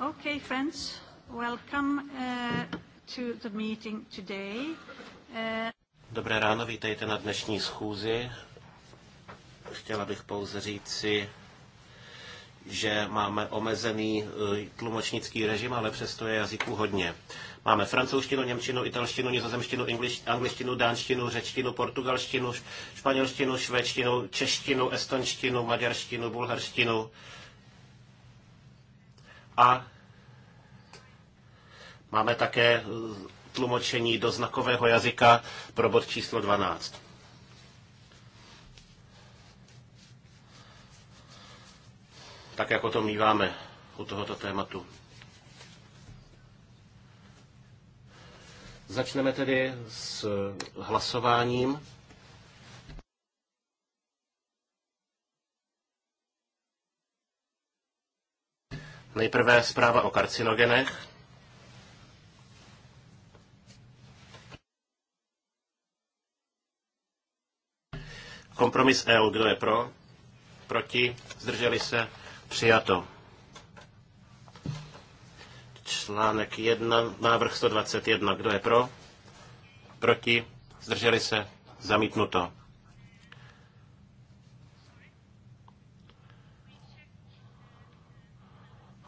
Okay, friends, welcome uh, to the meeting today. Uh, Dobré ráno, vítejte na dnešní schůzi. Chtěla bych pouze říci, že máme omezený eh, tlumočnický režim, ale přesto je jazyků hodně. Máme francouzštinu, němčinu, italštinu, nizozemštinu, angličtinu, dánštinu, řečtinu, portugalštinu, španělštinu, švédštinu, češtinu, estonštinu, maďarštinu, bulharštinu, a máme také eh, tlumočení do znakového jazyka pro bod číslo 12. Tak jako to míváme u tohoto tématu. Začneme tedy s hlasováním. Nejprve zpráva o karcinogenech. Kompromis EU, kdo je pro? Proti? Zdrželi se? Přijato. Článek 1, návrh 121, kdo je pro? Proti? Zdrželi se? Zamítnuto.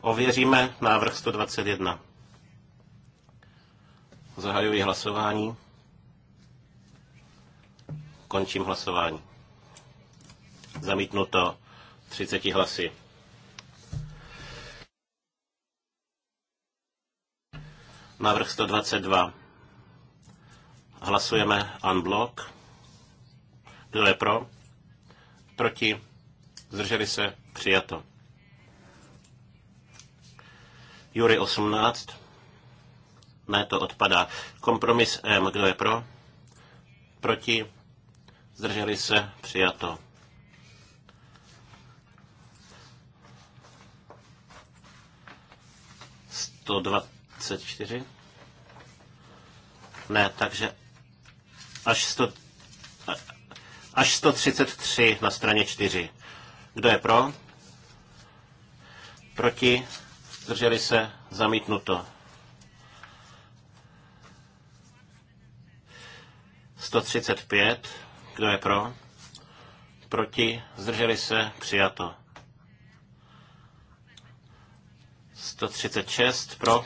Ověříme návrh 121. Zahajuji hlasování. Končím hlasování. Zamítnuto 30 hlasy. Návrh 122. Hlasujeme unblock. Kdo je pro? Proti? Zdrželi se? Přijato. Jury 18. Ne, to odpadá. Kompromis M. Kdo je pro? Proti? Zdrželi se? Přijato. čtyři? Ne, takže až sto až 133 na straně 4. Kdo je pro? Proti? zdrželi se, zamítnuto. 135, kdo je pro? Proti, zdrželi se, přijato. 136, pro?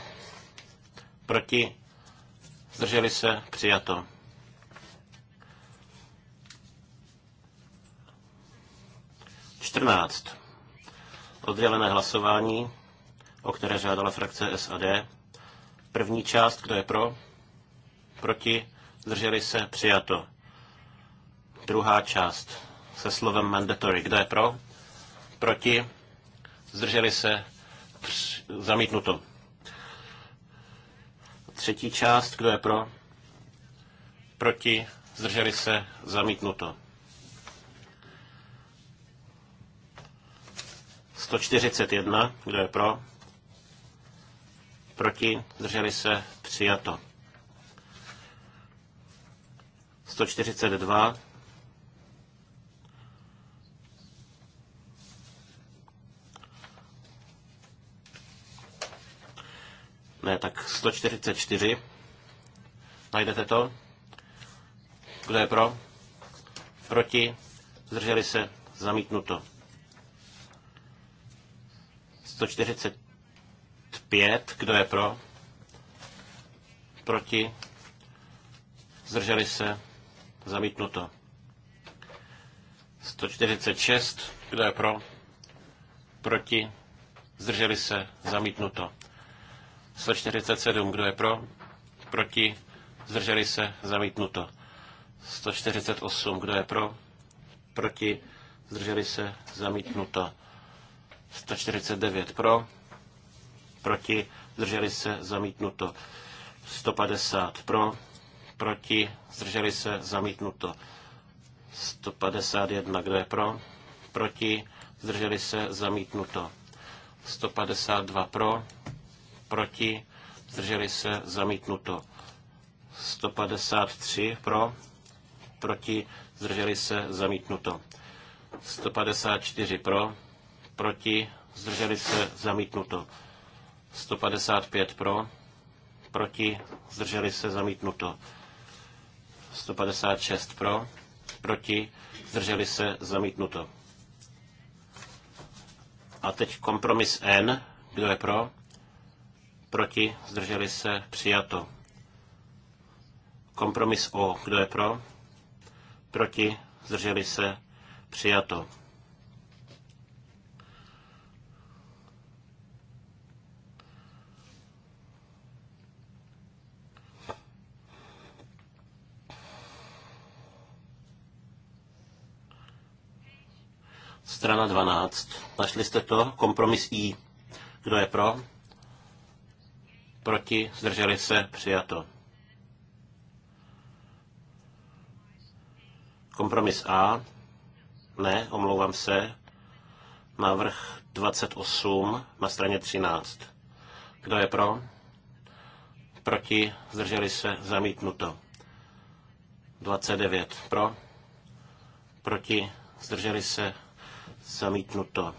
Proti, zdrželi se, přijato. Čtrnáct. Oddělené hlasování o které žádala frakce SAD. První část, kdo je pro, proti, zdrželi se, přijato. Druhá část se slovem mandatory, kdo je pro, proti, zdrželi se, při, zamítnuto. Třetí část, kdo je pro, proti, zdrželi se, zamítnuto. 141, kdo je pro, proti, drželi se, přijato. 142, ne, tak 144, najdete to, kdo je pro, proti, zdrželi se, zamítnuto. 140, 5. Kdo je pro? Proti? Zdrželi se? Zamítnuto. 146. Kdo je pro? Proti? Zdrželi se? Zamítnuto. 147. Kdo je pro? Proti? Zdrželi se? Zamítnuto. 148. Kdo je pro? Proti? Zdrželi se? Zamítnuto. 149 pro, proti, zdrželi se, zamítnuto. 150 pro, proti, zdrželi se, zamítnuto. 151, kdo je pro, proti, zdrželi se, zamítnuto. 152 pro, proti, zdrželi se, zamítnuto. 153 pro, proti, zdrželi se, zamítnuto. 154 pro, proti, zdrželi se, zamítnuto. 155 pro, proti, zdrželi se zamítnuto. 156 pro, proti, zdrželi se zamítnuto. A teď kompromis N, kdo je pro, proti, zdrželi se přijato. Kompromis O, kdo je pro, proti, zdrželi se přijato. Strana 12. Našli jste to? Kompromis I. Kdo je pro? Proti? Zdrželi se? Přijato. Kompromis A. Ne, omlouvám se. Návrh 28 na straně 13. Kdo je pro? Proti? Zdrželi se? Zamítnuto. 29. Pro? Proti? Zdrželi se? Zamítnuto.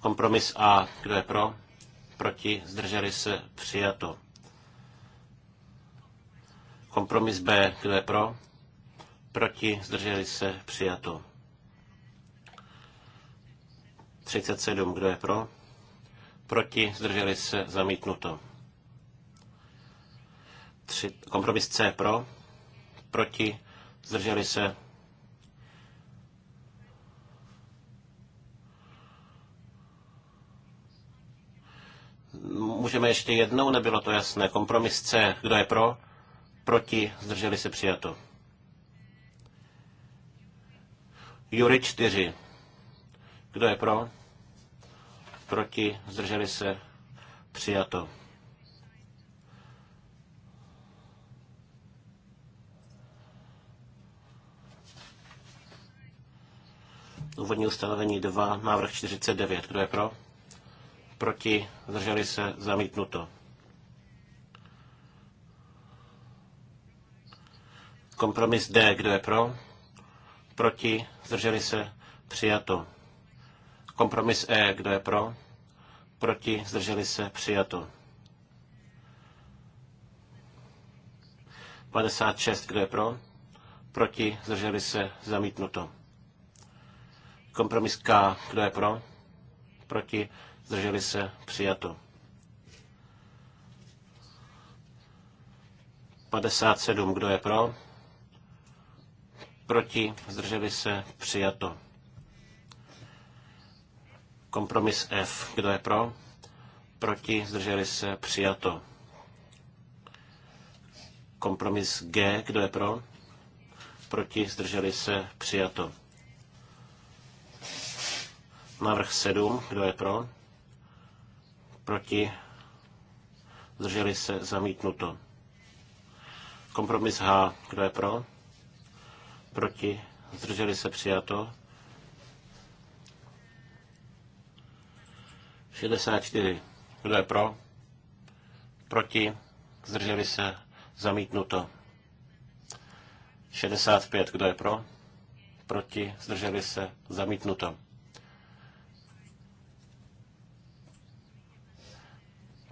Kompromis A. Kdo je pro? Proti? Zdrželi se? Přijato. Kompromis B. Kdo je pro? Proti? Zdrželi se? Přijato. 37. Kdo je pro? Proti? Zdrželi se? Zamítnuto. 3, kompromis C pro? Proti? Zdrželi se? můžeme ještě jednou, nebylo to jasné. Kompromis C, kdo je pro? Proti, zdrželi se přijato. Jury 4. Kdo je pro? Proti, zdrželi se přijato. Úvodní ustanovení 2, návrh 49. Kdo je pro? proti, zdrželi se, zamítnuto. Kompromis D, kdo je pro, proti, zdrželi se, přijato. Kompromis E, kdo je pro, proti, zdrželi se, přijato. 56, kdo je pro, proti, zdrželi se, zamítnuto. Kompromis K, kdo je pro, proti, zdrželi se, přijato. 57, kdo je pro? Proti, zdrželi se, přijato. Kompromis F, kdo je pro? Proti, zdrželi se, přijato. Kompromis G, kdo je pro? Proti, zdrželi se, přijato. Návrh 7, kdo je pro? Proti? Zdrželi se? Zamítnuto. Kompromis H. Kdo je pro? Proti? Zdrželi se? Přijato. 64. Kdo je pro? Proti? Zdrželi se? Zamítnuto. 65. Kdo je pro? Proti? Zdrželi se? Zamítnuto.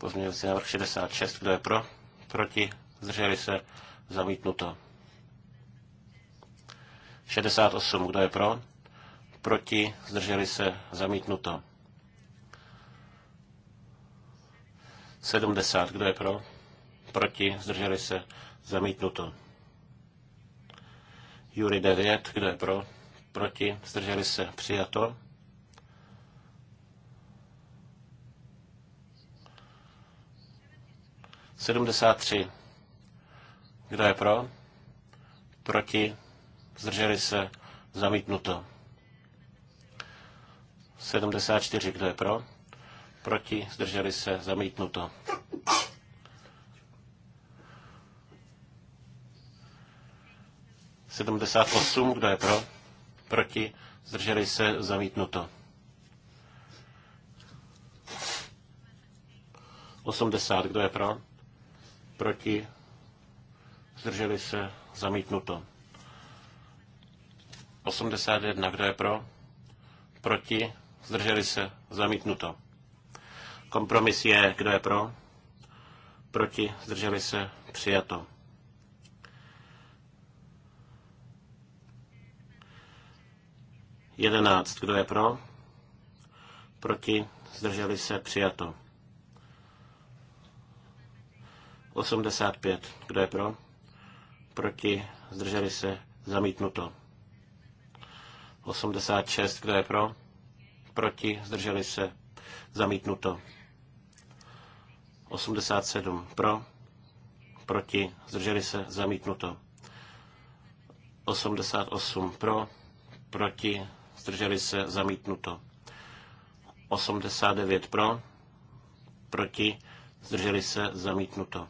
Pozměňovací návrh 66. Kdo je pro? Proti? Zdrželi se? Zamítnuto. 68. Kdo je pro? Proti? Zdrželi se? Zamítnuto. 70. Kdo je pro? Proti? Zdrželi se? Zamítnuto. Jury 9. Kdo je pro? Proti? Zdrželi se? Přijato. 73. Kdo je pro? Proti? Zdrželi se? Zamítnuto. 74. Kdo je pro? Proti? Zdrželi se? Zamítnuto. Sedmdesát osm, kdo je pro? Proti? Zdrželi se? Zamítnuto. 80, kdo je pro? proti, zdrželi se, zamítnuto. 81, kdo je pro, proti, zdrželi se, zamítnuto. Kompromis je, kdo je pro, proti, zdrželi se, přijato. Jedenáct, kdo je pro, proti, zdrželi se, přijato. 85. Kdo je pro? Proti? Zdrželi se? Zamítnuto. 86. Kdo je pro? Proti? Zdrželi se? Zamítnuto. 87. Pro? Proti? Zdrželi se? Zamítnuto. 88. Pro? Proti? Zdrželi se? Zamítnuto. 89. Pro? Proti? Zdrželi se? Zamítnuto.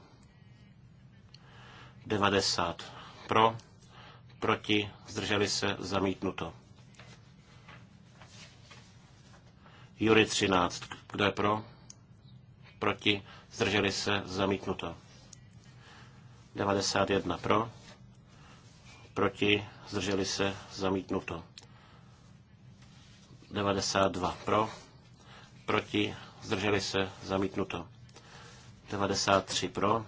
90 pro, proti, zdrželi se, zamítnuto. Jury 13, kdo je pro, proti, zdrželi se, zamítnuto. 91 pro, proti, zdrželi se, zamítnuto. 92 pro, proti, zdrželi se, zamítnuto. 93 pro,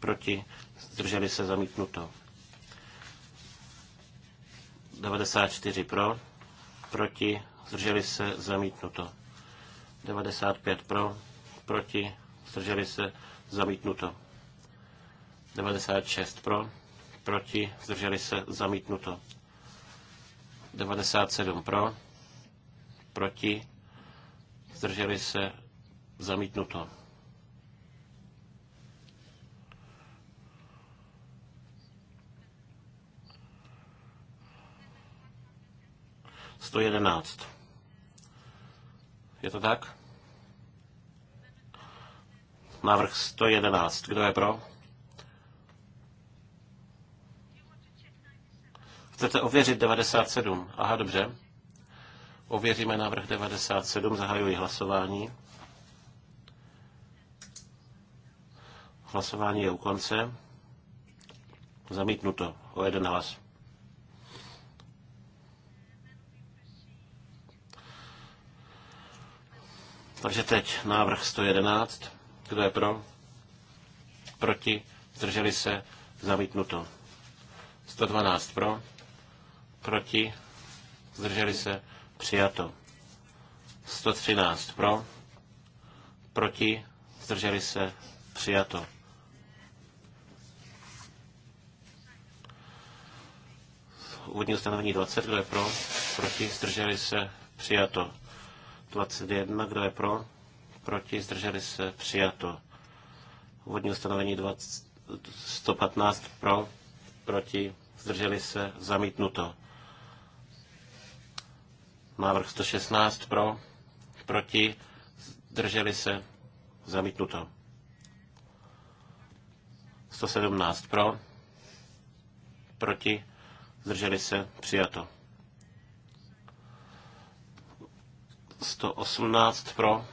proti, zdrželi se zamítnuto. 94 pro, proti, zdrželi se zamítnuto. 95 pro, proti, zdrželi se zamítnuto. 96 pro, proti, zdrželi se zamítnuto. 97 pro, proti, zdrželi se zamítnuto. 111. Je to tak? Návrh 111. Kdo je pro? Chcete ověřit 97? Aha, dobře. Ověříme návrh 97, zahajuji hlasování. Hlasování je u konce. Zamítnuto o jeden hlas. Takže teď návrh 111. Kdo je pro? Proti? Zdrželi se? Zamítnuto. 112 pro? Proti? Zdrželi se? Přijato. 113 pro? Proti? Zdrželi se? Přijato. Úvodní ustanovení 20, kdo je pro? Proti? Zdrželi se? Přijato. 21, kdo je pro? Proti, zdrželi se, přijato. Úvodní ustanovení 20, 115 pro, proti, zdrželi se, zamítnuto. Návrh 116 pro, proti, zdrželi se, zamítnuto. 117 pro, proti, zdrželi se, přijato. 118 pro,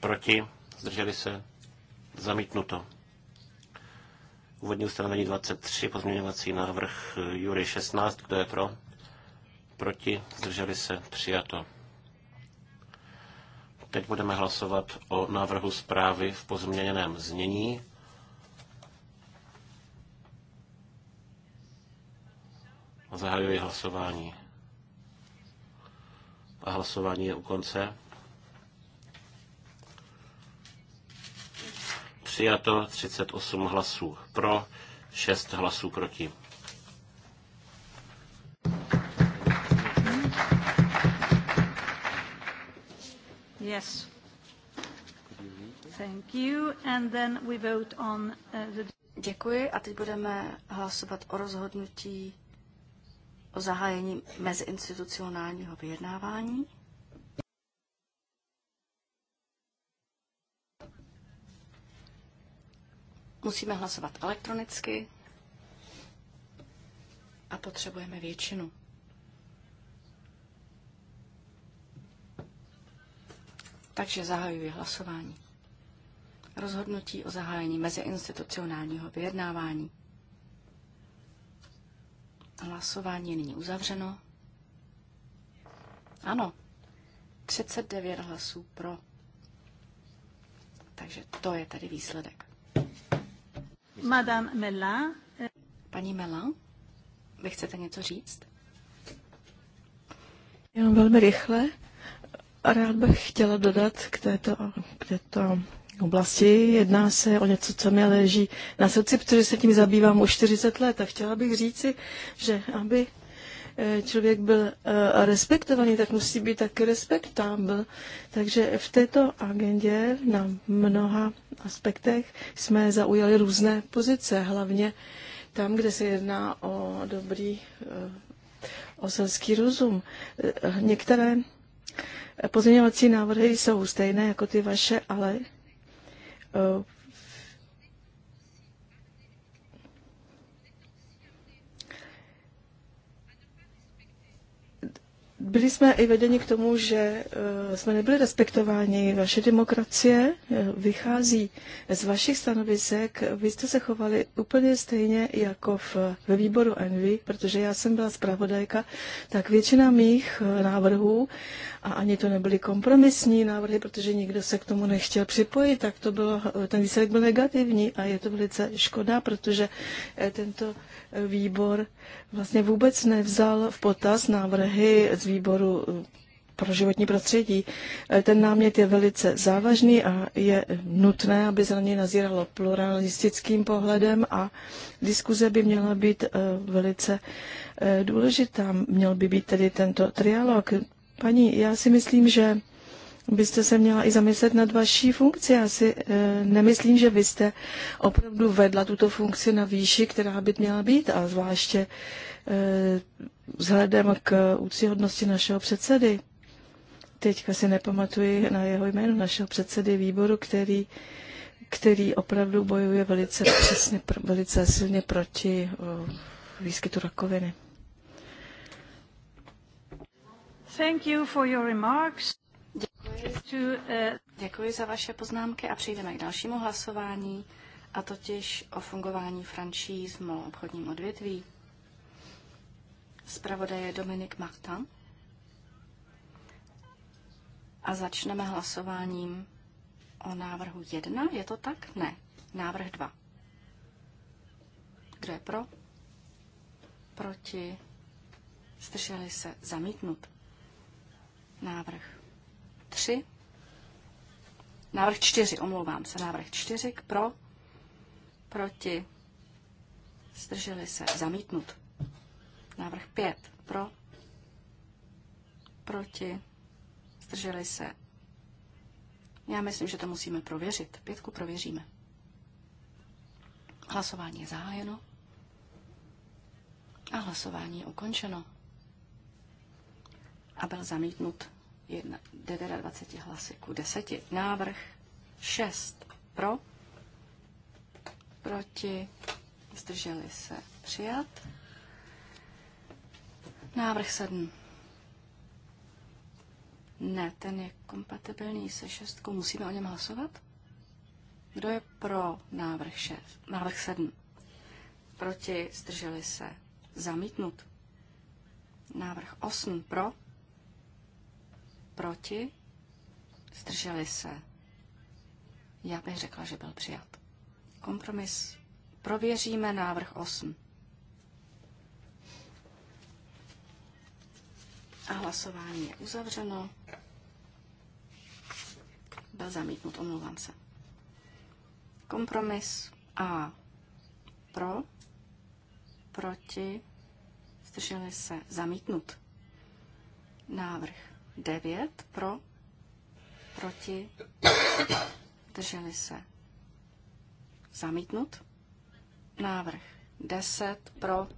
proti, zdrželi se, zamítnuto. Úvodní ustanovení 23, pozměňovací návrh Jury 16, kdo je pro, proti, zdrželi se, přijato. Teď budeme hlasovat o návrhu zprávy v pozměněném znění. Zahajuji hlasování a hlasování je u konce. Přijato 38 hlasů pro, 6 hlasů proti. Yes. Thank you. And then we vote on uh, the... Děkuji a teď budeme hlasovat o rozhodnutí o zahájení meziinstitucionálního vyjednávání. Musíme hlasovat elektronicky a potřebujeme většinu. Takže zahajuji hlasování. Rozhodnutí o zahájení meziinstitucionálního vyjednávání. Hlasování je nyní uzavřeno. Ano, 39 hlasů pro. Takže to je tedy výsledek. Madame Mella, Paní Mella, vy chcete něco říct? Jenom velmi rychle. Rád bych chtěla dodat k této, k této oblasti. Jedná se o něco, co mi leží na srdci, protože se tím zabývám už 40 let a chtěla bych říci, že aby eh, člověk byl eh, respektovaný, tak musí být taky respektábl. Takže v této agendě na mnoha aspektech jsme zaujali různé pozice, hlavně tam, kde se jedná o dobrý, eh, oselský rozum. Některé pozměňovací návrhy jsou stejné jako ty vaše, ale uh, byli jsme i vedeni k tomu, že eh, jsme nebyli respektováni. Vaše demokracie eh, vychází z vašich stanovisek. Vy jste se chovali úplně stejně jako v, ve výboru Envy, protože já jsem byla zpravodajka, tak většina mých eh, návrhů, a ani to nebyly kompromisní návrhy, protože nikdo se k tomu nechtěl připojit, tak to bylo, ten výsledek byl negativní a je to velice škoda, protože tento výbor vlastně vůbec nevzal v potaz návrhy z výboru eh, pro životní prostředí. Eh, ten námět je velice závažný a je nutné, aby se na něj nazíralo pluralistickým pohledem a diskuze by měla být eh, velice důležitá. Měl by být tedy tento trialog. Paní, já si myslím, že byste se měla i zamyslet nad vaší funkci. Já si e, nemyslím, že byste opravdu vedla tuto funkci na výši, která by měla být a zvláště e, vzhledem k úctyhodnosti našeho předsedy, teďka si nepamatuji na jeho jméno, našeho předsedy výboru, který, který opravdu bojuje velice přesně, velice silně proti výskytu rakoviny. Thank you for your remarks. Děkuji. To, uh... Děkuji za vaše poznámky a přejdeme k dalšímu hlasování, a totiž o fungování franšíz v malou obchodním odvětví zpravodaje Dominik Marta. A začneme hlasováním o návrhu 1. Je to tak? Ne. Návrh 2. Kdo je pro? Proti? Zdrželi se? Zamítnut. Návrh 3. Návrh 4, omlouvám se. Návrh 4 pro? Proti? Zdrželi se? Zamítnut. Návrh 5 pro, proti, zdrželi se. Já myslím, že to musíme prověřit. Pětku prověříme. Hlasování je zahájeno a hlasování je ukončeno. A byl zamítnut 29 hlasy ku 10. Návrh 6 pro, proti, zdrželi se přijat. Návrh 7. Ne, ten je kompatibilní se šestkou. Musíme o něm hlasovat? Kdo je pro návrh, šest, návrh 7? Proti zdrželi se zamítnut. Návrh 8 pro, proti zdrželi se. Já bych řekla, že byl přijat. Kompromis. Prověříme návrh 8. A hlasování je uzavřeno. Byl zamítnut, omlouvám se. Kompromis A. Pro, proti, zdrželi se, zamítnut. Návrh 9. Pro, proti, zdrželi se, zamítnut. Návrh 10. Pro,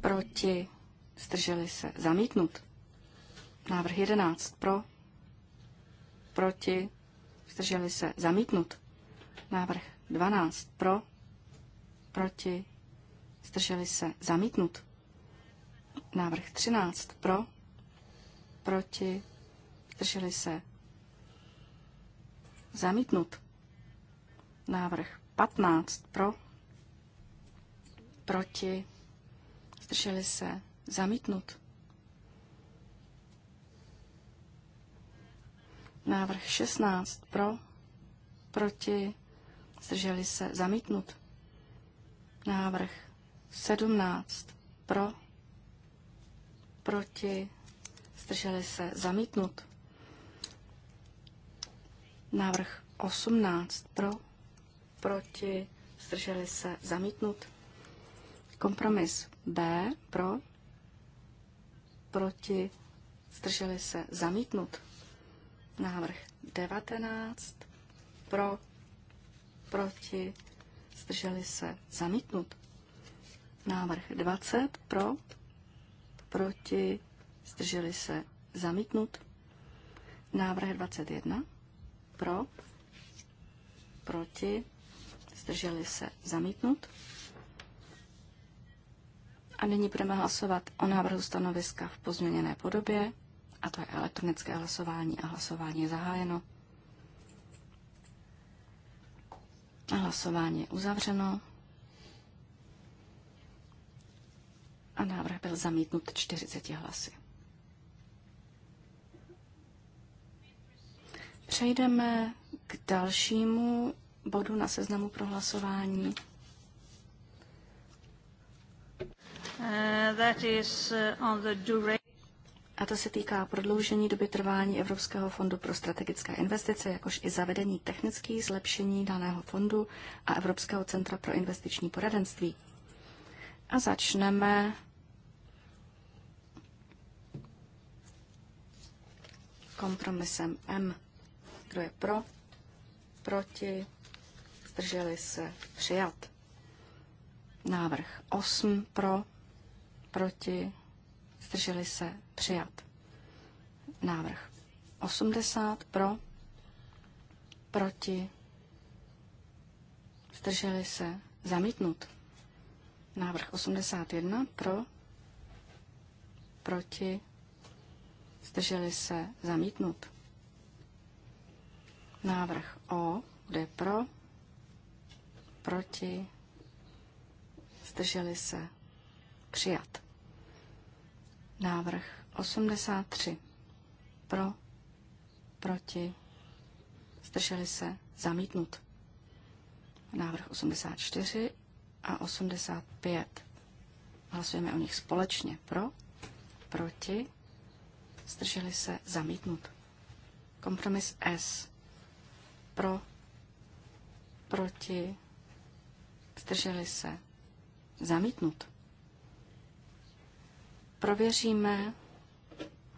proti, Zdrželi se. Zamítnut. Návrh 11. Pro. Proti. Zdrželi se. Zamítnut. Návrh 12. Pro. Proti. Zdrželi se. Zamítnut. Návrh 13. Pro. Proti. Zdrželi se. Zamítnut. Návrh 15. Pro. Proti. Zdrželi se. Zamítnut. Návrh 16 pro, proti, zdrželi se, zamítnut. Návrh 17 pro, proti, zdrželi se, zamítnut. Návrh 18 pro, proti, zdrželi se, zamítnut. Kompromis B pro, proti, zdrželi se, zamítnut. Návrh 19, pro, proti, zdrželi se, zamítnut. Návrh 20, pro, proti, zdrželi se, zamítnut. Návrh 21, pro, proti, zdrželi se, zamítnut. A nyní budeme hlasovat o návrhu stanoviska v pozměněné podobě, a to je elektronické hlasování a hlasování je zahájeno. A hlasování je uzavřeno. A návrh byl zamítnut 40 hlasy. Přejdeme k dalšímu bodu na seznamu pro hlasování. Uh, uh, a to se týká prodloužení doby trvání Evropského fondu pro strategické investice, jakož i zavedení technických zlepšení daného fondu a Evropského centra pro investiční poradenství. A začneme kompromisem M. Kdo je pro, proti, zdrželi se, přijat. Návrh 8 pro, proti, zdrželi se, přijat. Návrh 80 pro, proti, zdrželi se, zamítnut. Návrh 81 pro, proti, zdrželi se, zamítnut. Návrh O, kde pro, proti, zdrželi se, Přijat. Návrh 83. Pro, proti, zdrželi se, zamítnut. Návrh 84 a 85. Hlasujeme o nich společně. Pro, proti, zdrželi se, zamítnut. Kompromis S. Pro, proti, zdrželi se, zamítnut. Prověříme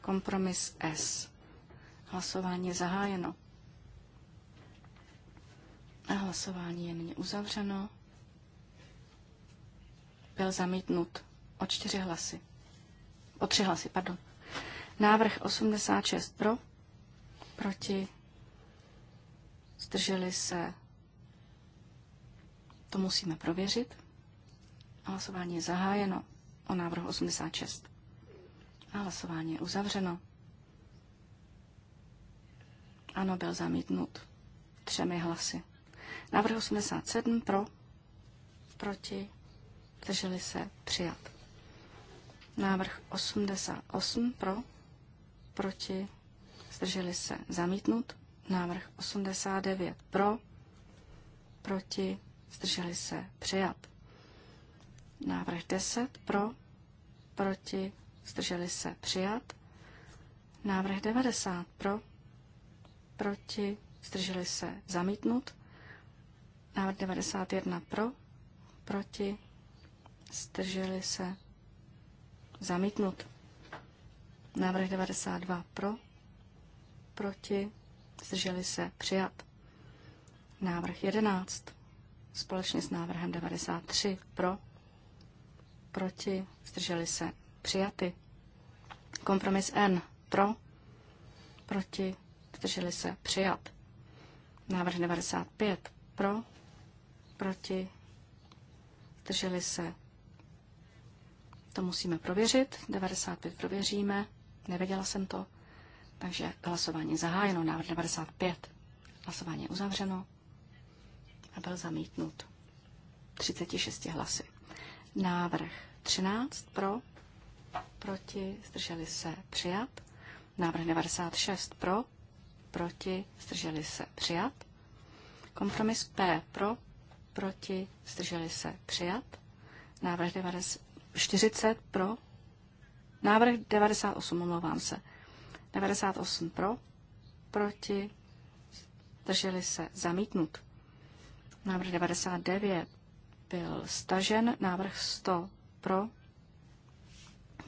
kompromis S. Hlasování je zahájeno. A hlasování je nyní uzavřeno. Byl zamítnut o čtyři hlasy. O tři hlasy, pardon. Návrh 86 pro, proti, zdrželi se. To musíme prověřit. Hlasování je zahájeno o návrhu 86. A hlasování je uzavřeno. Ano, byl zamítnut třemi hlasy. Návrh 87 pro, proti, drželi se, přijat. Návrh 88 pro, proti, zdrželi se, zamítnut. Návrh 89 pro, proti, zdrželi se, přijat. Návrh 10 pro, proti, zdrželi se přijat. Návrh 90 pro, proti, zdrželi se zamítnut. Návrh 91 pro, proti, zdrželi se zamítnut. Návrh 92 pro, proti, zdrželi se přijat. Návrh 11 společně s návrhem 93 pro, proti, zdrželi se, přijaty. Kompromis N, pro, proti, zdrželi se, přijat. Návrh 95, pro, proti, zdrželi se. To musíme prověřit, 95 prověříme, nevěděla jsem to, takže hlasování zahájeno, návrh 95, hlasování uzavřeno a byl zamítnut 36 hlasy. Návrh 13 pro, proti, zdrželi se přijat. Návrh 96 pro, proti, zdrželi se přijat. Kompromis P pro, proti, zdrželi se přijat. Návrh 40 pro, návrh 98, omlouvám se. 98 pro, proti, zdrželi se zamítnut. Návrh 99 byl stažen, návrh 100 pro,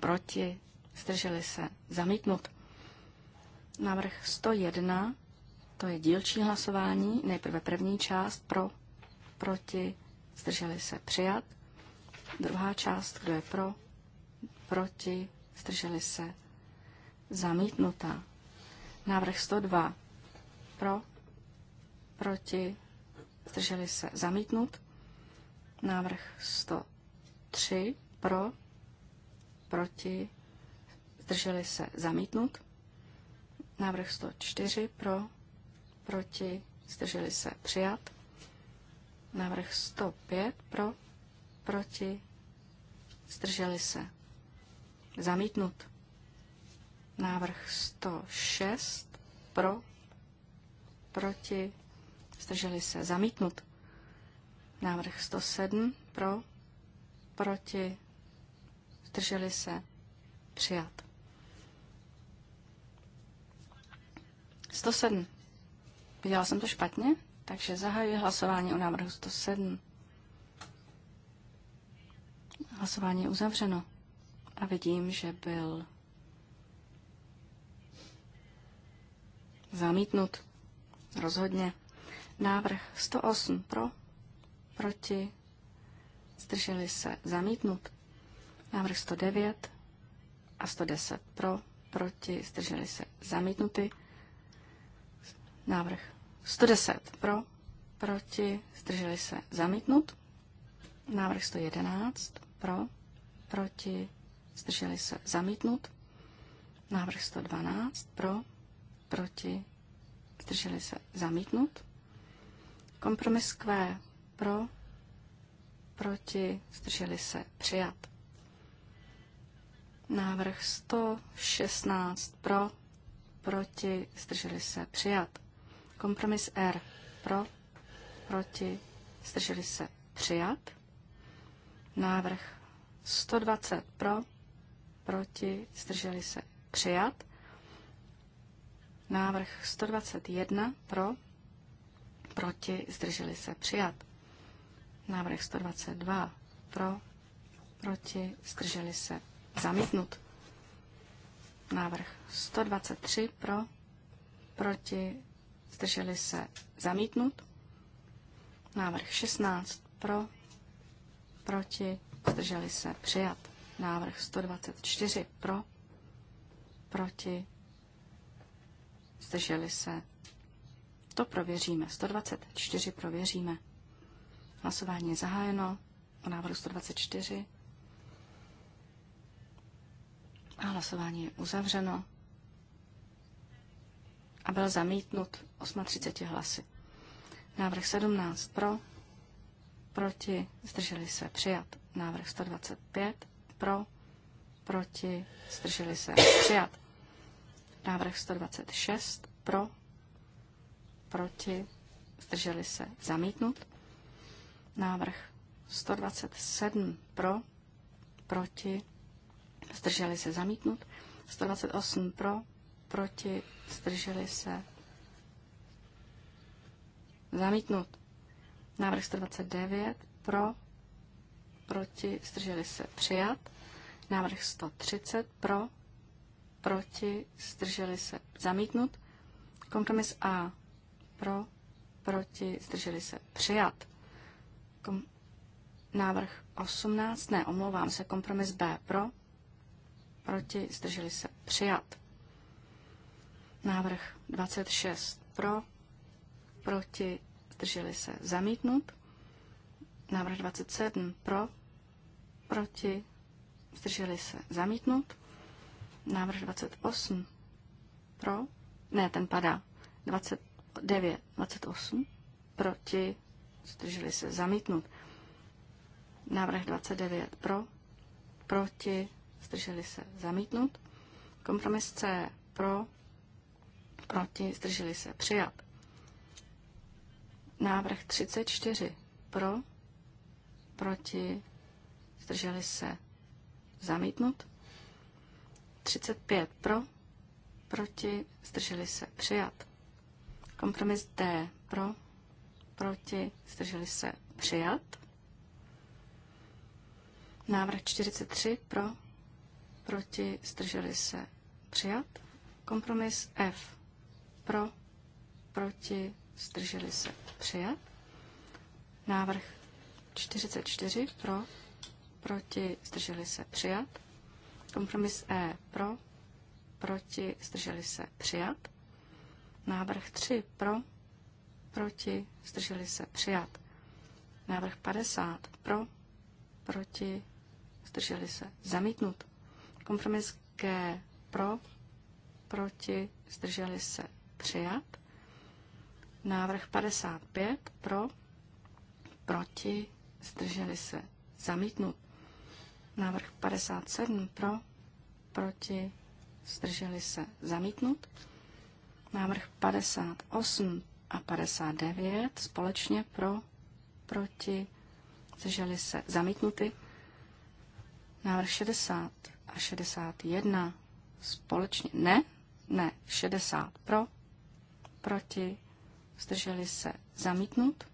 proti, zdrželi se, zamítnut. Návrh 101, to je dílčí hlasování, nejprve první část pro, proti, zdrželi se, přijat. Druhá část, kdo je pro, proti, zdrželi se, zamítnutá. Návrh 102, pro, proti, zdrželi se, zamítnut. Návrh 103 pro, proti, zdrželi se zamítnut. Návrh 104 pro, proti, zdrželi se přijat. Návrh 105 pro, proti, zdrželi se zamítnut. Návrh 106 pro, proti, zdrželi se zamítnut. Návrh 107 pro, proti, zdrželi se, přijat. 107. Viděla jsem to špatně, takže zahajuji hlasování o návrhu 107. Hlasování je uzavřeno a vidím, že byl zamítnut. Rozhodně. Návrh 108 pro, proti, zdrželi se zamítnut. Návrh 109 a 110 pro, proti, zdrželi se zamítnuty. Návrh 110 pro, proti, zdrželi se zamítnut. Návrh 111 pro, proti, zdrželi se zamítnut. Návrh 112 pro, proti, zdrželi se zamítnut. Kompromis Q pro, proti, zdrželi se přijat. Návrh 116 pro, proti, zdrželi se přijat. Kompromis R pro, proti, zdrželi se přijat. Návrh 120 pro, proti, zdrželi se přijat. Návrh 121 pro, proti, zdrželi se přijat. Návrh 122 pro, proti, zdrželi se, zamítnut. Návrh 123 pro, proti, zdrželi se, zamítnut. Návrh 16 pro, proti, zdrželi se, přijat. Návrh 124 pro, proti, zdrželi se. To prověříme. 124 prověříme. Hlasování je zahájeno o návrhu 124. A hlasování je uzavřeno a byl zamítnut 38 hlasy. Návrh 17 pro, proti, zdrželi se přijat. Návrh 125 pro, proti, zdrželi se přijat. Návrh 126 pro, proti, zdrželi se zamítnut. Návrh 127 pro, proti, zdrželi se zamítnut. 128 pro, proti, zdrželi se zamítnut. Návrh 129 pro, proti, zdrželi se přijat. Návrh 130 pro, proti, zdrželi se zamítnut. Kompromis A pro, proti, zdrželi se přijat. Kom- návrh 18, ne, omlouvám se, kompromis B pro, proti, zdrželi se, přijat. Návrh 26 pro, proti, zdrželi se, zamítnut. Návrh 27 pro, proti, zdrželi se, zamítnut. Návrh 28 pro, ne, ten padá. 29, 28 proti, zdrželi se zamítnut. Návrh 29 pro, proti, zdrželi se zamítnut. Kompromis C pro, proti, zdrželi se přijat. Návrh 34 pro, proti, zdrželi se zamítnut. 35 pro, proti, zdrželi se přijat. Kompromis D pro, proti, zdrželi se přijat. Návrh 43 pro, proti, zdrželi se přijat. Kompromis F pro, proti, zdrželi se přijat. Návrh 44 pro, proti, zdrželi se přijat. Kompromis E pro, proti, zdrželi se přijat. Návrh 3 pro, proti, zdrželi se přijat. Návrh 50 pro, proti, zdrželi se zamítnut. Kompromis G pro, proti, zdrželi se přijat. Návrh 55 pro, proti, zdrželi se zamítnut. Návrh 57 pro, proti, zdrželi se zamítnut. Návrh 58 a 59 společně pro, proti, zdrželi se zamítnuty. Návrh 60 a 61 společně, ne, ne, 60 pro, proti, zdrželi se zamítnut.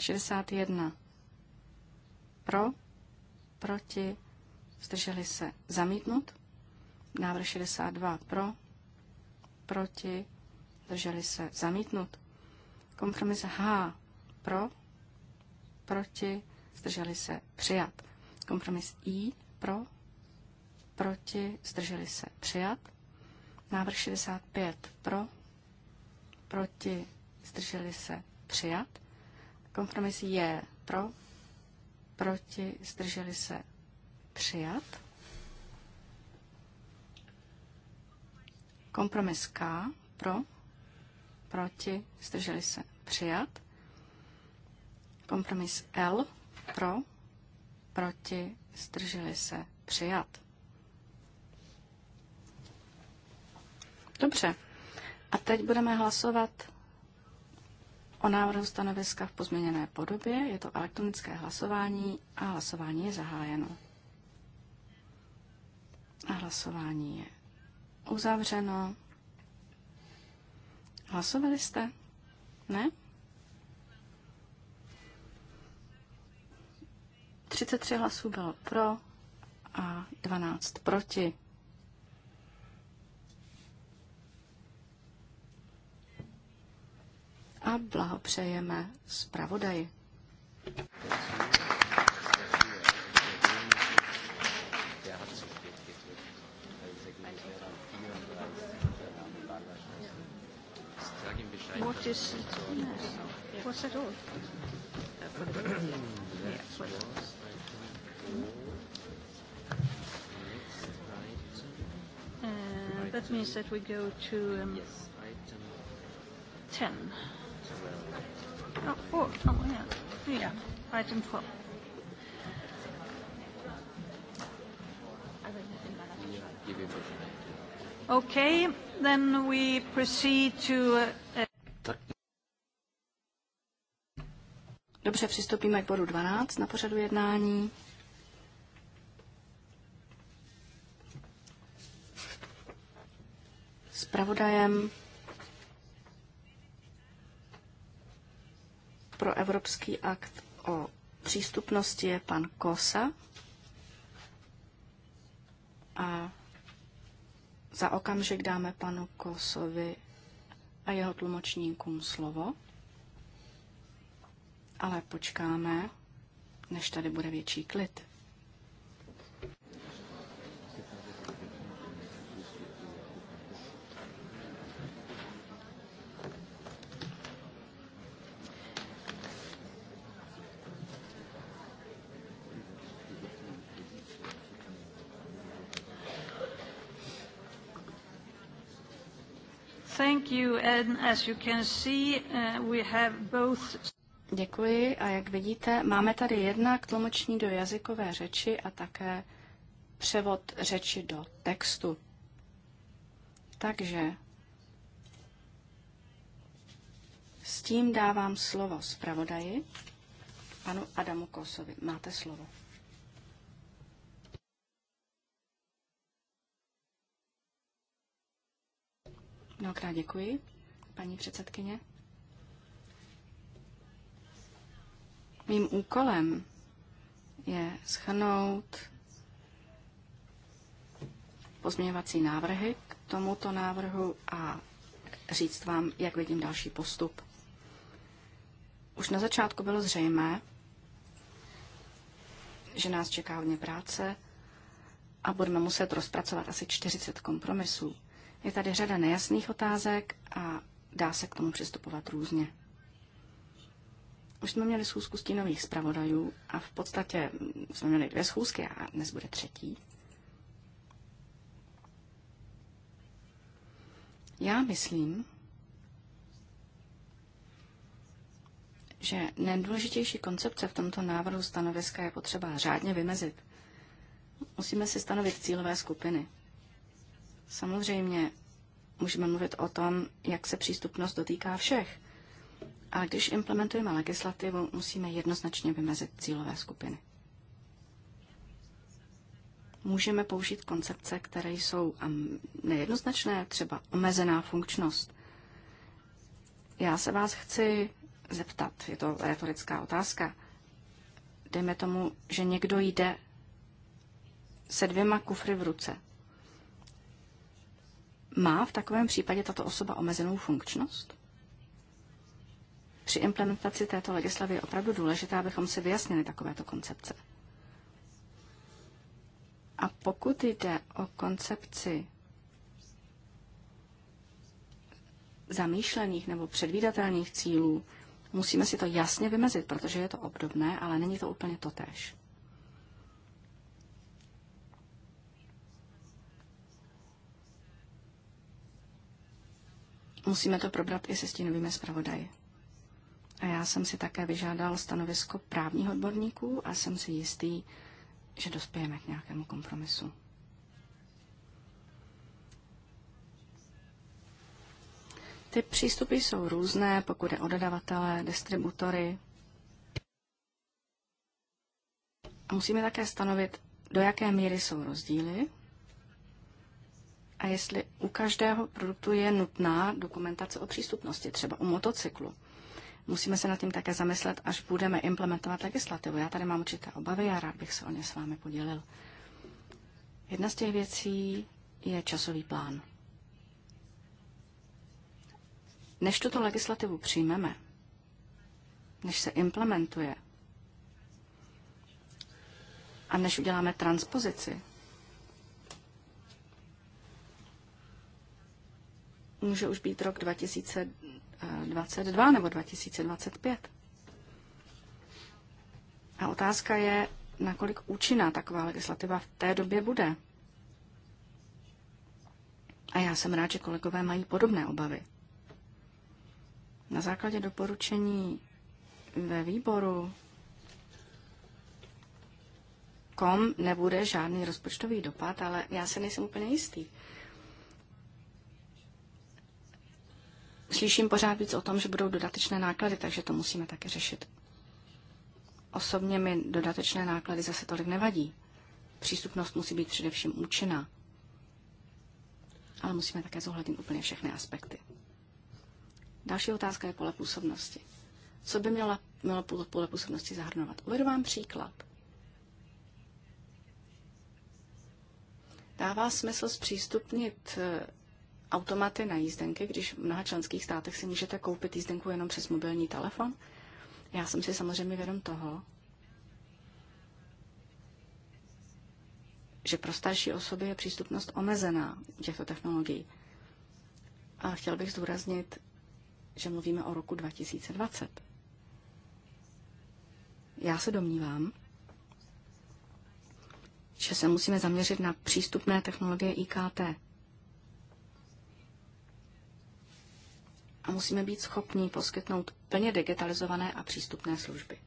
61 pro, proti, zdrželi se zamítnut. Návrh 62 pro, proti, zdrželi se zamítnut. Kompromis H pro, proti, zdrželi se přijat. Kompromis I pro, proti, zdrželi se přijat. Návrh 65 pro, proti, zdrželi se přijat. Kompromis J pro, proti, zdrželi se přijat. Kompromis K pro, proti, zdrželi se, přijat. Kompromis L, pro, proti, zdrželi se, přijat. Dobře. A teď budeme hlasovat o návrhu stanoviska v pozměněné podobě. Je to elektronické hlasování a hlasování je zahájeno. A hlasování je uzavřeno. Hlasovali jste? Ne? 33 hlasů bylo pro a 12 proti. A blahopřejeme zpravodaji. Thank you. just no. what's it all? Uh, that means that we go to um, yes, item 10. Oh, oh, oh, yeah. Yeah, item 12. Okay, then we proceed to uh, Dobře, přistoupíme k bodu 12 na pořadu jednání. Spravodajem pro Evropský akt o přístupnosti je pan Kosa a za okamžik dáme panu Kosovi a jeho tlumočníkům slovo, ale počkáme, než tady bude větší klid. Uh, Děkuji a jak vidíte, máme tady jednak tlumoční do jazykové řeči a také převod řeči do textu. Takže s tím dávám slovo zpravodaji, panu Adamu Kosovi. Máte slovo. Mnohokrát děkuji, paní předsedkyně. Mým úkolem je schrnout pozměňovací návrhy k tomuto návrhu a říct vám, jak vidím další postup. Už na začátku bylo zřejmé, že nás čeká hodně práce a budeme muset rozpracovat asi 40 kompromisů. Je tady řada nejasných otázek a dá se k tomu přistupovat různě. Už jsme měli schůzku stínových zpravodajů a v podstatě jsme měli dvě schůzky a dnes bude třetí. Já myslím, že nejdůležitější koncepce v tomto návrhu stanoviska je potřeba řádně vymezit. Musíme si stanovit cílové skupiny. Samozřejmě můžeme mluvit o tom, jak se přístupnost dotýká všech. Ale když implementujeme legislativu, musíme jednoznačně vymezit cílové skupiny. Můžeme použít koncepce, které jsou um, nejednoznačné, třeba omezená funkčnost. Já se vás chci zeptat, je to retorická otázka. Dejme tomu, že někdo jde se dvěma kufry v ruce. Má v takovém případě tato osoba omezenou funkčnost? Při implementaci této legislativy je opravdu důležité, abychom si vyjasnili takovéto koncepce. A pokud jde o koncepci zamýšlených nebo předvídatelných cílů, musíme si to jasně vymezit, protože je to obdobné, ale není to úplně totéž. musíme to probrat i se stínovými zpravodaji. A já jsem si také vyžádal stanovisko právních odborníků a jsem si jistý, že dospějeme k nějakému kompromisu. Ty přístupy jsou různé, pokud je o dodavatele, distributory. A musíme také stanovit, do jaké míry jsou rozdíly a jestli u každého produktu je nutná dokumentace o přístupnosti, třeba u motocyklu. Musíme se nad tím také zamyslet, až budeme implementovat legislativu. Já tady mám určité obavy a rád bych se o ně s vámi podělil. Jedna z těch věcí je časový plán. Než tuto legislativu přijmeme, než se implementuje a než uděláme transpozici, může už být rok 2022 nebo 2025. A otázka je, nakolik účinná taková legislativa v té době bude. A já jsem rád, že kolegové mají podobné obavy. Na základě doporučení ve výboru kom nebude žádný rozpočtový dopad, ale já se nejsem úplně jistý. slyším pořád víc o tom, že budou dodatečné náklady, takže to musíme také řešit. Osobně mi dodatečné náklady zase tolik nevadí. Přístupnost musí být především účinná. Ale musíme také zohlednit úplně všechny aspekty. Další otázka je pole působnosti. Co by měla, mělo pole působnosti zahrnovat? Uvedu vám příklad. Dává smysl zpřístupnit eh, automaty na jízdenky, když v mnoha členských státech si můžete koupit jízdenku jenom přes mobilní telefon. Já jsem si samozřejmě vědom toho, že pro starší osoby je přístupnost omezená těchto technologií. A chtěl bych zdůraznit, že mluvíme o roku 2020. Já se domnívám, že se musíme zaměřit na přístupné technologie IKT. a musíme být schopní poskytnout plně digitalizované a přístupné služby.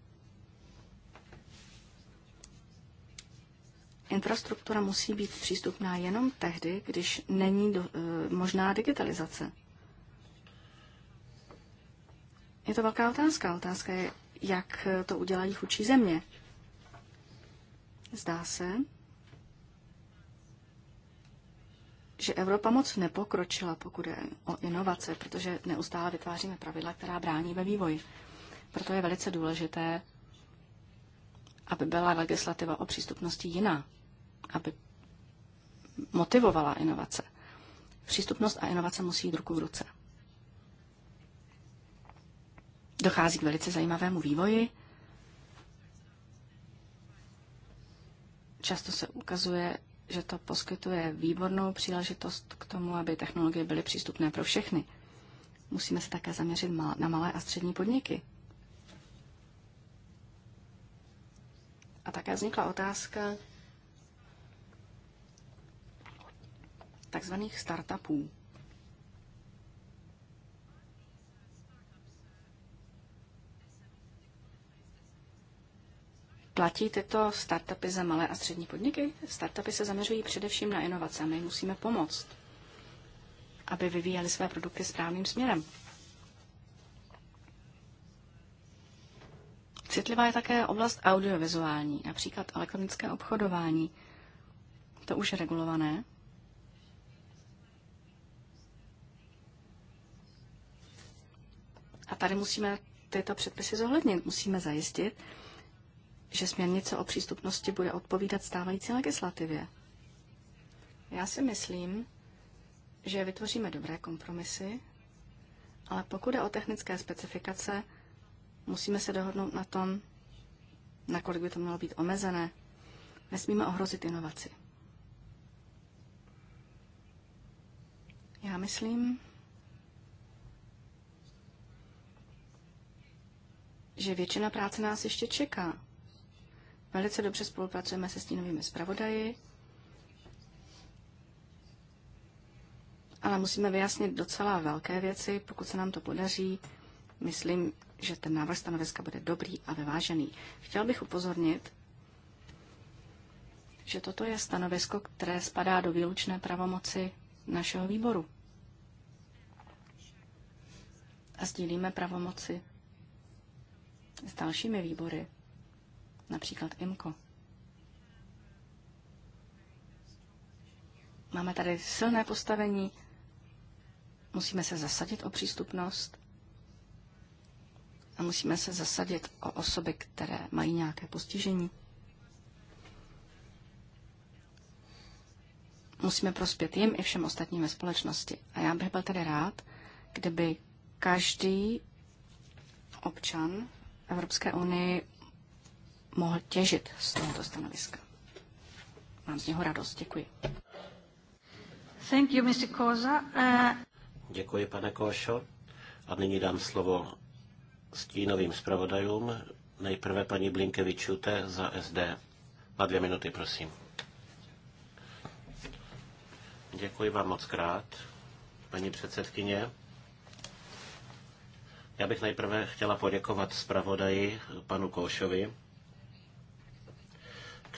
Infrastruktura musí být přístupná jenom tehdy, když není do, e, možná digitalizace. Je to velká otázka. Otázka je, jak to udělají chudší země. Zdá se, že Evropa moc nepokročila, pokud je o inovace, protože neustále vytváříme pravidla, která brání ve vývoji. Proto je velice důležité, aby byla legislativa o přístupnosti jiná, aby motivovala inovace. Přístupnost a inovace musí jít ruku v ruce. Dochází k velice zajímavému vývoji. Často se ukazuje, že to poskytuje výbornou příležitost k tomu, aby technologie byly přístupné pro všechny. Musíme se také zaměřit na malé a střední podniky. A také vznikla otázka takzvaných startupů. Platí tyto startupy za malé a střední podniky? Startupy se zaměřují především na inovace a my musíme pomoct, aby vyvíjeli své produkty správným směrem. Citlivá je také oblast audiovizuální, například elektronické obchodování. To už je regulované. A tady musíme tyto předpisy zohlednit. Musíme zajistit, že směrnice o přístupnosti bude odpovídat stávající legislativě. Já si myslím, že vytvoříme dobré kompromisy, ale pokud je o technické specifikace, musíme se dohodnout na tom, nakolik by to mělo být omezené. Nesmíme ohrozit inovaci. Já myslím, že většina práce nás ještě čeká. Velice dobře spolupracujeme se stínovými zpravodaji, ale musíme vyjasnit docela velké věci. Pokud se nám to podaří, myslím, že ten návrh stanoviska bude dobrý a vyvážený. Chtěl bych upozornit, že toto je stanovisko, které spadá do výlučné pravomoci našeho výboru. A sdílíme pravomoci s dalšími výbory například IMCO. Máme tady silné postavení, musíme se zasadit o přístupnost a musíme se zasadit o osoby, které mají nějaké postižení. Musíme prospět jim i všem ostatním ve společnosti. A já bych byl tedy rád, kdyby každý občan Evropské unii mohl těžit z tohoto stanoviska. Mám z něho radost. Děkuji. Thank you, Mr. Koza. Uh... Děkuji, pane Košo. A nyní dám slovo stínovým zpravodajům. Nejprve paní Blinkevičute za SD. Na dvě minuty, prosím. Děkuji vám moc krát, paní předsedkyně. Já bych nejprve chtěla poděkovat zpravodaji panu Koušovi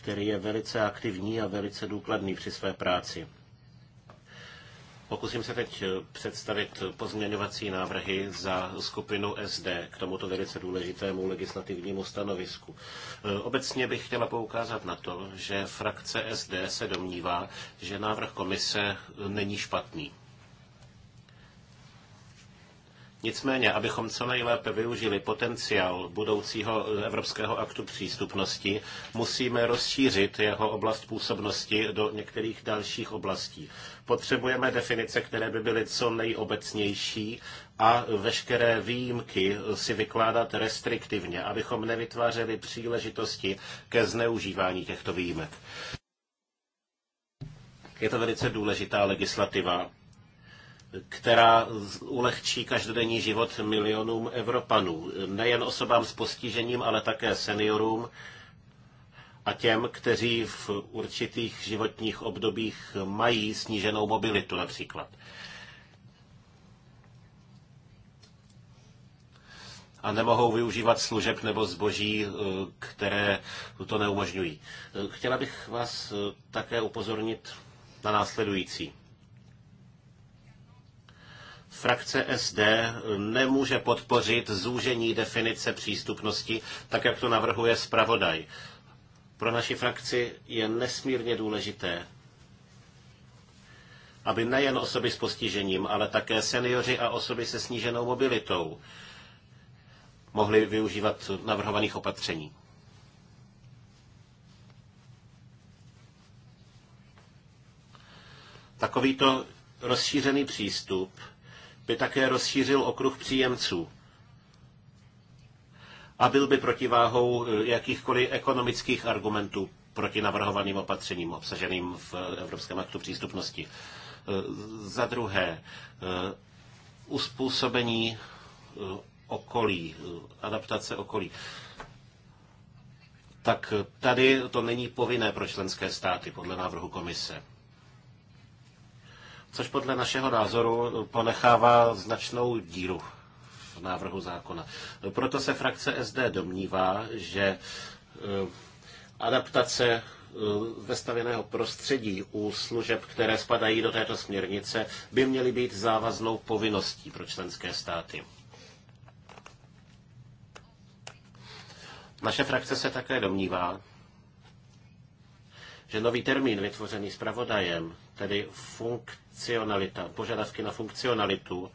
který je velice aktivní a velice důkladný při své práci. Pokusím se teď eh, představit pozměňovací návrhy za skupinu SD k tomuto velice důležitému legislativnímu stanovisku. Eh, obecně bych chtěla poukázat na to, že frakce SD se domnívá, že návrh komise není špatný. Nicméně, abychom co nejlépe využili potenciál budoucího Evropského aktu přístupnosti, musíme rozšířit jeho oblast působnosti do některých dalších oblastí. Potřebujeme definice, které by byly co nejobecnější a veškeré výjimky si vykládat restriktivně, abychom nevytvářeli příležitosti ke zneužívání těchto výjimek. Je to velice důležitá legislativa která ulehčí každodenní život milionům Evropanů, nejen osobám s postižením, ale také seniorům a těm, kteří v určitých životních obdobích mají sníženou mobilitu například. a nemohou využívat služeb nebo zboží, eh, které to neumožňují. Eh, chtěla bych vás eh, také upozornit na následující. Frakce SD nemůže podpořit zúžení definice přístupnosti, tak jak to navrhuje zpravodaj. Pro naši frakci je nesmírně důležité, aby nejen osoby s postižením, ale také seniori a osoby se sníženou mobilitou mohli využívat navrhovaných opatření. Takovýto rozšířený přístup by také rozšířil okruh příjemců a byl by protiváhou eh, jakýchkoliv ekonomických argumentů proti navrhovaným opatřením obsaženým v eh, Evropském aktu přístupnosti. Eh, za druhé, uspůsobení okolí, adaptace okolí. Tak tady to není povinné pro členské státy podle návrhu komise což podle našeho názoru ponechává značnou díru v návrhu zákona. Proto se frakce SD domnívá, že eh, adaptace eh, vestavěného prostředí u služeb, které spadají do této směrnice, by měly být závaznou povinností pro členské státy. Naše frakce se také domnívá, že nový termín vytvořený zpravodajem tedy funkcionalita, požadavky na funkcionalitu,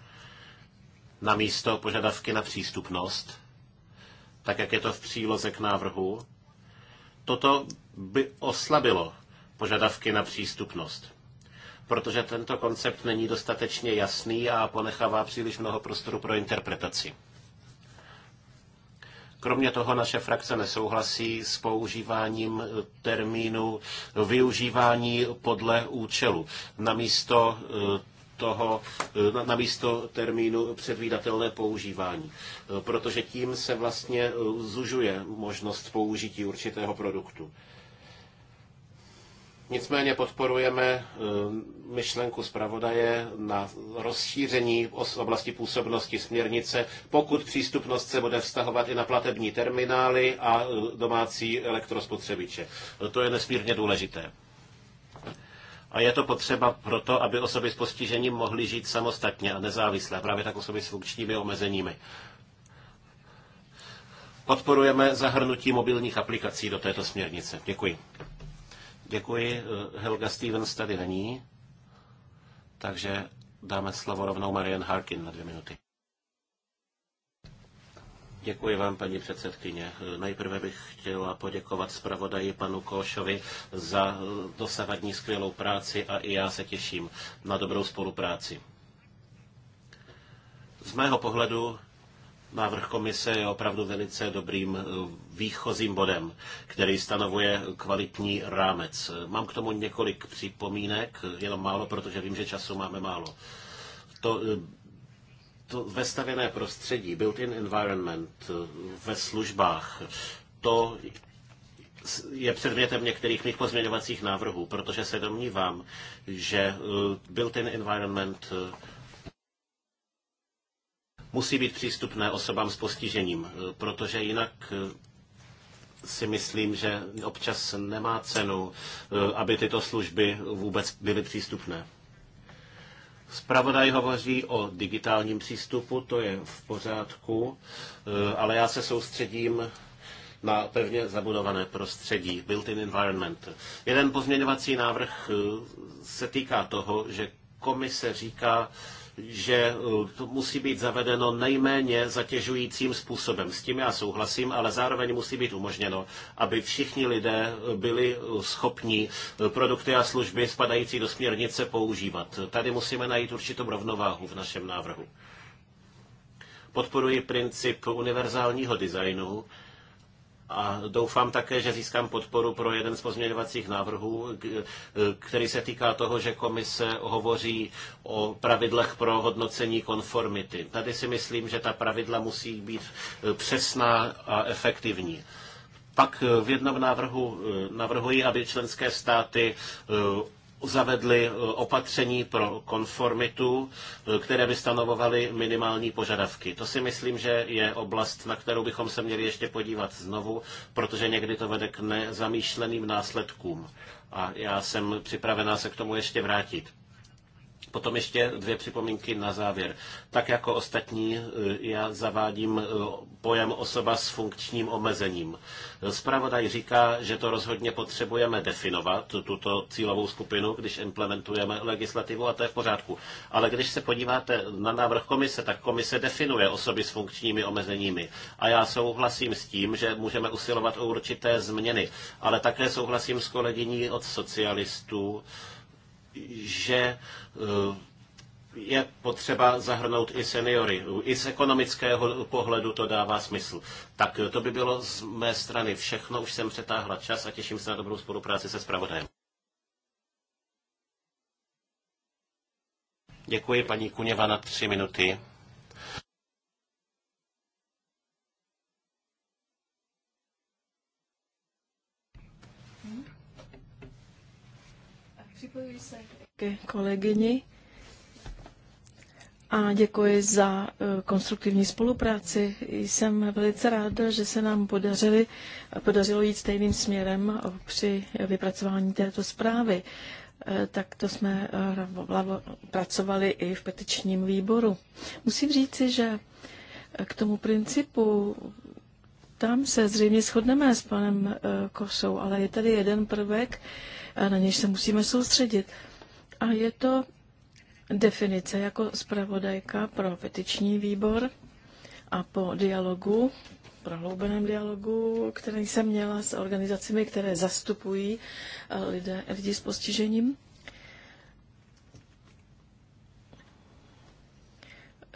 na místo požadavky na přístupnost, tak jak je to v příloze k návrhu, toto by oslabilo požadavky na přístupnost, protože tento koncept není dostatečně jasný a ponechává příliš mnoho prostoru pro interpretaci. Kromě toho naše frakce nesouhlasí s používáním eh, termínu využívání podle účelu. Namísto eh, toho eh, na, místo termínu předvídatelné používání. Protože tím se vlastně zužuje možnost použití určitého produktu. Nicméně podporujeme eh, myšlenku zpravodaje na rozšíření oblasti působnosti směrnice, pokud přístupnost se bude vztahovat i na platební terminály a eh, domácí elektrospotřebiče. To je nesmírně důležité. A je to potřeba proto, aby osoby s postižením mohly žít samostatně a nezávisle, právě tak osoby s funkčními omezeními. Podporujeme zahrnutí mobilních aplikací do této směrnice. Děkuji. Děkuji. Helga Stevens tady není, takže dáme slovo rovnou Marian Harkin na dvě minuty. Děkuji vám, paní předsedkyně. Nejprve bych chtěla poděkovat zpravodaji panu Košovi za dosavadní skvělou práci a i já se těším na dobrou spolupráci. Z mého pohledu Návrh komise je opravdu velice dobrým eh, výchozím bodem, který stanovuje kvalitní rámec. Mám k tomu několik připomínek, jenom málo, protože vím, že času máme málo. To eh, to stavěné prostředí, built-in environment eh, ve službách, to je předmětem některých mých pozměňovacích návrhů, protože se domnívám, že built-in environment musí být přístupné osobám s postižením, e, protože jinak e, si myslím, že občas nemá cenu, e, aby tyto služby vůbec byly přístupné. Spravodaj hovoří o digitálním přístupu, to je v pořádku, ale já se soustředím na pevně zabudované prostředí, built-in environment. Jeden pozměňovací návrh se týká toho, že komise říká, že eh, to musí být zavedeno nejméně zatěžujícím způsobem. S tím já souhlasím, ale zároveň musí být umožněno, aby všichni lidé eh, byli eh, schopni produkty a služby spadající do směrnice používat. Tady musíme najít určitou rovnováhu v našem návrhu. Podporuji princip univerzálního designu, a doufám také, že získám podporu pro jeden z pozměňovacích návrhů, který se týká toho, že komise hovoří o pravidlech pro hodnocení konformity. Tady si myslím, že ta pravidla musí být eh, přesná a efektivní. Pak eh, v jednom návrhu eh, navrhuji, aby členské státy zavedli e, opatření pro konformitu, e, které by stanovovaly minimální požadavky. To si myslím, že je oblast, na kterou bychom se měli ještě podívat znovu, protože někdy to vede k nezamýšleným následkům. A já jsem připravená se k tomu ještě vrátit. Potom ještě dvě připomínky na závěr. Tak jako ostatní, e, já zavádím e, pojem osoba s funkčním omezením. Zpravodaj říká, že to rozhodně potřebujeme definovat, tuto cílovou skupinu, když implementujeme legislativu a to je v pořádku. Ale když se podíváte na návrh komise, tak komise definuje osoby s funkčními omezeními. A já souhlasím s tím, že můžeme usilovat o určité změny, ale také souhlasím s kolegyní od socialistů, že eh, je potřeba zahrnout i seniory. I z ekonomického pohledu to dává smysl. Tak eh, to by bylo z mé strany všechno. Už jsem přetáhla čas a těším se na dobrou spolupráci se zpravodajem. Děkuji paní Kuněva na tři minuty. Připojuji se ke kolegyni a děkuji za eh, konstruktivní spolupráci. Jsem velice ráda, že se nám podařili, podařilo jít stejným směrem při vypracování této zprávy. Eh, tak to jsme eh, pracovali i v petičním výboru. Musím říci, že k tomu principu tam se zřejmě shodneme s panem Kosou, ale je tady jeden prvek, na něž se musíme soustředit. A je to definice jako zpravodajka pro petiční výbor a po dialogu, prohloubeném dialogu, který jsem měla s organizacemi, které zastupují eh, lidé, lidi s postižením.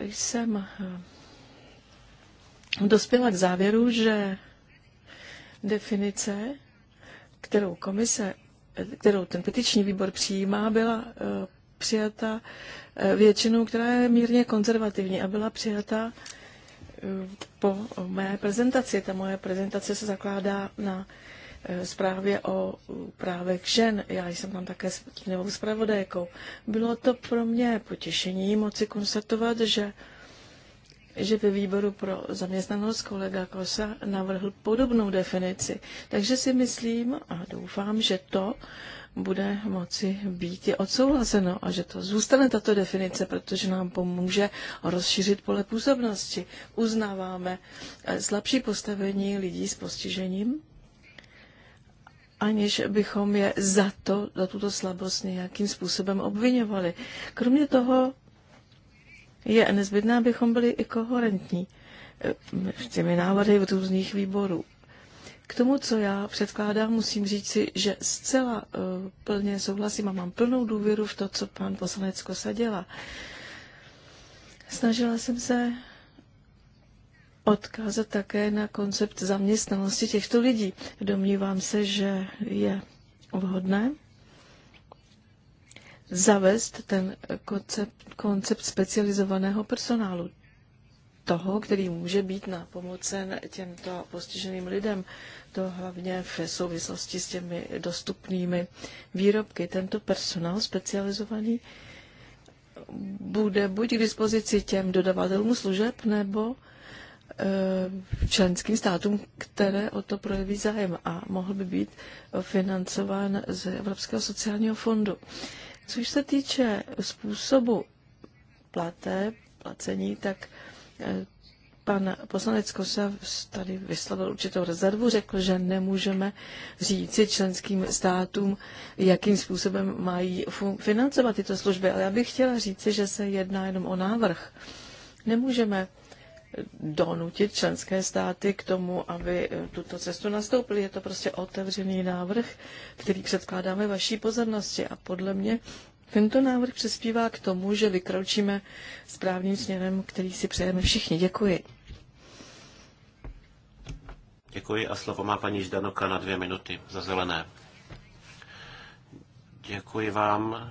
Jsem eh, dospěla k závěru, že definice, kterou komise kterou ten petiční výbor přijímá, byla eh, přijata eh, většinou, která je mírně konzervativní a byla přijata eh, po mé prezentaci. Ta moje prezentace se zakládá na zprávě o právech žen. Já jsem tam také novou zpravodajkou. Bylo to pro mě potěšení moci konstatovat, že že ve výboru pro zaměstnanost kolega Kosa navrhl podobnou definici. Takže si myslím a doufám, že to bude moci být i odsouhlaseno a že to zůstane tato definice, protože nám pomůže rozšířit pole působnosti. Uznáváme eh, slabší postavení lidí s postižením, aniž bychom je za to, za tuto slabost nějakým způsobem obvinovali. Kromě toho je nezbytné, abychom byli i koherentní eh, s těmi návrhy v různých výborů. K tomu, co já předkládám, musím si, že zcela eh, plně souhlasím a mám plnou důvěru v to, co pan poslanec Kosa dělá. Snažila jsem se odkázat také na koncept zaměstnanosti těchto lidí. Domnívám se, že je vhodné, zavést ten koncept, koncept specializovaného personálu, toho, který může být na pomocen těmto postiženým lidem. To hlavně v souvislosti s těmi dostupnými výrobky. Tento personál specializovaný bude buď k dispozici těm dodavatelům služeb nebo eh, členským státům, které o to projeví zájem a mohl by být financován z Evropského sociálního fondu. Což se týče způsobu platé, placení, tak eh, pan poslanec Kosa tady vyslovil určitou rezervu, řekl, že nemůžeme říci členským státům, jakým způsobem mají financovat tyto služby. Ale já bych chtěla říci, že se jedná jenom o návrh. Nemůžeme donutit členské státy k tomu, aby eh, tuto cestu nastoupili. Je to prostě otevřený návrh, který předkládáme vaší pozornosti a podle mě tento návrh přispívá k tomu, že vykročíme správným směrem, který si přejeme všichni. Děkuji. Děkuji a slovo má paní Ždanoka na dvě minuty za zelené. Děkuji vám.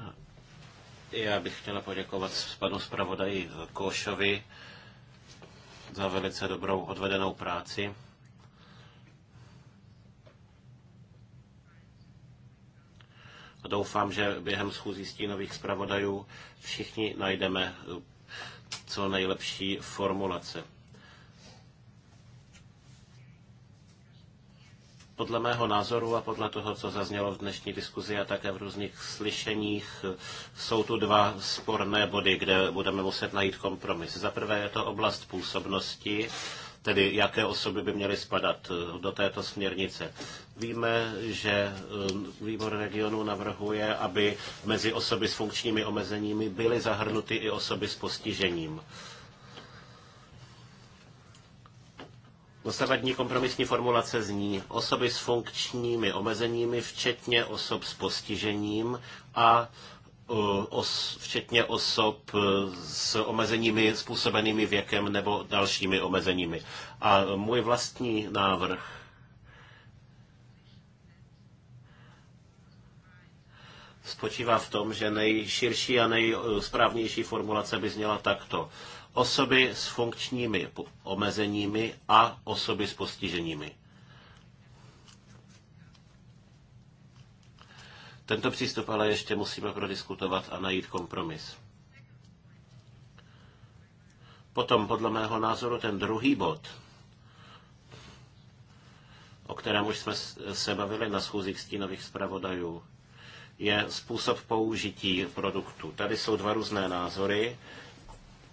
Já bych chtěla poděkovat panu zpravodaji Košovi za velice dobrou odvedenou práci. Doufám, že během schůzí stínových zpravodajů všichni najdeme co nejlepší formulace. Podle mého názoru a podle toho, co zaznělo v dnešní diskuzi a také v různých slyšeních, jsou tu dva sporné body, kde budeme muset najít kompromis. Za prvé je to oblast působnosti, tedy jaké osoby by měly spadat eh, do této směrnice. Víme, že eh, výbor regionu navrhuje, aby mezi osoby s funkčními omezeními byly zahrnuty i osoby s postižením. Dosavadní kompromisní formulace zní osoby s funkčními omezeními, včetně osob s postižením a e, os, včetně osob e, s omezeními způsobenými věkem nebo dalšími omezeními. A můj vlastní návrh spočívá v tom, že nejširší a nejsprávnější formulace by zněla takto osoby s funkčními omezeními a osoby s postiženími. Tento přístup ale ještě musíme prodiskutovat a najít kompromis. Potom, podle mého názoru, ten druhý bod, o kterém už jsme se bavili na schůzích stínových zpravodajů, je způsob použití produktu. Tady jsou dva různé názory.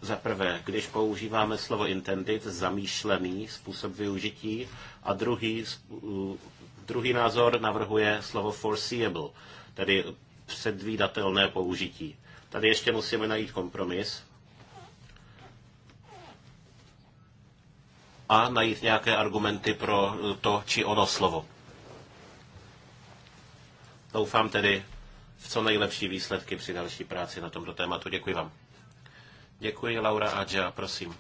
Za prvé, když používáme slovo intended, zamýšlený způsob využití, a druhý, druhý názor navrhuje slovo foreseeable, tedy předvídatelné použití. Tady ještě musíme najít kompromis a najít nějaké argumenty pro e, to či ono slovo. Doufám tedy v co nejlepší výsledky při další práci na tomto tématu. Děkuji vám. Děkuji, Laura Adža, prosím.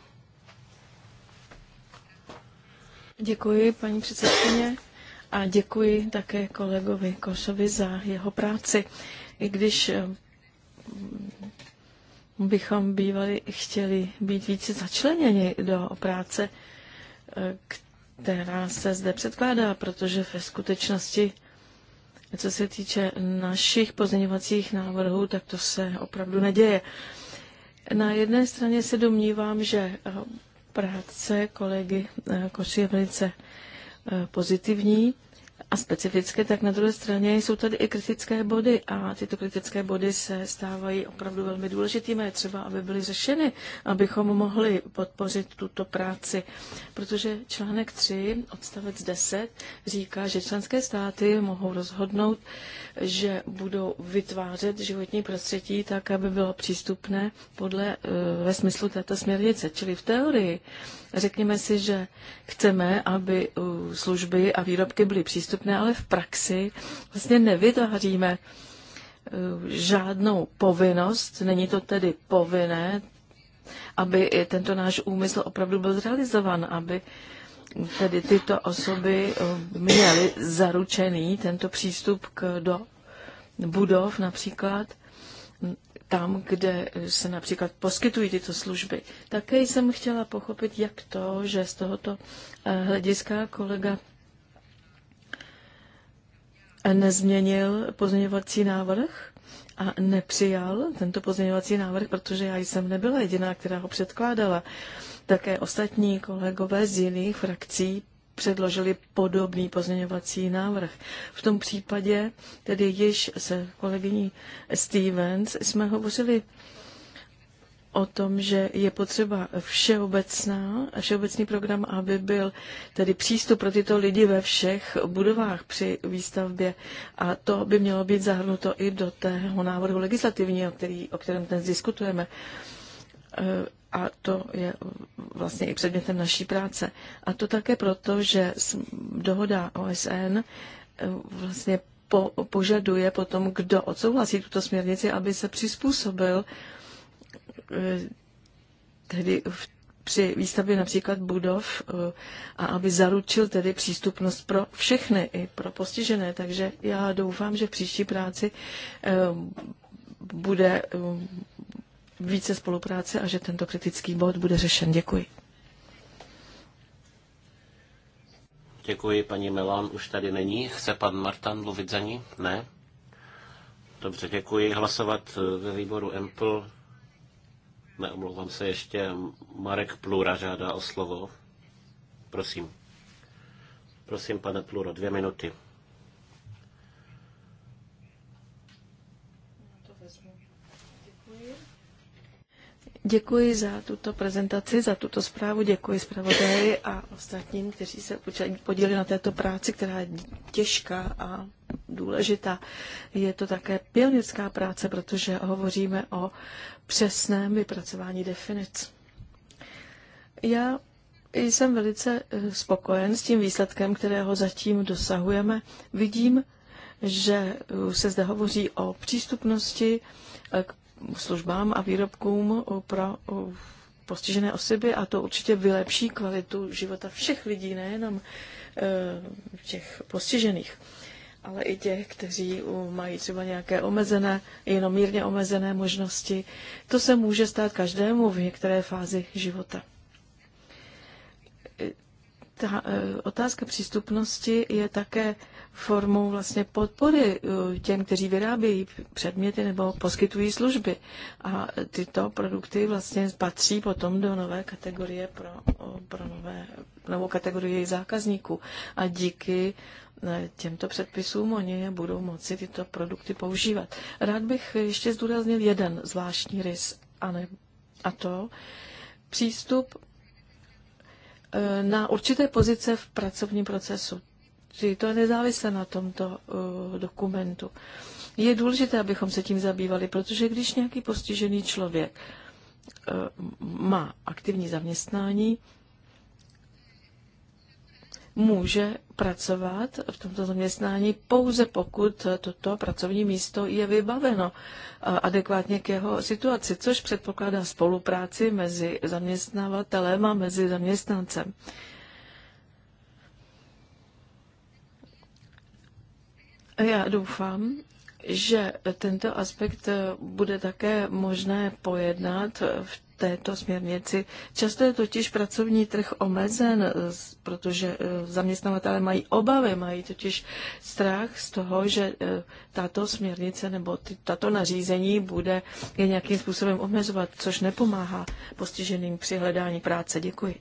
Děkuji, paní předsedkyně, a děkuji také kolegovi Košovi za jeho práci. I když eh, bychom bývali chtěli být více začleněni do práce, eh, která se zde předkládá, protože ve skutečnosti, co se týče našich pozměňovacích návrhů, tak to se opravdu neděje. Na jedné straně se domnívám, že eh, práce kolegy eh, Koši je velice eh, pozitivní a specifické, tak na druhé straně jsou tady i kritické body a tyto kritické body se stávají opravdu velmi důležitými. Je třeba, aby byly řešeny, abychom mohli podpořit tuto práci, protože článek 3, odstavec 10, říká, že členské státy mohou rozhodnout, že budou vytvářet životní prostředí tak, aby bylo přístupné podle, eh, ve smyslu této směrnice. Čili v teorii Řekněme si, že chceme, aby služby a výrobky byly přístupné, ale v praxi vlastně nevytváříme e, žádnou povinnost, není to tedy povinné, aby tento náš úmysl opravdu byl zrealizovan, aby tedy tyto osoby e, měly zaručený tento přístup k, do budov například, tam, kde se například poskytují tyto služby. Také jsem chtěla pochopit, jak to, že z tohoto eh, hlediska kolega eh, nezměnil pozměňovací návrh a nepřijal tento pozměňovací návrh, protože já jsem nebyla jediná, která ho předkládala. Také ostatní kolegové z jiných frakcí předložili podobný pozměňovací návrh. V tom případě, tedy již se kolegyní Stevens, jsme hovořili o tom, že je potřeba všeobecná, všeobecný program, aby byl tedy přístup pro tyto lidi ve všech budovách při výstavbě. A to by mělo být zahrnuto i do tého návrhu legislativního, který, o kterém dnes diskutujeme a to je vlastně i předmětem naší práce. A to také proto, že dohoda OSN eh, vlastně po, požaduje potom, kdo odsouhlasí tuto směrnici, aby se přizpůsobil eh, tedy v, při výstavbě například budov eh, a aby zaručil tedy přístupnost pro všechny, i pro postižené. Takže já doufám, že v příští práci bude více spolupráce a že tento kritický bod bude řešen. Děkuji. Děkuji, paní Melan už tady není. Chce pan Martan mluvit za ní? Ne? Dobře, děkuji. Hlasovat eh, ve výboru EMPL. Neomlouvám se ještě. Marek Plura žádá o slovo. Prosím. Prosím, pane Pluro, dvě minuty. Děkuji za tuto prezentaci, za tuto zprávu, děkuji zpravodaji a ostatním, kteří se podíleli na této práci, která je těžká a důležitá. Je to také pionická práce, protože hovoříme o přesném vypracování definic. Já jsem velice eh, spokojen s tím výsledkem, kterého zatím dosahujeme. Vidím, že eh, se zde hovoří o přístupnosti eh, k službám a výrobkům pro postižené osoby a to určitě vylepší kvalitu života všech lidí, nejenom e, těch postižených, ale i těch, kteří mají třeba nějaké omezené, jenom mírně omezené možnosti. To se může stát každému v některé fázi života ta e, otázka přístupnosti je také formou vlastně podpory e, těm, kteří vyrábějí předměty nebo poskytují služby. A tyto produkty vlastně patří potom do nové kategorie pro, pro nové, novou kategorii zákazníků. A díky e, těmto předpisům oni budou moci tyto produkty používat. Rád bych ještě zdůraznil jeden zvláštní rys, a, ne, a to přístup Eh, na určité pozice v pracovním procesu. Čili to je nezávisle na tomto eh, dokumentu. Je důležité, abychom se tím zabývali, protože když nějaký postižený člověk eh, má aktivní zaměstnání, může pracovat v tomto zaměstnání pouze pokud toto pracovní místo je vybaveno eh, adekvátně k jeho situaci, což předpokládá spolupráci mezi zaměstnavatelem a mezi zaměstnancem. Já doufám, že tento aspekt bude také možné pojednat v této směrnici. Často je totiž pracovní trh omezen, eh, protože eh, zaměstnavatele mají obavy, mají totiž strach z toho, že eh, tato směrnice nebo tato nařízení bude je nějakým způsobem omezovat, což nepomáhá postiženým při hledání práce. Děkuji.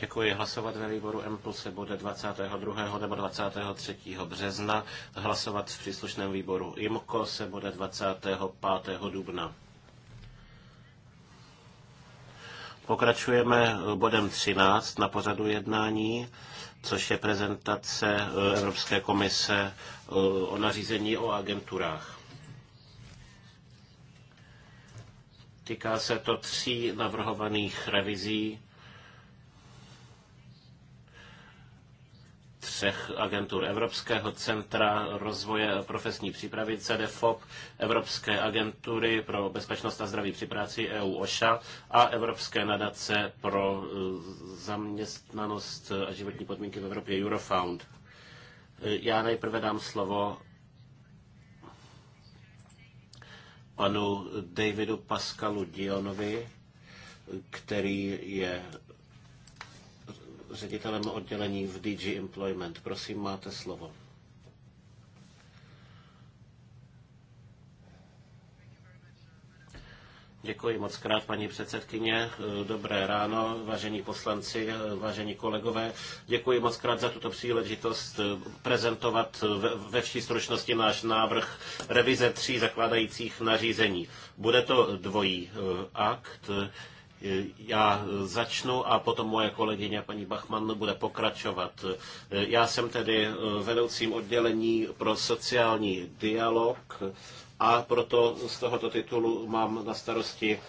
Děkuji. Hlasovat ve výboru M se bude 22. nebo 23. března. Hlasovat v příslušném výboru IMKO se bude 25. dubna. Pokračujeme eh, bodem 13 na pořadu jednání, což je prezentace eh, Evropské komise eh, o nařízení o agenturách. Týká se to tří navrhovaných revizí třech agentur Evropského centra rozvoje profesní přípravy CDFOP, Evropské agentury pro bezpečnost a zdraví při práci EU OŠA a Evropské nadace pro eh, zaměstnanost a životní podmínky v Evropě Eurofound. Eh, já nejprve dám slovo panu Davidu Pascalu Dionovi, který je ředitelem oddělení v DG Employment. Prosím, máte slovo. Děkuji moc krát, paní předsedkyně. Dobré ráno, vážení poslanci, vážení kolegové. Děkuji moc krát za tuto příležitost prezentovat ve vší stručnosti náš návrh revize tří zakládajících nařízení. Bude to dvojí eh, akt. Já začnu a potom moje kolegyně paní Bachmann bude pokračovat. Já jsem tedy vedoucím oddělení pro sociální dialog a proto z tohoto titulu mám na starosti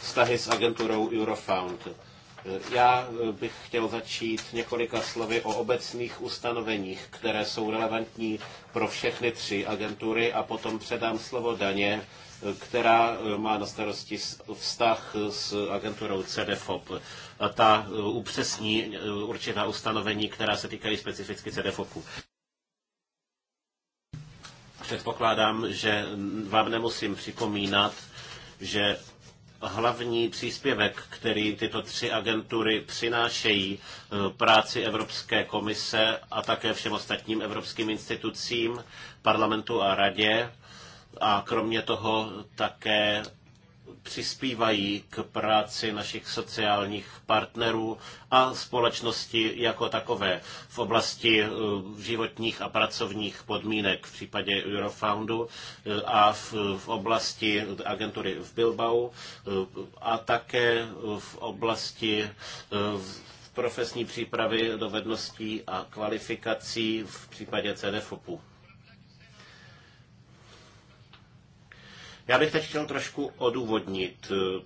vztahy s agenturou Eurofound. Já bych chtěl začít několika slovy o obecných ustanoveních, které jsou relevantní pro všechny tři agentury a potom předám slovo Daně, která eh, má na starosti vztah s agenturou CDFOP. A ta eh, upřesní eh, určitá ustanovení, která se týkají specificky CDFOPu. Předpokládám, že vám nemusím připomínat, že hlavní příspěvek, který tyto tři agentury přinášejí práci Evropské komise a také všem ostatním evropským institucím, parlamentu a radě, a kromě toho také přispívají k práci našich sociálních partnerů a společnosti jako takové v oblasti eh, životních a pracovních podmínek v případě Eurofoundu eh, a v, v oblasti agentury v Bilbao eh, a také v oblasti profesní přípravy, dovedností a kvalifikací v případě CDFOPu. Já bych teď chtěl trošku odůvodnit eh,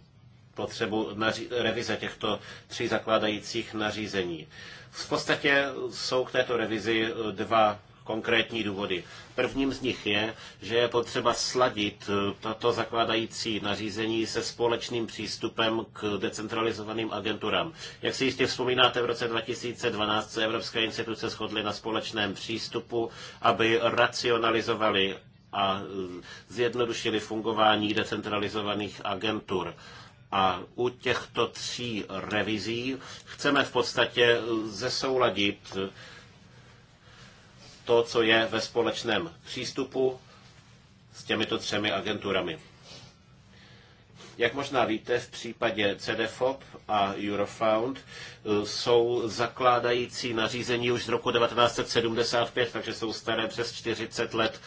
potřebu revize těchto tří zakládajících nařízení. V podstatě jsou k této revizi eh, dva konkrétní důvody. Prvním z nich je, že je potřeba sladit eh, tato zakládající nařízení se společným přístupem k decentralizovaným agenturám. Jak si jistě vzpomínáte, v roce 2012 se Evropské instituce shodly na společném přístupu, aby racionalizovali a zjednodušili fungování decentralizovaných agentur. A u těchto tří revizí chceme v podstatě zesouladit to, co je ve společném přístupu s těmito třemi agenturami. Jak možná víte, v případě CDFOP a Eurofound jsou zakládající nařízení už z roku 1975, takže jsou staré přes 40 let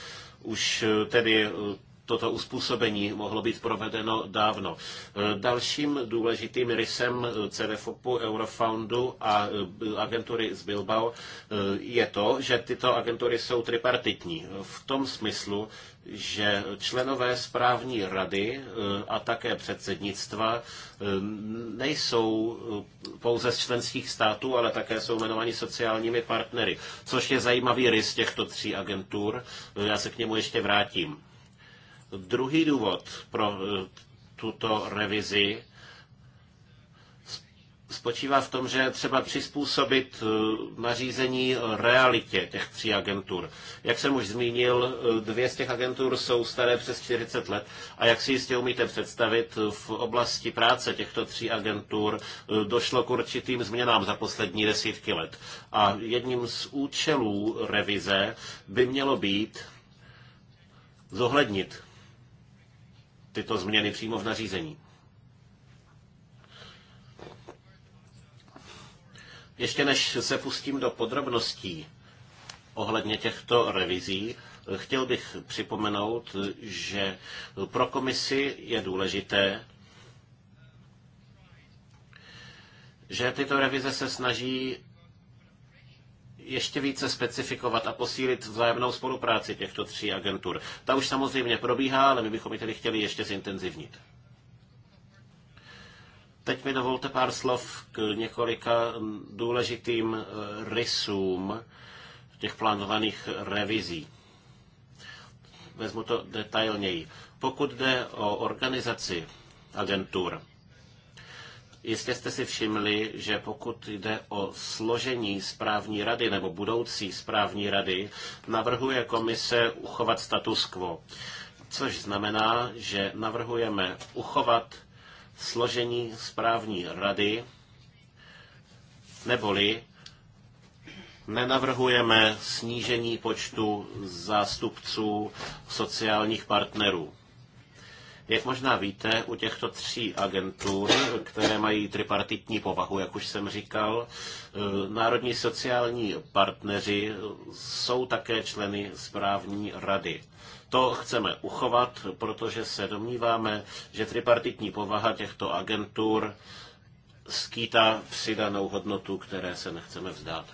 už eh, tedy eh, toto uspůsobení mohlo být provedeno dávno. E, dalším důležitým rysem e, CDFOPu, Eurofoundu a e, agentury z Bilbao je to, že tyto agentury jsou tripartitní. V tom smyslu, že členové správní rady a také předsednictva nejsou pouze z členských států, ale také jsou jmenováni sociálními partnery, což je zajímavý rys těchto tří agentur. Já se k němu ještě vrátím. Druhý důvod pro eh, tuto revizi spočívá v tom, že je třeba přizpůsobit eh, nařízení realitě těch tří agentur. Jak jsem už zmínil, eh, dvě z těch agentur jsou staré přes 40 let a jak si jistě umíte představit, v oblasti práce těchto tří agentur došlo k určitým změnám za poslední desítky let. A jedním z účelů revize by mělo být zohlednit tyto změny přímo v nařízení. Ještě než se pustím do podrobností ohledně těchto revizí, chtěl bych připomenout, že pro komisi je důležité, že tyto revize se snaží ještě více specifikovat a posílit vzájemnou spolupráci těchto tří agentur. Ta už samozřejmě probíhá, ale my bychom ji tedy chtěli ještě zintenzivnit. Teď mi dovolte pár slov k několika mm, důležitým eh, rysům těch plánovaných revizí. Vezmu to detailněji. Pokud jde o organizaci agentur, Jistě jste si všimli, že pokud jde o složení správní rady nebo budoucí správní rady, navrhuje komise uchovat status quo, což znamená, že navrhujeme uchovat složení správní rady, neboli nenavrhujeme snížení počtu zástupců sociálních partnerů. Jak možná víte, u těchto tří agentur, které mají tripartitní povahu, jak už jsem říkal, eh, národní sociální partneři jsou také členy správní rady. To chceme uchovat, protože se domníváme, že tripartitní povaha těchto agentur skýtá přidanou hodnotu, které se nechceme vzdát.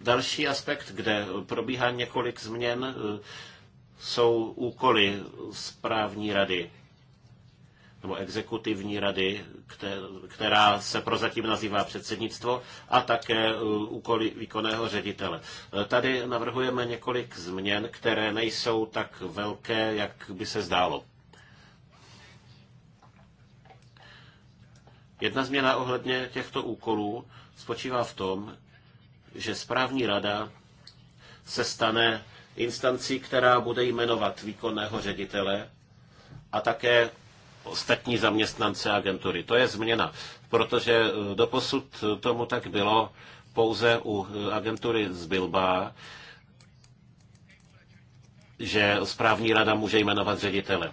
Další aspekt, kde probíhá několik změn, eh, jsou úkoly správní rady nebo exekutivní rady, která se prozatím nazývá předsednictvo, a také uh, úkoly výkonného ředitele. Eh, tady navrhujeme několik změn, které nejsou tak velké, jak by se zdálo. Jedna změna ohledně těchto úkolů spočívá v tom, že správní rada se stane instancí, která bude jmenovat výkonného ředitele a také ostatní zaměstnance agentury. To je změna, protože eh, doposud tomu tak bylo pouze u eh, agentury z Bilba, že správní rada může jmenovat ředitele.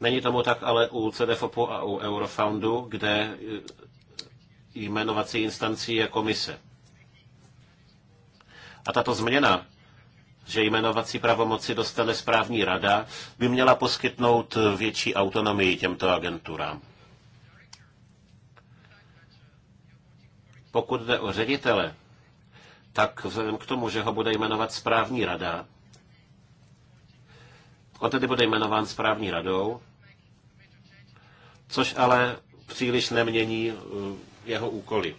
Není tomu tak ale u CDFOPu a u Eurofoundu, kde eh, jmenovací instancí je komise. A tato změna že jmenovací pravomoci dostane správní rada, by měla poskytnout větší autonomii těmto agenturám. Pokud jde o ředitele, tak vzhledem k tomu, že ho bude jmenovat správní rada, on tedy bude jmenován správní radou, což ale příliš nemění uh, jeho úkoly.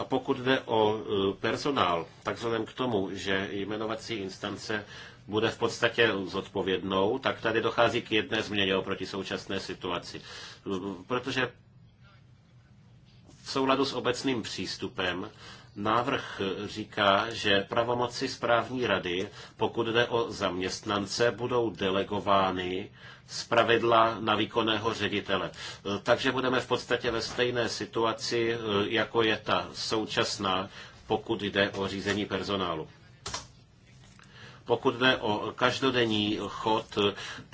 A pokud jde o e, personál, tak vzhledem k tomu, že jmenovací instance bude v podstatě zodpovědnou, tak tady dochází k jedné změně oproti současné situaci. E, protože v souladu s obecným přístupem Návrh říká, že pravomoci správní rady, pokud jde o zaměstnance, budou delegovány z pravidla na výkonného ředitele. Takže budeme v podstatě ve stejné situaci, jako je ta současná, pokud jde o řízení personálu pokud jde o každodenní chod,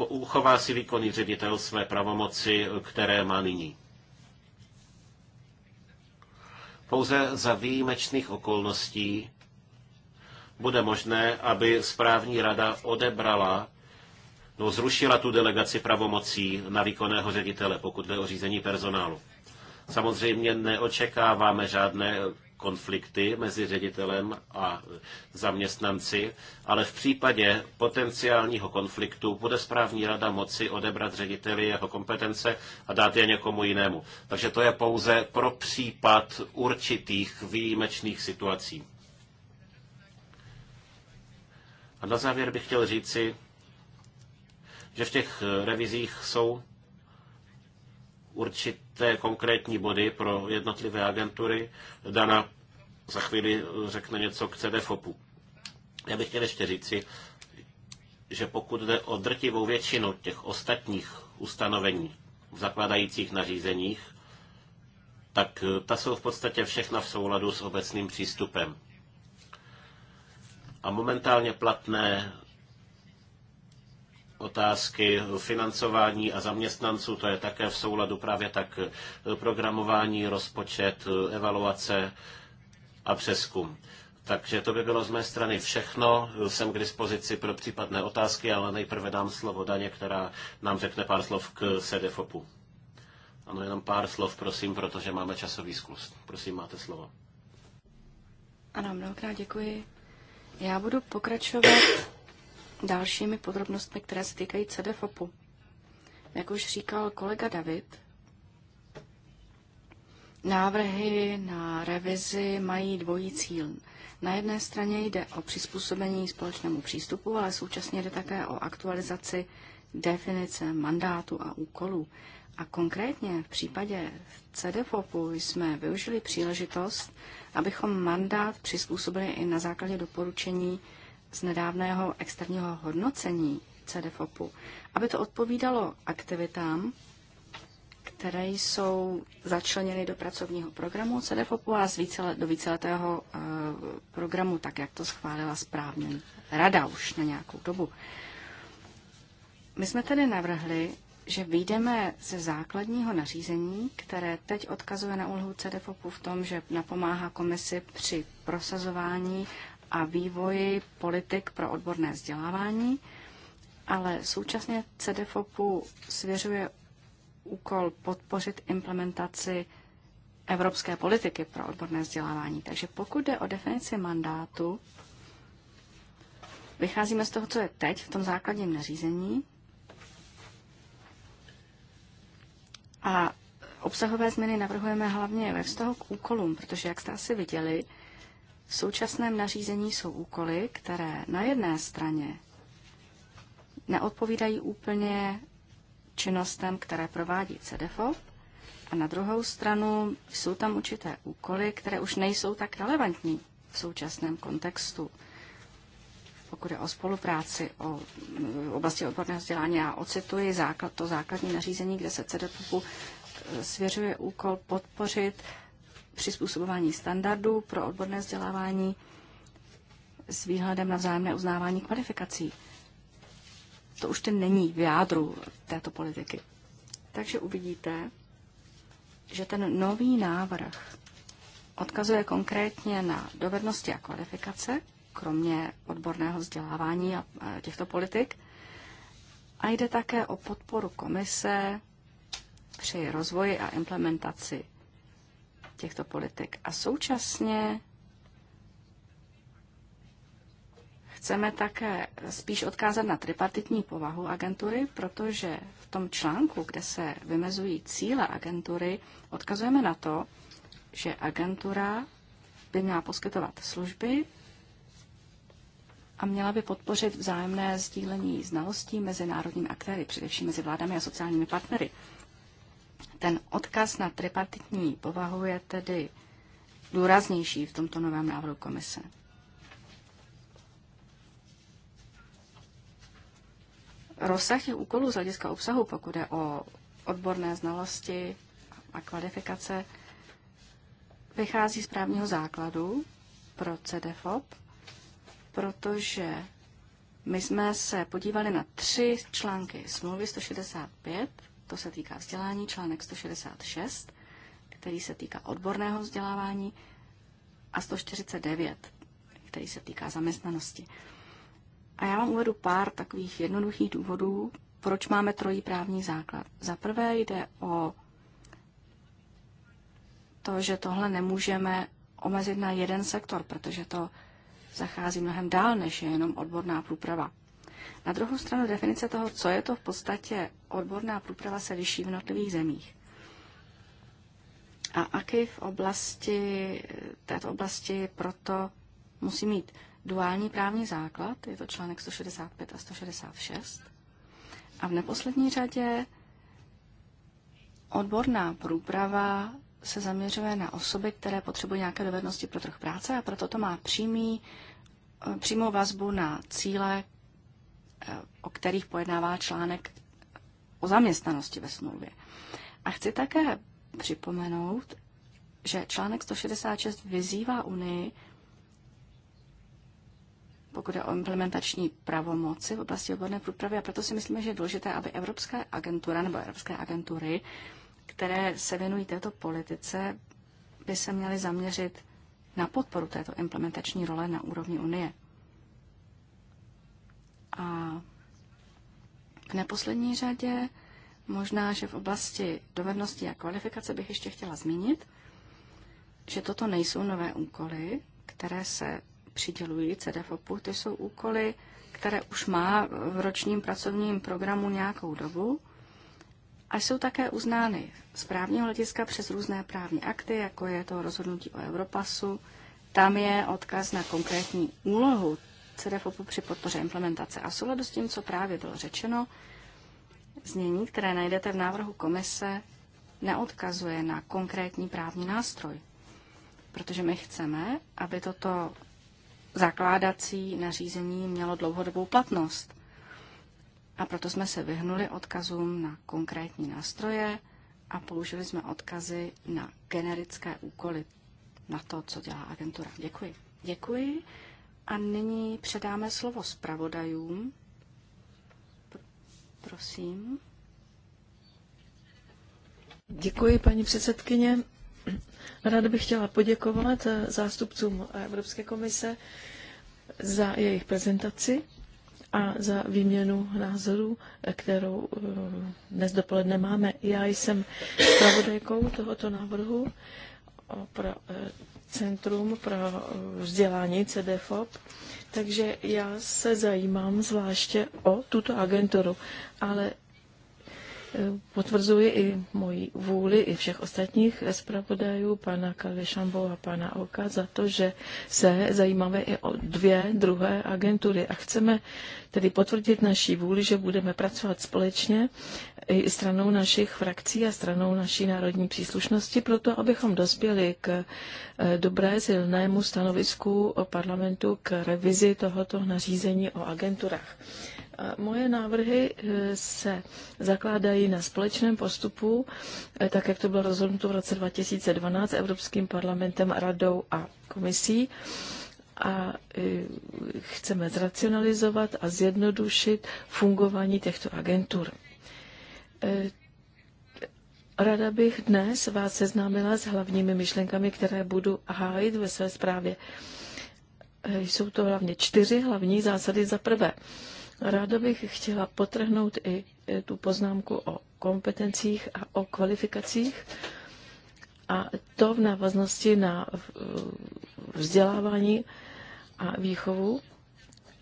uchová si výkonný ředitel své pravomoci, které má nyní. Pouze za výjimečných okolností bude možné, aby správní rada odebrala no, zrušila tu delegaci pravomocí na výkonného ředitele, pokud jde o řízení personálu. Samozřejmě neočekáváme žádné konflikty mezi ředitelem a zaměstnanci, ale v případě potenciálního konfliktu bude správní rada moci odebrat řediteli jeho kompetence a dát je někomu jinému. Takže to je pouze pro případ určitých výjimečných situací. A na závěr bych chtěl říci, že v těch revizích jsou určité konkrétní body pro jednotlivé agentury. Dana za chvíli řekne něco k CDFOPu. Já bych chtěl ještě říci, že pokud jde o drtivou většinu těch ostatních ustanovení v zakladajících nařízeních, tak eh, ta jsou v podstatě všechna v souladu s obecným přístupem. A momentálně platné otázky financování a zaměstnanců, to je také v souladu právě tak eh, programování, rozpočet, eh, evaluace a přeskum. Takže to by bylo z mé strany všechno. Jsem k dispozici pro případné otázky, ale nejprve dám slovo Daně, která nám řekne pár slov k SEDEFOPu. Ano, jenom pár slov, prosím, protože máme časový zkus. Prosím, máte slovo. Ano, mnohokrát děkuji. Já budu pokračovat dalšími podrobnostmi, které se týkají CDFOPu. Jak už říkal kolega David, návrhy na revizi mají dvojí cíl. Na jedné straně jde o přizpůsobení společnému přístupu, ale současně jde také o aktualizaci definice mandátu a úkolů. A konkrétně v případě CDFOPu jsme využili příležitost, abychom mandát přizpůsobili i na základě doporučení z nedávného externího hodnocení CDFOPu, aby to odpovídalo aktivitám, které jsou začleněny do pracovního programu CDFOPu a z více, do víceletého eh, programu, tak jak to schválila správně rada už na nějakou dobu. My jsme tedy navrhli, že vyjdeme ze základního nařízení, které teď odkazuje na úlohu CDFOPu v tom, že napomáhá komisi při prosazování a vývoji politik pro odborné vzdělávání, ale současně CDFOPu svěřuje úkol podpořit implementaci evropské politiky pro odborné vzdělávání. Takže pokud jde o definici mandátu, vycházíme z toho, co je teď v tom základním nařízení a obsahové změny navrhujeme hlavně ve vztahu k úkolům, protože jak jste asi viděli, v současném nařízení jsou úkoly, které na jedné straně neodpovídají úplně činnostem, které provádí CDFOP, a na druhou stranu jsou tam určité úkoly, které už nejsou tak relevantní v současném kontextu, pokud je o spolupráci o, v oblasti odborného vzdělání. Já ocituji základ, to základní nařízení, kde se CDFOPu svěřuje úkol podpořit přizpůsobování standardů pro odborné vzdělávání s výhledem na vzájemné uznávání kvalifikací. To už ten není v jádru této politiky. Takže uvidíte, že ten nový návrh odkazuje konkrétně na dovednosti a kvalifikace, kromě odborného vzdělávání a e, těchto politik, a jde také o podporu komise při rozvoji a implementaci těchto politik. A současně chceme také spíš odkázat na tripartitní povahu agentury, protože v tom článku, kde se vymezují cíle agentury, odkazujeme na to, že agentura by měla poskytovat služby a měla by podpořit vzájemné sdílení znalostí mezi národními aktéry, především mezi vládami a sociálními partnery. Ten odkaz na tripartitní povahu je tedy důraznější v tomto novém návrhu komise. Rozsah těch úkolů z hlediska obsahu, pokud je o odborné znalosti a kvalifikace, vychází z právního základu pro CDFOP, protože my jsme se podívali na tři články smlouvy 165, to se týká vzdělání, článek 166, který se týká odborného vzdělávání, a 149, který se týká zaměstnanosti. A já vám uvedu pár takových jednoduchých důvodů, proč máme trojí právní základ. Za prvé jde o to, že tohle nemůžeme omezit na jeden sektor, protože to zachází mnohem dál, než je jenom odborná průprava. Na druhou stranu definice toho, co je to v podstatě odborná průprava, se liší v notlivých zemích. A aký v oblasti, této oblasti proto musí mít duální právní základ, je to článek 165 a 166. A v neposlední řadě odborná průprava se zaměřuje na osoby, které potřebují nějaké dovednosti pro trh práce a proto to má přímý, přímou vazbu na cíle, o kterých pojednává článek o zaměstnanosti ve smlouvě. A chci také připomenout, že článek 166 vyzývá Unii, pokud je o implementační pravomoci v oblasti odborné průpravy, a proto si myslíme, že je důležité, aby Evropská agentura nebo Evropské agentury, které se věnují této politice, by se měly zaměřit na podporu této implementační role na úrovni Unie. A v neposlední řadě možná, že v oblasti dovednosti a kvalifikace bych ještě chtěla zmínit, že toto nejsou nové úkoly, které se přidělují CDFOPu, to jsou úkoly, které už má v ročním pracovním programu nějakou dobu a jsou také uznány z právního hlediska přes různé právní akty, jako je to rozhodnutí o Europasu. Tam je odkaz na konkrétní úlohu CDFOPu při podpoře implementace a souladu s tím, co právě bylo řečeno, znění, které najdete v návrhu komise, neodkazuje na konkrétní právní nástroj, protože my chceme, aby toto zakládací nařízení mělo dlouhodobou platnost. A proto jsme se vyhnuli odkazům na konkrétní nástroje a použili jsme odkazy na generické úkoly, na to, co dělá agentura. Děkuji. Děkuji. A nyní předáme slovo zpravodajům. Prosím. Děkuji, paní předsedkyně. Ráda bych chtěla poděkovat eh, zástupcům Evropské komise za jejich prezentaci a za výměnu názorů, eh, kterou eh, dnes dopoledne máme. Já jsem zpravodajkou tohoto návrhu pro Centrum pro eh, vzdělání CDFOP, takže já se zajímám zvláště o tuto agenturu, ale Potvrzuji i moji vůli, i všech ostatních zpravodajů, pana Kalešambo a pana Oka, za to, že se zajímáme i o dvě druhé agentury a chceme tedy potvrdit naší vůli, že budeme pracovat společně i stranou našich frakcí a stranou naší národní příslušnosti, proto abychom dospěli k eh, dobré silnému stanovisku o parlamentu k revizi tohoto nařízení o agenturách moje návrhy eh, se zakládají na společném postupu, eh, tak jak to bylo rozhodnuto v roce 2012 Evropským parlamentem, radou a komisí. A eh, chceme zracionalizovat a zjednodušit fungování těchto agentur. Rada bych dnes vás seznámila s hlavními myšlenkami, které budu hájit ve své zprávě. Jsou to hlavně čtyři hlavní zásady. Za prvé, Ráda bych chtěla potrhnout i e, tu poznámku o kompetencích a o kvalifikacích. A to v návaznosti na e, vzdělávání a výchovu,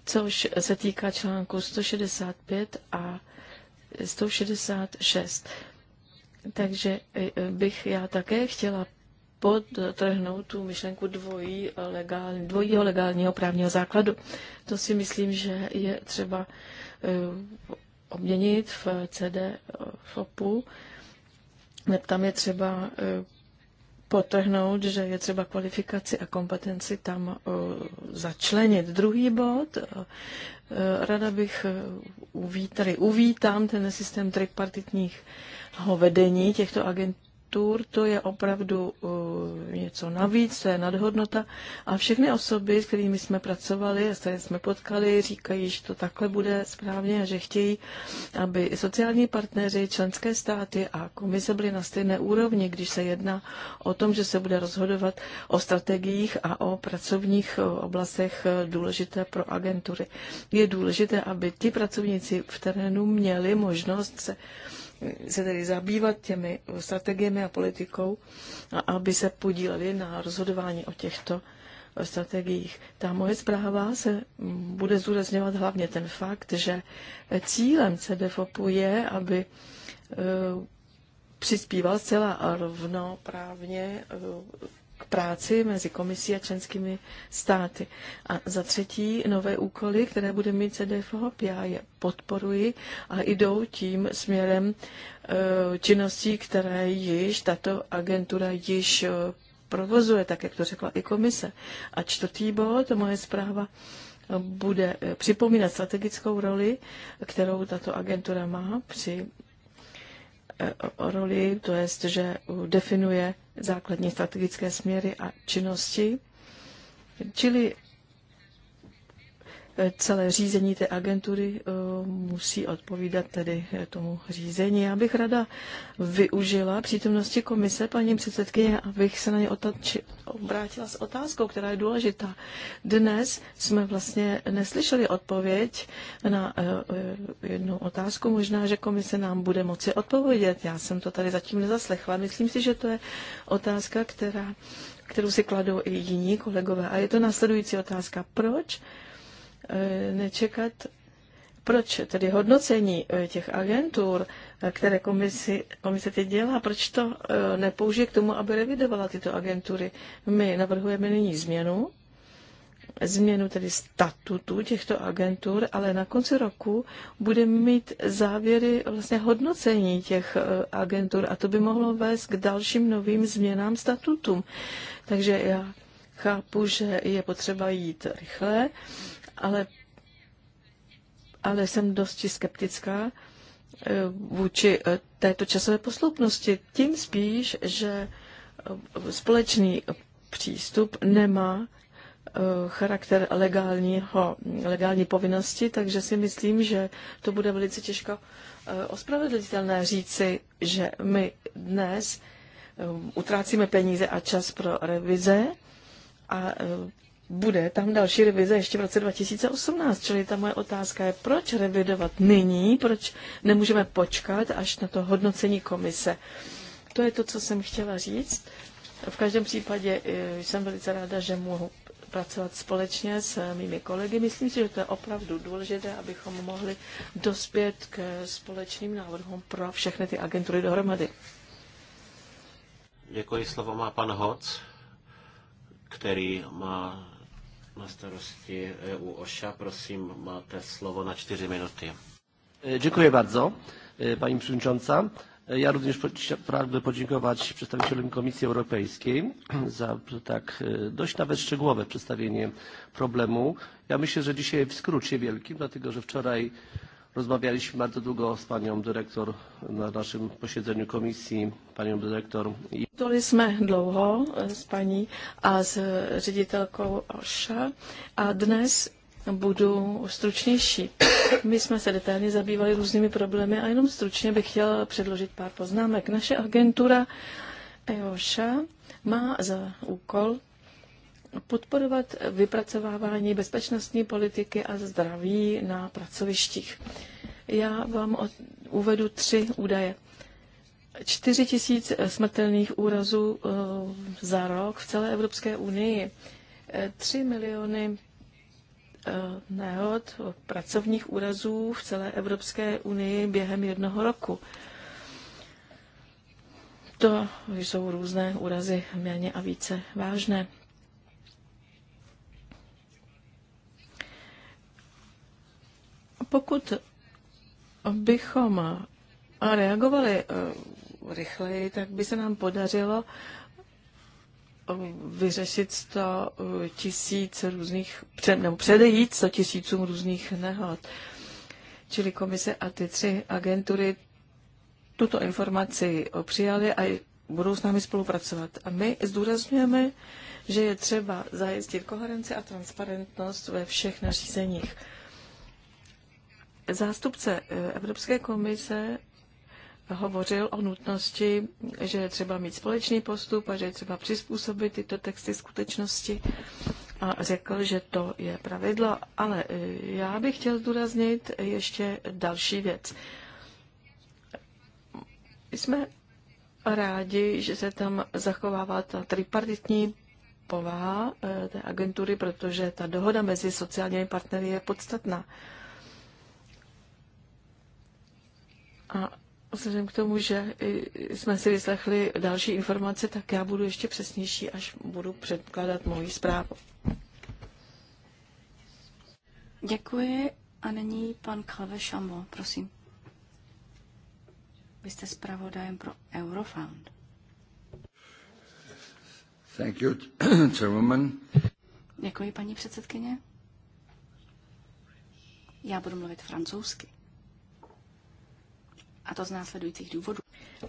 což se týká článku 165 a 166. Takže e, bych já také chtěla podtrhnout tu myšlenku dvojí legální, dvojího legálního právního základu. To si myslím, že je třeba eh, obměnit v CD eh, FOPu. Tam je třeba eh, potrhnout, že je třeba kvalifikaci a kompetenci tam začlenit. Druhý bod, rada bych uvít, tady uvítám ten systém tripartitního vedení těchto agentů tur, to je opravdu eh, něco navíc, to je nadhodnota. A všechny osoby, s kterými jsme pracovali s kterými jsme potkali, říkají, že to takhle bude správně a že chtějí, aby sociální partneři, členské státy a komise byly na stejné úrovni, když se jedná o tom, že se bude rozhodovat o strategiích a o pracovních eh, oblastech eh, důležité pro agentury. Je důležité, aby ti pracovníci v terénu měli možnost se se tedy zabývat těmi strategiemi a politikou a aby se podíleli na rozhodování o těchto strategiích. Ta moje zpráva se bude zdůrazňovat hlavně ten fakt, že cílem CDFOPu je, aby e, přispíval zcela rovnoprávně e, práci mezi komisí a členskými státy. A za třetí, nové úkoly, které bude mít CDFHOP, já je podporuji a jdou tím směrem e, činností, které již tato agentura již e, provozuje, tak jak to řekla i komise. A čtvrtý bod, moje zpráva, e, bude připomínat strategickou roli, kterou tato agentura má při roli, to jest, že definuje základní strategické směry a činnosti, čili celé řízení té agentury eh, musí odpovídat tedy eh, tomu řízení. Já bych rada využila přítomnosti komise, paní předsedkyně, abych se na ně otači, obrátila s otázkou, která je důležitá. Dnes jsme vlastně neslyšeli odpověď na eh, jednu otázku. Možná, že komise nám bude moci odpovědět. Já jsem to tady zatím nezaslechla. Myslím si, že to je otázka, která kterou si kladou i jiní kolegové. A je to následující otázka. Proč Eh, nečekat. Proč tedy hodnocení eh, těch agentur, eh, které komisi, komise teď dělá, proč to nepoužije k tomu, aby revidovala tyto agentury? My navrhujeme nyní změnu, změnu tedy statutu těchto agentur, ale na konci roku budeme mít závěry vlastně hodnocení těch agentur a to by mohlo vést k dalším novým změnám statutům. Takže já chápu, že je potřeba jít rychle ale, ale jsem dosti skeptická eh, vůči eh, této časové posloupnosti. Tím spíš, že eh, společný přístup nemá charakter legálního, legální povinnosti, takže si myslím, že to bude velice těžko ospravedlitelné říci, že my dnes utrácíme peníze a čas pro revize a bude tam další revize ještě v roce 2018, čili ta moje otázka je, proč revidovat nyní, proč nemůžeme počkat až na to hodnocení komise. To je to, co jsem chtěla říct. V každém případě eh, jsem velice ráda, že mohu pracovat společně s eh, mými kolegy. Myslím si, že to je opravdu důležité, abychom mohli dospět k společným návrhům pro všechny ty agentury dohromady. Děkuji, slovo má pan Hoc, který má na starosti EU OŠA. Prosím, máte slovo na čtyři minuty. E, Dziękuję bardzo, e, Pani Przewodnicząca. E, ja również pragnę podziękować przedstawicielom Komisji Europejskiej za tak dość nawet szczegółowe przedstawienie problemu. Ja myślę, że dzisiaj w skrócie wielkim, dlatego że wczoraj Rozmawialiśmy bardzo długo z panią dyrektor na naszym posiedzeniu komisji, panią dyrektor. Mluvili jsme dlouho e, s paní a s ředitelkou OŠA a dnes budu stručnější. My jsme se detailně zabývali různými problémy a jenom stručně bych chtěl předložit pár poznámek. Naše agentura EOŠA má za úkol podporovat vypracovávání bezpečnostní politiky a zdraví na pracovištích. Já vám uvedu tři údaje. 4 tisíc smrtelných úrazů eh, za rok v celé Evropské unii, 3 eh, miliony eh, nehod pracovních úrazů v celé Evropské unii během jednoho roku. To jsou různé úrazy méně a více vážné. Pokud bychom reagovali eh, rychleji, tak by se nám podařilo eh, vyřešit 100 eh, tisíc různých, nebo předejít 100 tisícům různých nehod. Čili komise a ty tři agentury tuto informaci přijali a budou s námi spolupracovat. A my zdůrazňujeme, že je třeba zajistit koherenci a transparentnost ve všech nařízeních. Zástupce eh, Evropské komise hovořil o nutnosti, že je třeba mít společný postup a že je třeba přizpůsobit tyto texty skutečnosti a řekl, že to je pravidlo, ale eh, já bych chtěl zdůraznit ještě další věc. My jsme rádi, že se tam zachovává ta tripartitní povaha eh, té agentury, protože ta dohoda mezi sociálními partnery je podstatná. A vzhledem k tomu, že jsme si vyslechli další informace, tak já budu ještě přesnější, až budu předkládat moji zprávu. Děkuji a nyní pan Klave Šambo, prosím. Vy jste zpravodajem pro Eurofound. Thank you, chairwoman. Děkuji, paní předsedkyně. Já budu mluvit francouzsky. A to z následujících důvodů.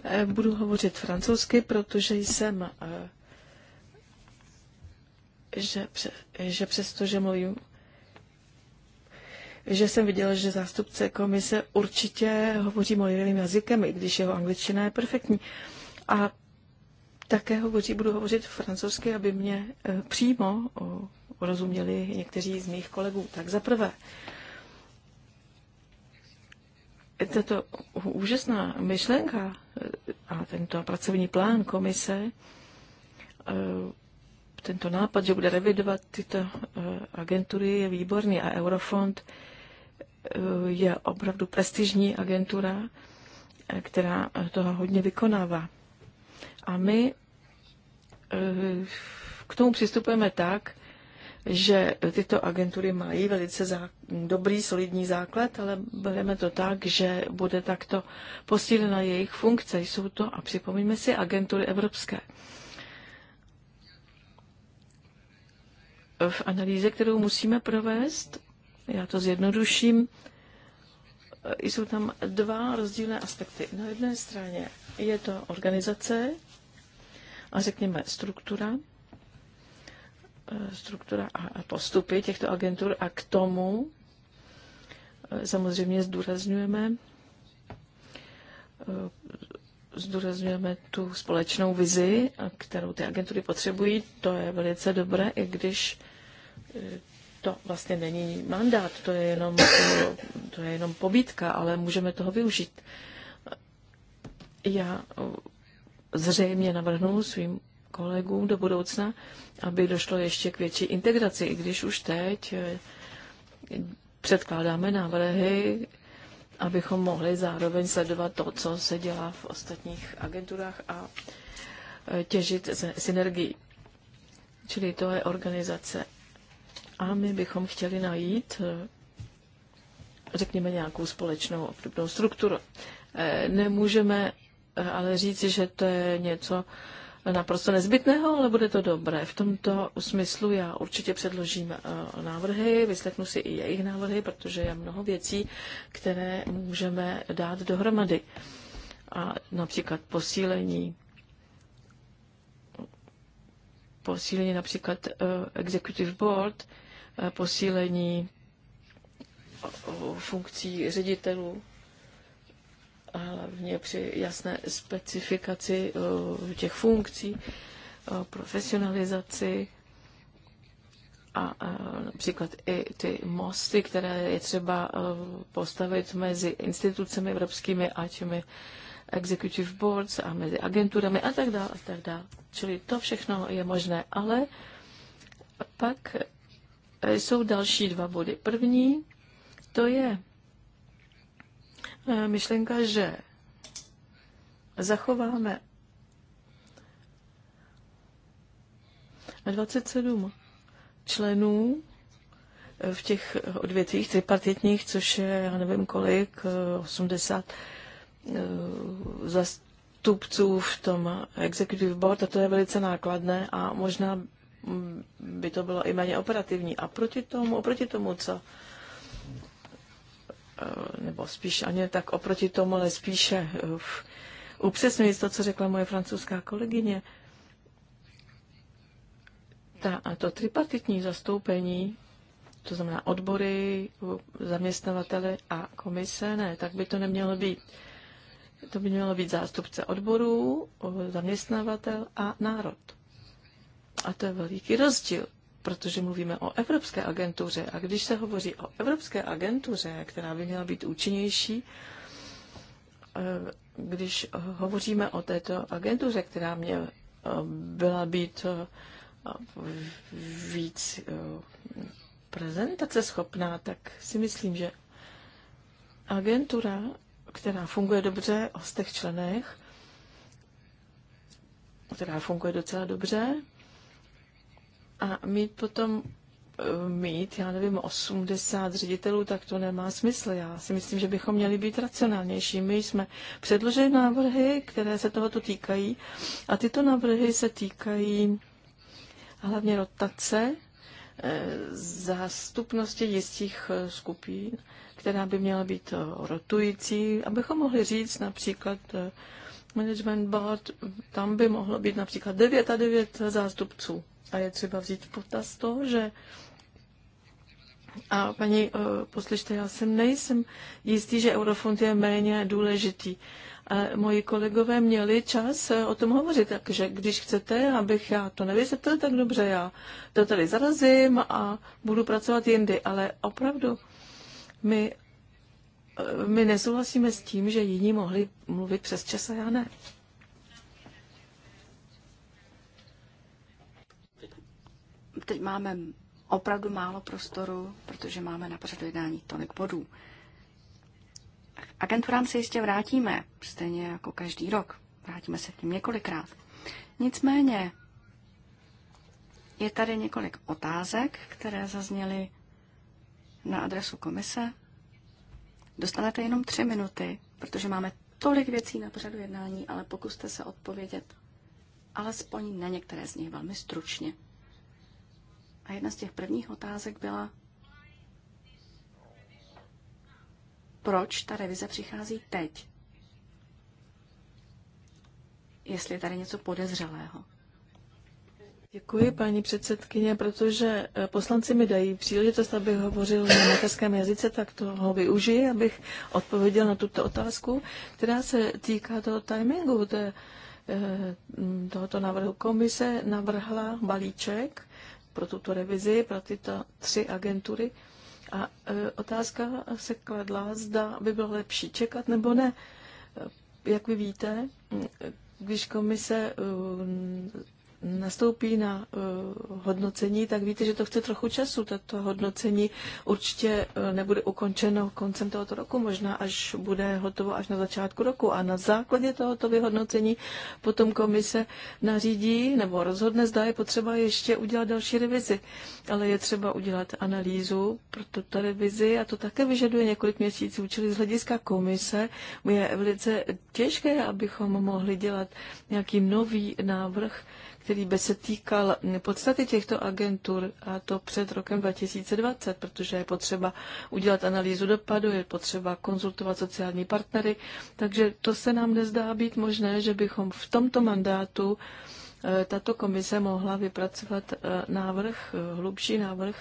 Eh, budu hovořit francouzsky, protože jsem eh, že, že přesto, že mluvím, že jsem viděla, že zástupce komise určitě hovoří mojím jazykem, i když jeho angličtina je perfektní. A také hovoří, budu hovořit francouzsky, aby mě eh, přímo rozuměli někteří z mých kolegů. Tak za prvé, tato úžasná myšlenka a tento pracovní plán komise, eh, tento nápad, že bude revidovat tyto eh, agentury, je výborný a Eurofond eh, je opravdu prestižní agentura, která toho hodně vykonává. A my k tomu přistupujeme tak, že tyto agentury mají velice zá, dobrý, solidní základ, ale bereme to tak, že bude takto posílena jejich funkce. Jsou to, a připomíme si, agentury evropské. V analýze, kterou musíme provést, já to zjednoduším, e, jsou tam dva rozdílné aspekty. Na jedné straně je to organizace a řekněme struktura, Eh, struktura a postupy těchto agentur a k tomu eh, samozřejmě zdůrazňujeme eh, zdůrazňujeme tu společnou vizi, kterou ty agentury potřebují. To je velice dobré, i když to vlastně není mandát, to je jenom, to je jenom pobítka, ale můžeme toho využít. Já zřejmě navrhnu svým kolegům do budoucna, aby došlo ještě k větší integraci, i když už teď eh, předkládáme návrhy, abychom mohli zároveň sledovat to, co se dělá v ostatních agenturách a eh, těžit ze synergií. Čili to je organizace. A my bychom chtěli najít, eh, řekněme, nějakou společnou obdobnou strukturu. Nemůžeme ale říci, že to je něco, naprosto nezbytného, ale bude to dobré. V tomto smyslu já určitě předložím eh, návrhy, vyslechnu si i jejich návrhy, protože je mnoho věcí, které můžeme dát dohromady. A například posílení posílení například eh, executive board, eh, posílení funkcí ředitelů hlavně při jasné specifikaci eh, těch funkcí, eh, profesionalizaci a eh, například i ty mosty, které je třeba postavit mezi institucemi evropskými a těmi executive boards a mezi agenturami a tak dále a tak dále. Čili to všechno je možné, ale pak jsou další dva body. První to je Eh, myšlenka, že zachováme 27 členů eh, v těch odvětvích tripartitních, což je, já nevím kolik, 80 eh, zastupců v tom executive board a to je velice nákladné a možná by to bylo i méně operativní. A proti tomu, oproti tomu, co Eh, nebo spíš ani tak oproti tomu, ale spíše eh, upřesňuji to, co řekla moje francouzská kolegyně. Ta, a to tripartitní zastoupení, to znamená odbory, zaměstnavatele a komise, ne, tak by to nemělo být. To by mělo být zástupce odborů, eh, zaměstnavatel a národ. A to je veliký rozdíl protože mluvíme o Evropské agentuře. A když se hovoří o Evropské agentuře, která by měla být účinnější, eh, když hovoříme o této agentuře, která mě eh, byla být eh, víc prezentace schopná, tak si myslím, že agentura, která funguje dobře o těch členech, která funguje docela dobře, a mít potom eh, mít, já nevím, 80 ředitelů, tak to nemá smysl. Já si myslím, že bychom měli být racionálnější. My jsme předložili návrhy, které se tohoto týkají a tyto návrhy se týkají hlavně rotace, eh, zástupnosti jistých eh, skupin, která by měla být rotující, abychom mohli říct například management board, tam by mohlo být například 9 a 9 zástupců a je třeba vzít v potaz to, že a paní, eh, poslyšte, já jsem nejsem jistý, že eurofond je méně důležitý. A moji kolegové měli čas eh, o tom hovořit, takže když chcete, abych já to nevysvětlil, tak dobře, já to tady zarazím a budu pracovat jindy. Ale opravdu, my, eh, my nesouhlasíme s tím, že jiní mohli mluvit přes čas a já ne. teď máme opravdu málo prostoru, protože máme na pořadu jednání tolik bodů. Agenturám se jistě vrátíme, stejně jako každý rok. Vrátíme se k ním několikrát. Nicméně je tady několik otázek, které zazněly na adresu komise. Dostanete jenom tři minuty, protože máme tolik věcí na pořadu jednání, ale pokuste se odpovědět alespoň na některé z nich velmi stručně. A jedna z těch prvních otázek byla, proč ta revize přichází teď? Jestli je tady něco podezřelého. Děkuji, paní předsedkyně, protože eh, poslanci mi dají příležitost, abych hovořil na mateřském jazyce, tak toho využiji, abych odpověděl na tuto otázku, která se týká toho timingu. To je, eh, tohoto návrhu komise navrhla balíček pro tuto revizi, pro tyto tři agentury. A e, otázka se kladla, zda by bylo lepší čekat nebo ne. E, jak vy víte, e, když komise nastoupí na uh, hodnocení, tak víte, že to chce trochu času. Tato hodnocení určitě uh, nebude ukončeno koncem tohoto roku, možná až bude hotovo až na začátku roku. A na základě tohoto vyhodnocení potom komise nařídí nebo rozhodne, zda je potřeba ještě udělat další revizi. Ale je třeba udělat analýzu pro tuto revizi a to také vyžaduje několik měsíců. Čili z hlediska komise je velice těžké, abychom mohli dělat nějaký nový návrh, který by se týkal podstaty těchto agentur, a to před rokem 2020, protože je potřeba udělat analýzu dopadu, je potřeba konzultovat sociální partnery, takže to se nám nezdá být možné, že bychom v tomto mandátu uh, tato komise mohla vypracovat eh, návrh, eh, hlubší návrh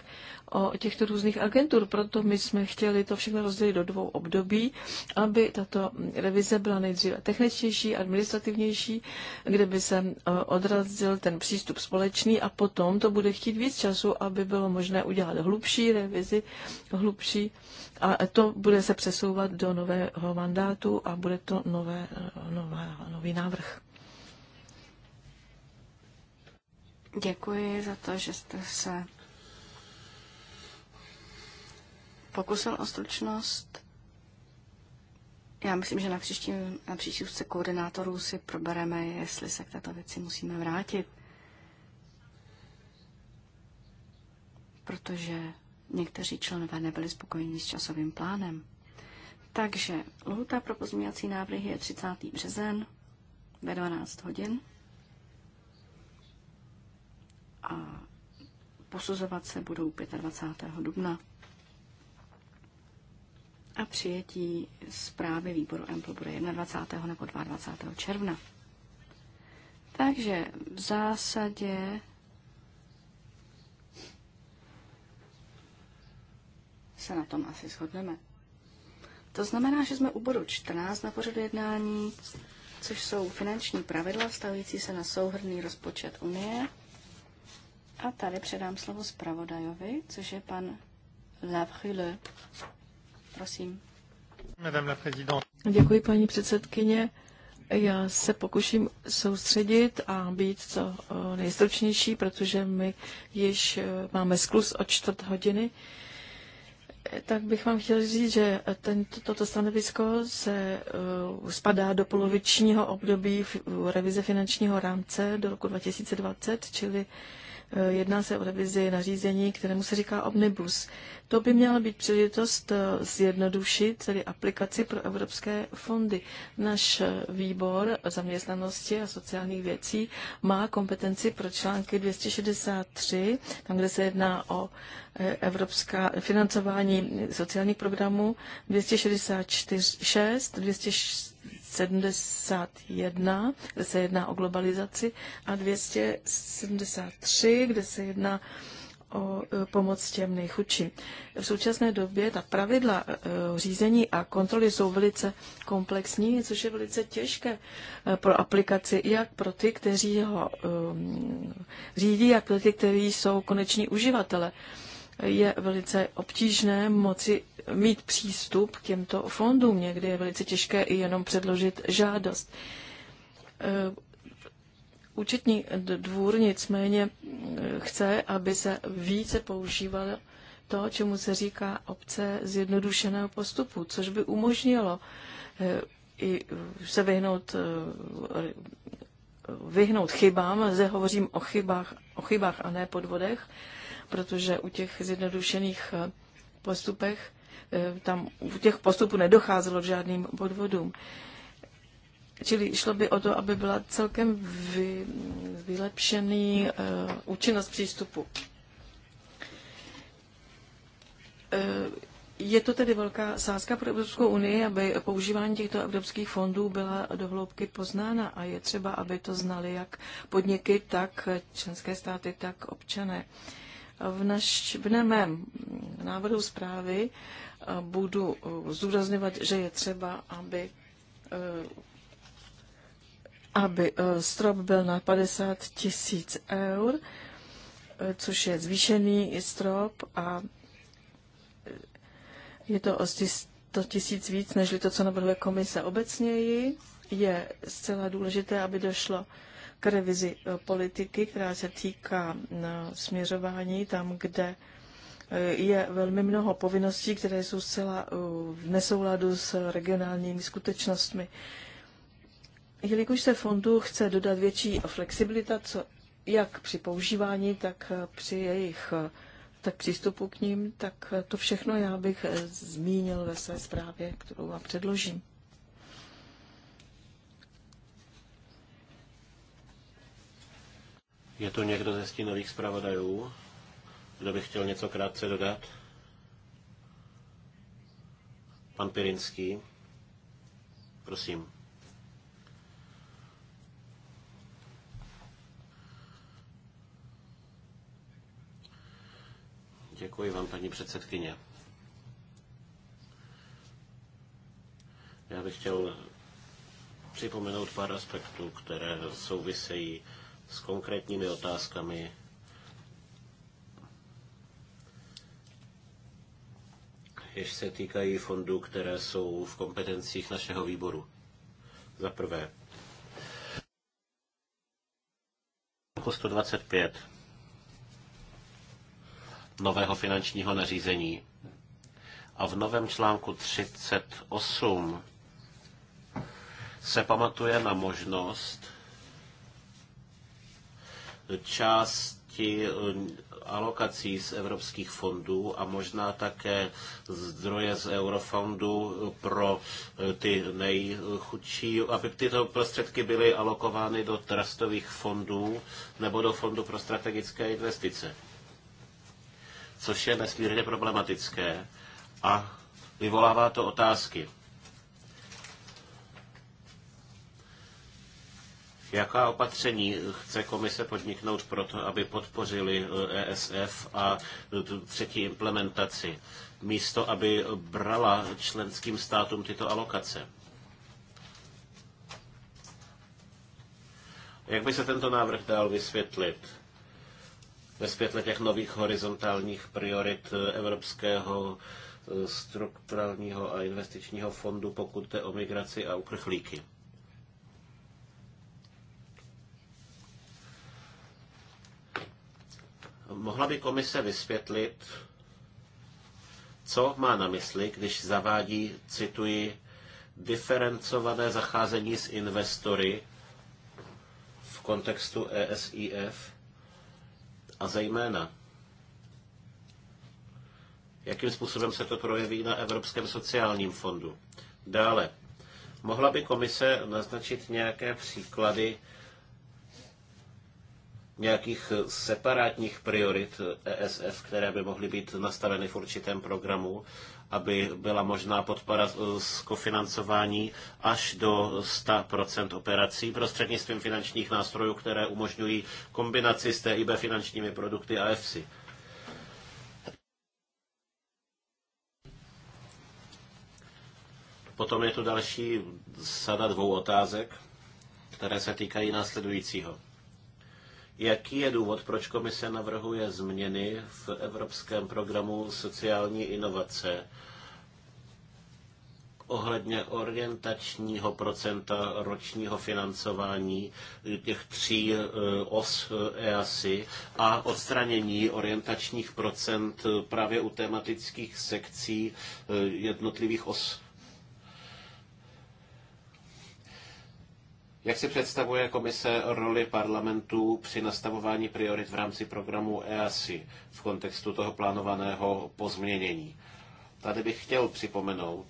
o těchto různých agentur. Proto my jsme chtěli to všechno rozdělit do dvou období, aby tato revize byla nejdříve techničtější, administrativnější, kde by se eh, odrazil ten přístup společný a potom to bude chtít víc času, aby bylo možné udělat hlubší revizi, hlubší a to bude se přesouvat do nového mandátu a bude to nové, nové, nový návrh. Děkuji za to, že jste se pokusil o stručnost. Já myslím, že na, příští na příští úzce koordinátorů si probereme, jestli se k této věci musíme vrátit. Protože někteří členové nebyli spokojeni s časovým plánem. Takže lhuta pro pozměňovací návrhy je 30. březen ve 12 hodin a posuzovat se budou 25. dubna. A přijetí zprávy výboru EMPL bude 21. nebo 22. června. Takže v zásadě se na tom asi shodneme. To znamená, že jsme u bodu 14 na pořadu jednání, což jsou finanční pravidla vztahující se na souhrný rozpočet Unie a tady předám slovo zpravodajovi, což je pan Lavrille. Prosím. Madame la présidente. Děkuji, paní předsedkyně. Já se pokuším soustředit a být co eh, nejstručnější, protože my již eh, máme sklus od čtvrt hodiny. Eh, tak bych vám chtěl říct, že tento, toto stanovisko se uh, spadá do polovičního období revize finančního rámce do roku 2020, čili Eh, jedná se o revizi nařízení, kterému se říká Omnibus. To by měla být příležitost eh, zjednodušit tedy aplikaci pro evropské fondy. Náš eh, výbor zaměstnanosti a sociálních věcí má kompetenci pro články 263, tam, kde se jedná o evropská financování sociálních programů, 266, 264, 271, kde se jedná o globalizaci, a 273, kde se jedná o e, pomoc těm nejchudším. V současné době ta pravidla e, řízení a kontroly jsou velice komplexní, což je velice těžké e, pro aplikaci, jak pro ty, kteří ho řídí, jak pro ty, kteří jsou koneční uživatele. Je velice obtížné moci mít přístup k těmto fondům. Někdy je velice těžké i jenom předložit žádost. E, účetní dvůr nicméně e, chce, aby se více používalo to, čemu se říká obce zjednodušeného postupu, což by umožnilo e, i se vyhnout, vyhnout chybám. Zde hovořím o chybách, o chybách a ne podvodech, protože u těch zjednodušených postupech Eh, tam u těch postupů nedocházelo k žádným podvodům. Čili šlo by o to, aby byla celkem vy, vylepšený uh, účinnost přístupu. Eh, je to tedy velká sázka pro Evropskou unii, aby používání těchto evropských fondů byla dohloubky poznána a je třeba, aby to znali jak podniky, tak členské státy, tak občané. V, naš, v mém návrhu zprávy budu eh, zúrazňovat, že je třeba, aby, eh, aby eh, strop byl na 50 tisíc eur, což je zvýšený strop a je to o 100 tisíc víc, než to, co navrhuje komise obecněji. Je zcela důležité, aby došlo k revizi politiky, která se týká směřování tam, kde je velmi mnoho povinností, které jsou zcela eh, v nesouladu s regionálními skutečnostmi. Jelikož se fondu chce dodat větší flexibilita, co, jak při používání, tak eh, při jejich eh, tak přístupu k ním, tak to všechno já bych zmínil ve své zprávě, kterou vám předložím. Je to někdo ze stínových zpravodajů? Kdo by chtěl něco krátce dodat? Pan Pirinský. Prosím. Děkuji vám, paní předsedkyně. Já bych chtěl připomenout pár aspektů, které souvisejí s konkrétními otázkami jež se týkají fondů, které jsou v kompetencích našeho výboru. Za prvé, článku 125 nového finančního nařízení a v novém článku 38 se pamatuje na možnost části alokací z evropských fondů a možná také zdroje z eurofondu pro eh, ty nejchudší, aby tyto prostředky byly alokovány do trustových fondů nebo do fondu pro strategické investice. Což je nesmírně problematické a vyvolává to otázky. Jaká opatření chce komise podniknout pro to, aby podpořili ESF eh, e a eh, třetí implementaci, místo aby brala členským státům tyto alokace? Jak by se tento návrh dal vysvětlit ve světle těch nových horizontálních priorit eh, Evropského strukturálního a investičního fondu, pokud jde o migraci a uprchlíky? Mohla by komise vysvětlit, co má na mysli, když zavádí, cituji, diferencované zacházení s investory v kontextu ESIF a zejména, jakým způsobem se to projeví na Evropském sociálním fondu. Dále, mohla by komise naznačit nějaké příklady nějakých eh, separátních priorit ESF, eh, e které by mohly být nastaveny v určitém programu, aby byla možná podpora eh, z kofinancování až do 100% operací prostřednictvím finančních nástrojů, které umožňují kombinaci s TIB finančními produkty a EFSI. Potom je tu další sada dvou otázek, které se týkají následujícího. Jaký je důvod, proč komise navrhuje změny v Evropském programu sociální inovace ohledně orientačního procenta ročního financování těch tří eh, os EASI eh, e a odstranění orientačních procent eh, právě u tematických sekcí jednotlivých os Jak si představuje komise roli Parlamentu při nastavování priorit v rámci programu EASI v kontextu toho plánovaného pozměnění? Tady bych chtěl připomenout,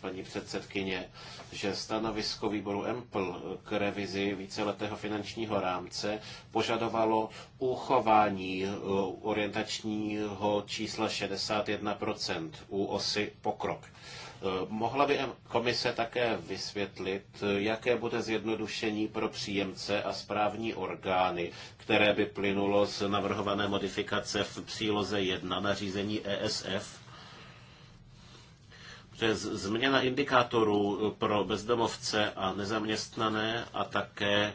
paní předsedkyně, že stanovisko výboru EMPL k revizi víceletého finančního rámce požadovalo uchování eh, orientačního čísla 61% u osy pokrok. Mohla by komise také vysvětlit, jaké bude zjednodušení pro příjemce a správní orgány, které by plynulo z navrhované modifikace v příloze 1 nařízení ESF? přes změna indikátorů pro bezdomovce a nezaměstnané a také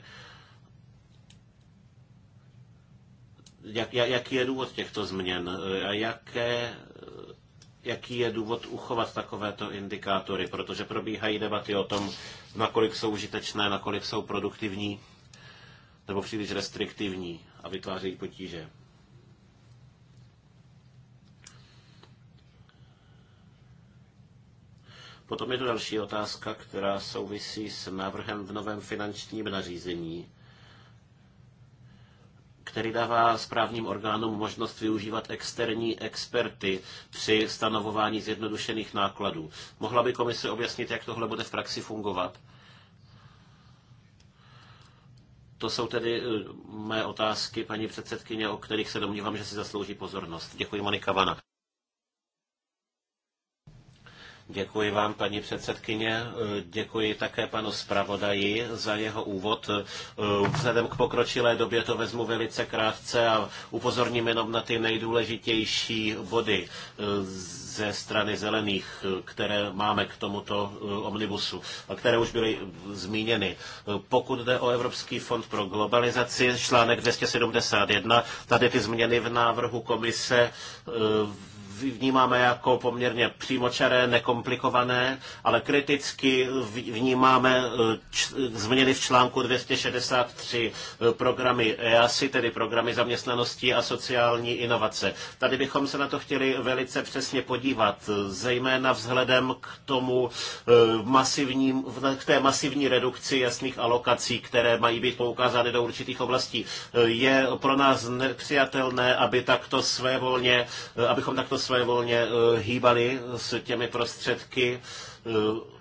jak, jaký je důvod těchto změn a jaké jaký je důvod uchovat takovéto indikátory, protože probíhají debaty o tom, nakolik jsou užitečné, nakolik jsou produktivní nebo příliš restriktivní a vytvářejí potíže. Potom je tu další otázka, která souvisí s návrhem v novém finančním nařízení který dává správním orgánům možnost využívat externí experty při stanovování zjednodušených nákladů. Mohla by komise objasnit, jak tohle bude v praxi fungovat? To jsou tedy e, mé otázky, paní předsedkyně, o kterých se domnívám, že si zaslouží pozornost. Děkuji, Monika Vana. Děkuji vám, paní předsedkyně. Děkuji také panu zpravodaji za jeho úvod. Vzhledem k pokročilé době to vezmu velice krátce a upozorním jenom na ty nejdůležitější body ze strany zelených, které máme k tomuto omnibusu a které už byly zmíněny. Pokud jde o Evropský fond pro globalizaci, článek 271, tady ty změny v návrhu komise vnímáme jako poměrně přímočaré, nekomplikované, ale kriticky vnímáme eh, eh, změny v článku 263 eh, programy EASI, tedy programy zaměstnanosti a sociální inovace. Tady bychom se na to chtěli velice přesně podívat, zejména vzhledem k tomu masivním, k té masivní redukci jasných alokací, které mají být poukázány do určitých oblastí. Je pro nás nepřijatelné, aby takto svévolně, abychom takto svévolně svévolně eh, hýbali s těmi prostředky eh,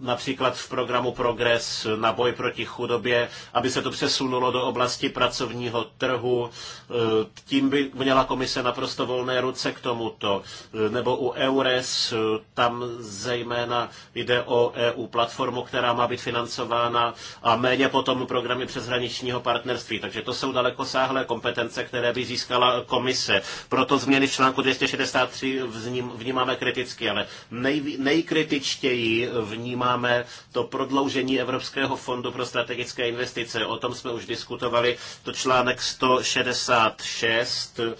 například v programu Progres na boj proti chudobě, aby se to přesunulo do oblasti pracovního trhu. E, tím by měla komise naprosto volné ruce k tomuto. E, nebo u EURES, e, tam zejména jde o EU platformu, která má být financována a méně potom programy přeshraničního partnerství. Takže to jsou dalekosáhlé kompetence, které by získala komise. Proto změny v článku 263 vním, vnímáme kriticky, ale nej, nejkritičtěji vnímáme máme to prodloužení Evropského fondu pro strategické investice. O tom jsme už diskutovali. To článek 166, eh,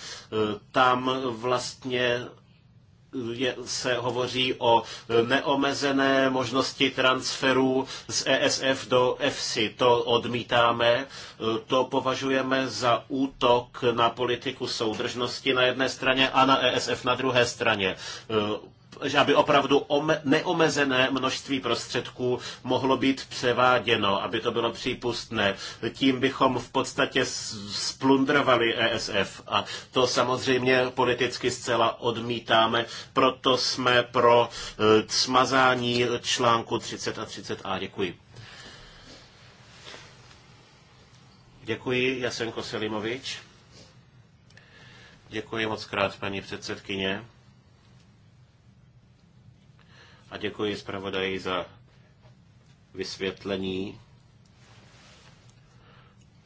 tam vlastně eh, je, se hovoří o eh, neomezené možnosti transferů z ESF do EFSI. To odmítáme, to považujeme za útok na politiku soudržnosti na jedné straně a na ESF na druhé straně že aby opravdu neomezené množství prostředků mohlo být převáděno, aby to bylo přípustné. Tím bychom v podstatě splundrovali ESF a to samozřejmě politicky zcela odmítáme, proto jsme pro e, smazání článku 30 a 30a. Děkuji. Děkuji Jasenko Selimovič. Děkuji moc krát, paní předsedkyně a děkuji zpravodaji za vysvětlení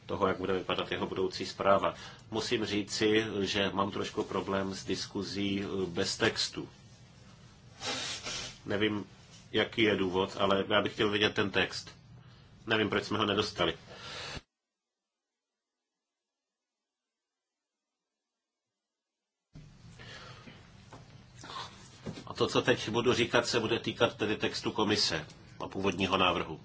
toho, jak bude vypadat jeho budoucí zpráva. Musím říci, že mám trošku problém s diskuzí eh, bez textu. Nevím, jaký je důvod, ale já bych chtěl vidět ten text. Nevím, proč jsme ho nedostali. to, co teď budu říkat, se bude týkat tedy textu komise a původního návrhu.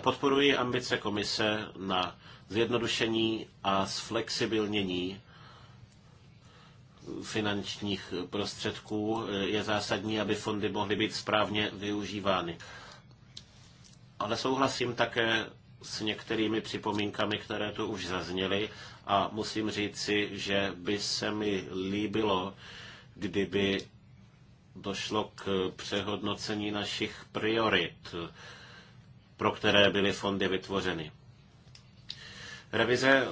Podporuji ambice komise na zjednodušení a zflexibilnění finančních prostředků. Je zásadní, aby fondy mohly být správně využívány. Ale souhlasím také s některými připomínkami, které tu už zazněly a musím říci, že by se mi líbilo, kdyby došlo k přehodnocení našich priorit, pro které byly fondy vytvořeny. Revize eh,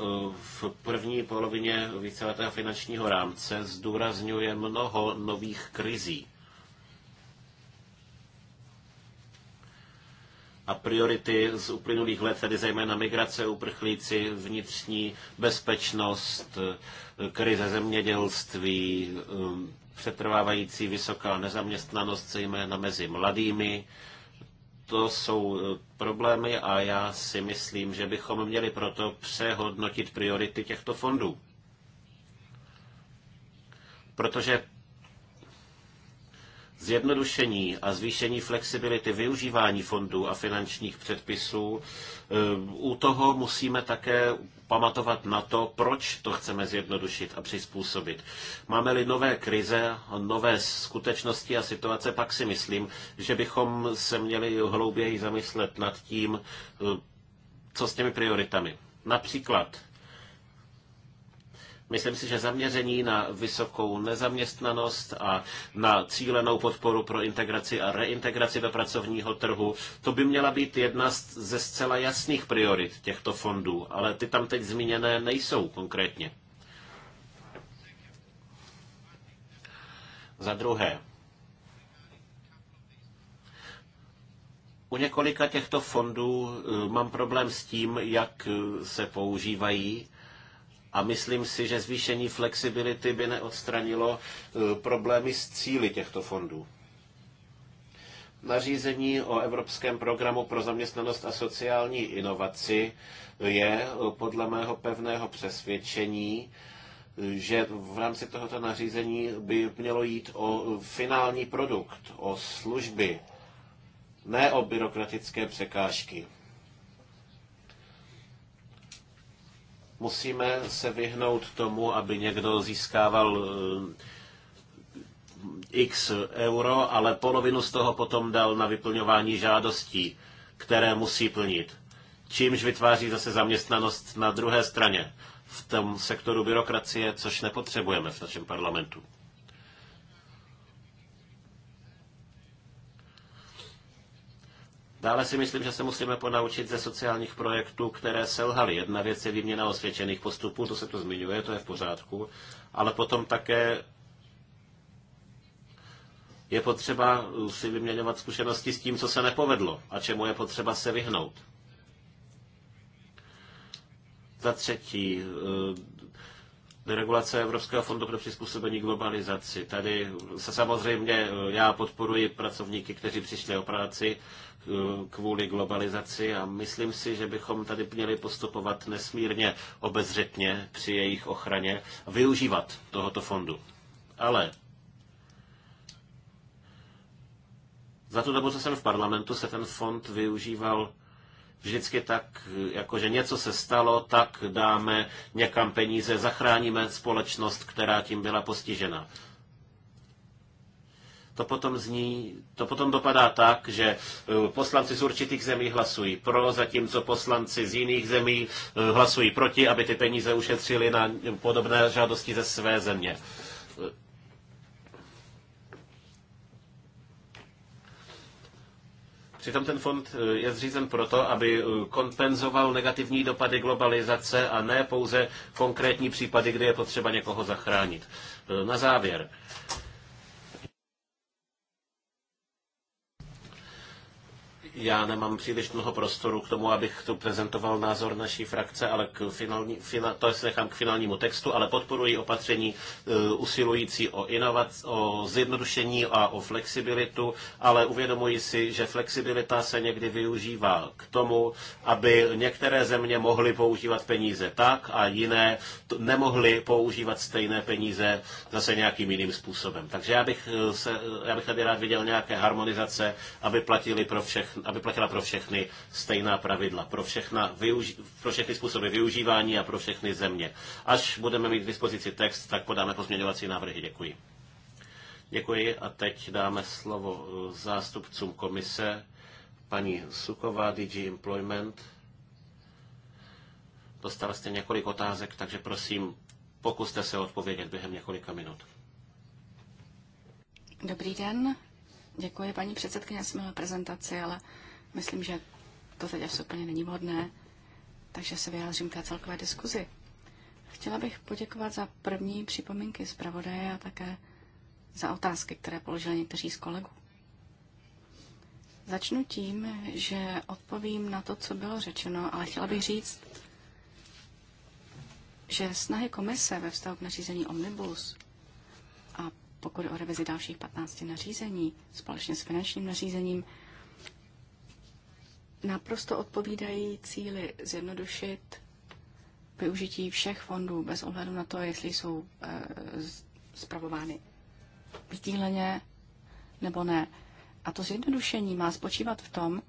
v první polovině víceletého finančního rámce zdůrazňuje mnoho nových krizí a priority z uplynulých let, tedy zejména migrace, uprchlíci, vnitřní bezpečnost, krize zemědělství, um, přetrvávající vysoká nezaměstnanost, zejména mezi mladými. To jsou uh, problémy a já si myslím, že bychom měli proto přehodnotit priority těchto fondů. Protože Zjednodušení a zvýšení flexibility využívání fondů a finančních předpisů, eh, u toho musíme také pamatovat na to, proč to chceme zjednodušit a přizpůsobit. Máme-li nové krize, nové skutečnosti a situace, pak si myslím, že bychom se měli hlouběji zamyslet nad tím, eh, co s těmi prioritami. Například Myslím si, že zaměření na vysokou nezaměstnanost a na cílenou podporu pro integraci a reintegraci do pracovního trhu, to by měla být jedna ze zcela jasných priorit těchto fondů, ale ty tam teď zmíněné nejsou konkrétně. Za druhé, U několika těchto fondů eh, mám problém s tím, jak eh, se používají a myslím si, že zvýšení flexibility by neodstranilo e, problémy s cíly těchto fondů. Nařízení o Evropském programu pro zaměstnanost a sociální inovaci je e, podle mého pevného přesvědčení, e, že v rámci tohoto nařízení by mělo jít o finální produkt, o služby, ne o byrokratické překážky. Musíme se vyhnout tomu, aby někdo získával eh, x euro, ale polovinu z toho potom dal na vyplňování žádostí, které musí plnit. Čímž vytváří zase zaměstnanost na druhé straně v tom sektoru byrokracie, což nepotřebujeme v našem parlamentu. Dále si myslím, že se musíme ponaučit ze sociálních projektů, které selhaly. Jedna věc je výměna osvědčených postupů, to se to zmiňuje, to je v pořádku, ale potom také je potřeba si vyměňovat zkušenosti s tím, co se nepovedlo a čemu je potřeba se vyhnout. Za třetí, regulace Evropského fondu pro přizpůsobení globalizaci. Tady se samozřejmě eh, já podporuji pracovníky, kteří přišli o práci eh, kvůli globalizaci a myslím si, že bychom tady měli postupovat nesmírně obezřetně při jejich ochraně a využívat tohoto fondu. Ale za tu dobu, co jsem v parlamentu, se ten fond využíval vždycky tak, jakože něco se stalo, tak dáme někam peníze, zachráníme společnost, která tím byla postižena. To potom, zní, to potom dopadá tak, že eh, poslanci z určitých zemí hlasují pro, zatímco poslanci z jiných zemí eh, hlasují proti, aby ty peníze ušetřili na podobné žádosti ze své země Přitom ten fond eh, je zřízen proto, aby eh, kompenzoval negativní dopady globalizace a ne pouze konkrétní případy, kdy je potřeba někoho zachránit. Eh, na závěr. Já nemám příliš mnoho prostoru k tomu, abych tu prezentoval názor naší frakce, ale k finální, fina, to se nechám k finálnímu textu, ale podporuji opatření uh, usilující o inovac, o zjednodušení a o flexibilitu, ale uvědomuji si, že flexibilita se někdy využívá k tomu, aby některé země mohly používat peníze tak a jiné nemohly používat stejné peníze zase nějakým jiným způsobem. Takže já bych, e, se, e, já bych tady rád viděl nějaké harmonizace, aby platili pro všechny aby platila pro všechny stejná pravidla, pro, všechna, pro všechny způsoby využívání a pro všechny země. Až budeme mít k dispozici text, tak podáme pozměňovací návrhy. Děkuji. Děkuji a teď dáme slovo eh, zástupcům komise, paní Suková, DG Employment. Dostala jste několik otázek, takže prosím, pokuste se odpovědět během několika minut. Dobrý den, Děkuji paní předsedkyně, jsme měla prezentaci, ale myslím, že to teď asi úplně není vhodné, takže se vyjádřím k té celkové diskuzi. Chtěla bych poděkovat za první připomínky zpravodaje a také za otázky, které položili někteří z kolegů. Začnu tím, že odpovím na to, co bylo řečeno, ale chtěla bych říct, že snahy komise ve vztahu k nařízení Omnibus pokud o revizi dalších 15 nařízení společně s finančním nařízením, naprosto odpovídají cíli zjednodušit využití všech fondů bez ohledu na to, jestli jsou e, eh, zpravovány vytíleně nebo ne. A to zjednodušení má spočívat v tom,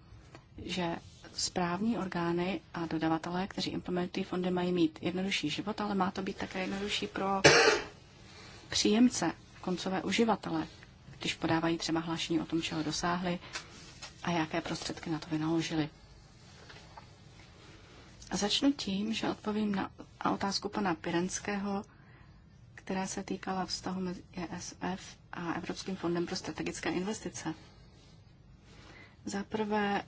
že správní orgány a dodavatelé, kteří implementují fondy, mají mít jednodušší život, ale má to být také jednodušší pro příjemce koncové uživatele, když podávají třeba hlášení o tom, čeho dosáhli a jaké prostředky na to vynaložili. A začnu tím, že odpovím na otázku pana Pirenského, která se týkala vztahu mezi ESF a Evropským fondem pro strategické investice. Za prvé,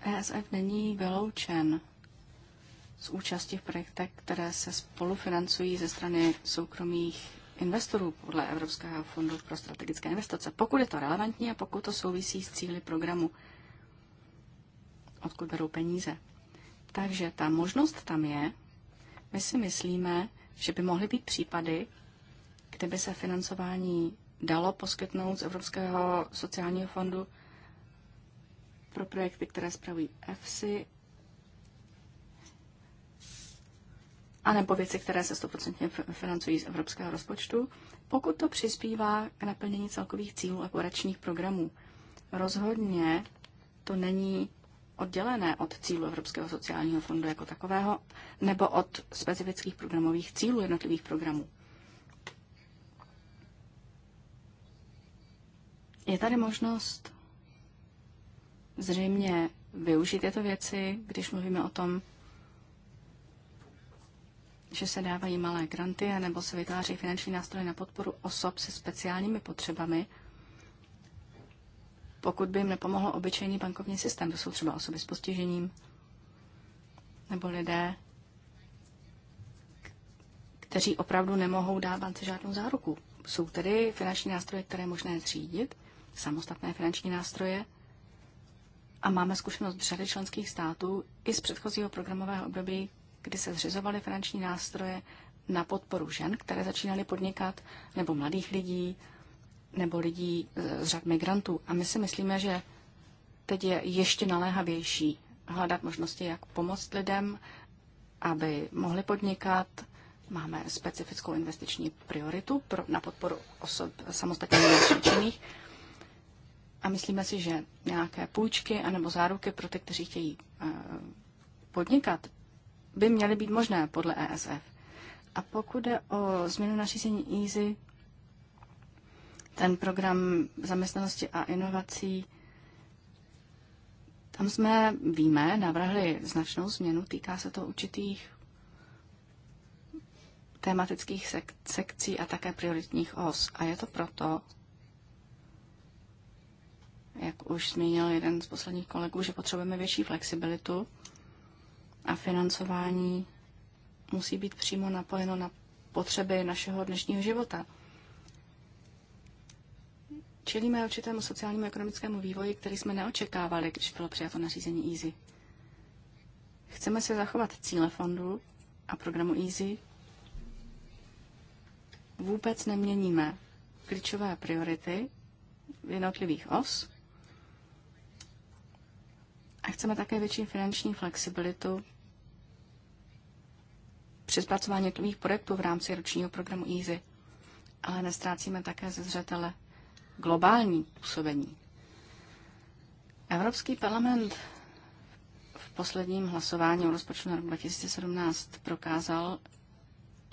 ESF není vyloučen z účasti v projektech, které se spolufinancují ze strany soukromých investorů podle Evropského fondu pro strategické investice, pokud je to relevantní a pokud to souvisí s cíly programu, odkud berou peníze. Takže ta možnost tam je. My si myslíme, že by mohly být případy, kde by se financování dalo poskytnout z Evropského sociálního fondu pro projekty, které spravují EFSI anebo věci, které se 100% financují z evropského rozpočtu, pokud to přispívá k naplnění celkových cílů a poračních programů. Rozhodně to není oddělené od cílu Evropského sociálního fondu jako takového, nebo od specifických programových cílů jednotlivých programů. Je tady možnost zřejmě využít tyto věci, když mluvíme o tom, že se dávají malé granty nebo se vytváří finanční nástroje na podporu osob se speciálními potřebami, pokud by jim nepomohl obyčejný bankovní systém. To jsou třeba osoby s postižením nebo lidé, kteří opravdu nemohou dát bance žádnou záruku. Jsou tedy finanční nástroje, které je možné zřídit, samostatné finanční nástroje, a máme zkušenost z řady členských států i z předchozího programového období, kdy se zřizovaly finanční nástroje na podporu žen, které začínaly podnikat, nebo mladých lidí, nebo lidí z řad migrantů. A my si myslíme, že teď je ještě naléhavější hledat možnosti, jak pomoct lidem, aby mohli podnikat. Máme specifickou investiční prioritu pro, na podporu osob samostatně činných. A myslíme si, že nějaké půjčky anebo záruky pro ty, kteří chtějí eh, podnikat, by měly být možné podle ESF. A pokud jde o změnu nařízení EASY, ten program zaměstnanosti a inovací, tam jsme, víme, navrhli značnou změnu, týká se to určitých tématických sek- sekcí a také prioritních os. A je to proto, jak už zmínil jeden z posledních kolegů, že potřebujeme větší flexibilitu financování musí být přímo napojeno na potřeby našeho dnešního života. Čelíme určitému sociálnímu ekonomickému vývoji, který jsme neočekávali, když bylo přijato nařízení EASY. Chceme se zachovat cíle fondu a programu EASY. Vůbec neměníme klíčové priority v jednotlivých os a chceme také větší finanční flexibilitu při zpracování jednotlivých projektů v rámci ročního programu EASY. Ale nestrácíme také ze zřetele globální působení. Evropský parlament v posledním hlasování o rozpočtu na rok 2017 prokázal,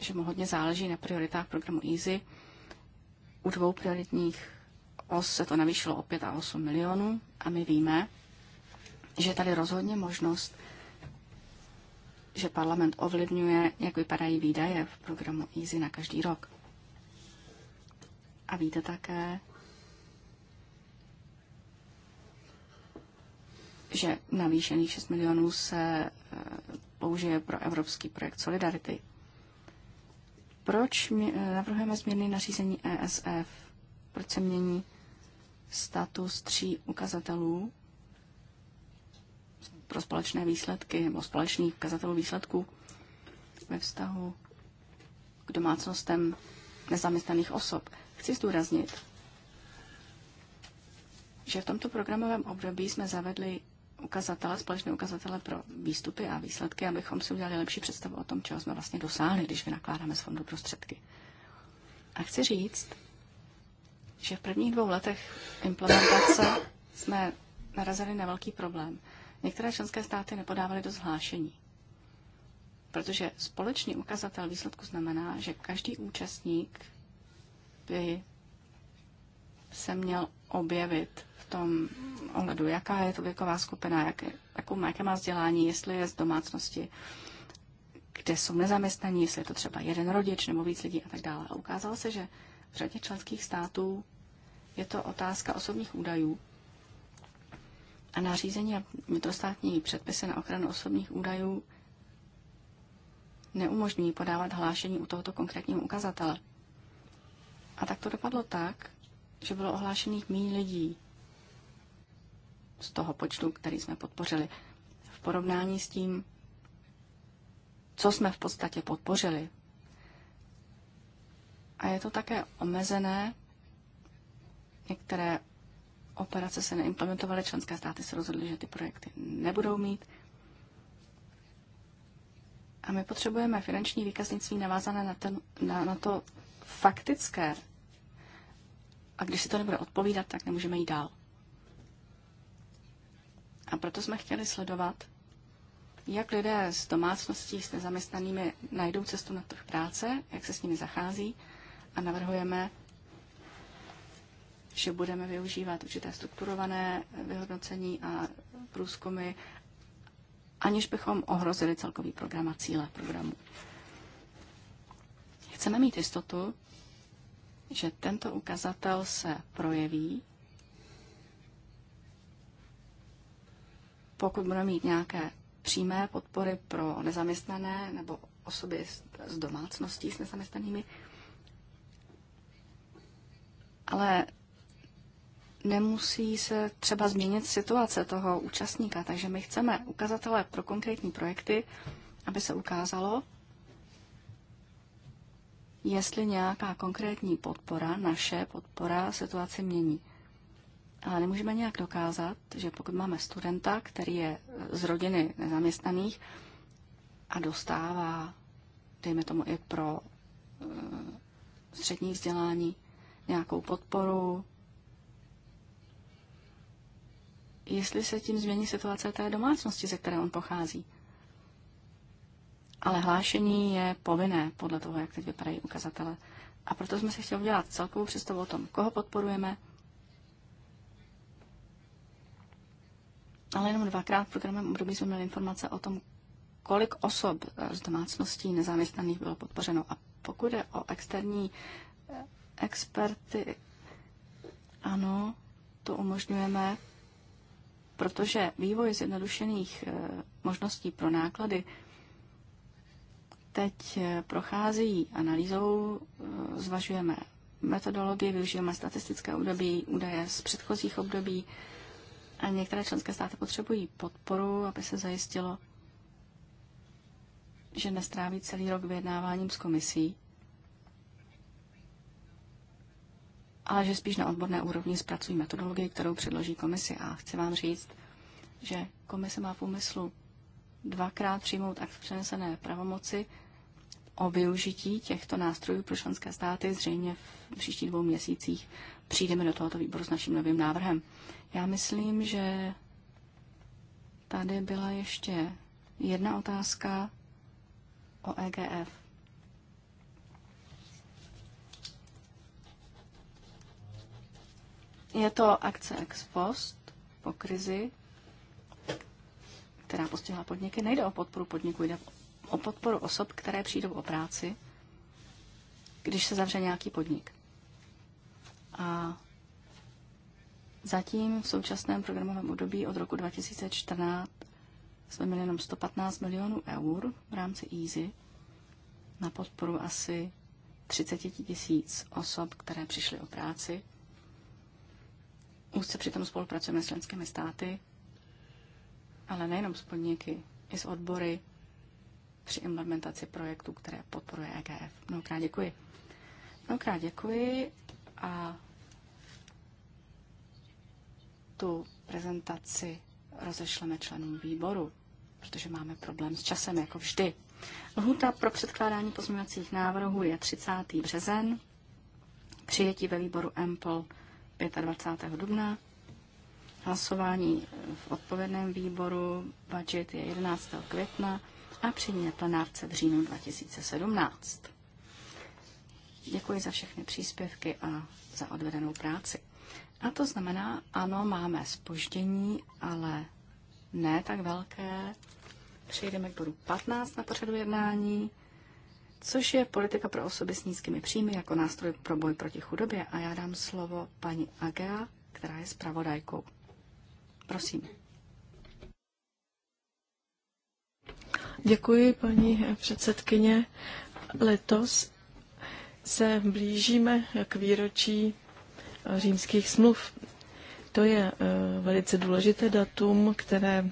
že mu hodně záleží na prioritách programu EASY. U dvou prioritních os se to navýšilo o 5 a 8 milionů a my víme, že je tady rozhodně možnost že parlament ovlivňuje, jak vypadají výdaje v programu EASY na každý rok. A víte také, že navýšených 6 milionů se eh, použije pro evropský projekt Solidarity. Proč eh, navrhujeme změny nařízení ESF? Proč se mění status tří ukazatelů pro společné výsledky nebo společných ukazatelů výsledků ve vztahu k domácnostem nezaměstnaných osob. Chci zdůraznit, že v tomto programovém období jsme zavedli ukazatele, společné ukazatele pro výstupy a výsledky, abychom si udělali lepší představu o tom, čeho jsme vlastně dosáhli, když vynakládáme z fondu prostředky. A chci říct, že v prvních dvou letech implementace jsme narazili na velký problém. Některé členské státy nepodávaly do zhlášení, protože společný ukazatel výsledku znamená, že každý účastník by se měl objevit v tom ohledu, jaká je to věková skupina, jak, jakou má, jaké má vzdělání, jestli je z domácnosti, kde jsou nezaměstnaní, jestli je to třeba jeden rodič nebo víc lidí a tak dále. A ukázalo se, že v řadě členských států je to otázka osobních údajů, a nařízení a vnitrostátní předpisy na ochranu osobních údajů neumožňují podávat hlášení u tohoto konkrétního ukazatele. A tak to dopadlo tak, že bylo ohlášených méně lidí z toho počtu, který jsme podpořili. V porovnání s tím, co jsme v podstatě podpořili. A je to také omezené. Některé operace se neimplementovaly, členské státy se rozhodly, že ty projekty nebudou mít. A my potřebujeme finanční výkaznictví navázané na, ten, na, na to faktické. A když si to nebude odpovídat, tak nemůžeme jít dál. A proto jsme chtěli sledovat, jak lidé s domácností s nezaměstnanými najdou cestu na trh práce, jak se s nimi zachází a navrhujeme že budeme využívat určité strukturované vyhodnocení a průzkumy, aniž bychom ohrozili celkový program a cíle programu. Chceme mít jistotu, že tento ukazatel se projeví, pokud budeme mít nějaké přímé podpory pro nezaměstnané nebo osoby z domácností s nezaměstnanými. Ale nemusí se třeba změnit situace toho účastníka. Takže my chceme ukazatele pro konkrétní projekty, aby se ukázalo, jestli nějaká konkrétní podpora, naše podpora, situaci mění. Ale nemůžeme nějak dokázat, že pokud máme studenta, který je z rodiny nezaměstnaných a dostává, dejme tomu i pro eh, střední vzdělání, nějakou podporu, jestli se tím změní situace té domácnosti, ze které on pochází. Ale hlášení je povinné podle toho, jak teď vypadají ukazatele. A proto jsme si chtěli udělat celkovou představu o tom, koho podporujeme. Ale jenom dvakrát v programem období jsme měli informace o tom, kolik osob eh, z domácností nezaměstnaných bylo podpořeno. A pokud je o externí eh, experty, ano, to umožňujeme protože vývoj zjednodušených eh, možností pro náklady teď eh, prochází analýzou, eh, zvažujeme metodologie, využijeme statistické období, údaje z předchozích období a některé členské státy potřebují podporu, aby se zajistilo, že nestráví celý rok vyjednáváním s komisí ale že spíš na odborné úrovni zpracují metodologii, kterou předloží komisi. A chci vám říct, že komise má v úmyslu dvakrát přijmout akt přenesené pravomoci o využití těchto nástrojů pro členské státy. Zřejmě v příštích dvou měsících přijdeme do tohoto výboru s naším novým návrhem. Já myslím, že tady byla ještě jedna otázka o EGF. Je to akce ex post po krizi, která postihla podniky. Nejde o podporu podniků, jde o podporu osob, které přijdou o práci, když se zavře nějaký podnik. A zatím v současném programovém období od roku 2014 jsme měli jenom 115 milionů eur v rámci EASY na podporu asi 30 tisíc osob, které přišly o práci už se přitom spolupracujeme s členskými státy, ale nejenom s podniky, i s odbory při implementaci projektů, které podporuje EGF. Mnohokrát děkuji. Mnohokrát děkuji a tu prezentaci rozešleme členům výboru, protože máme problém s časem, jako vždy. Lhuta pro předkládání pozměňovacích návrhů je 30. březen, přijetí ve výboru EMPL 25. dubna. Hlasování v odpovědném výboru budget je 11. května a přední plenárce v říjnu 2017. Děkuji za všechny příspěvky a za odvedenou práci. A to znamená, ano, máme spoždění, ale ne tak velké. Přejdeme k bodu 15 na pořadu jednání což je politika pro osoby s nízkými příjmy jako nástroj pro boj proti chudobě. A já dám slovo paní Agea, která je zpravodajkou. Prosím. Děkuji, paní předsedkyně. Letos se blížíme k výročí římských smluv. To je eh, velice důležité datum, které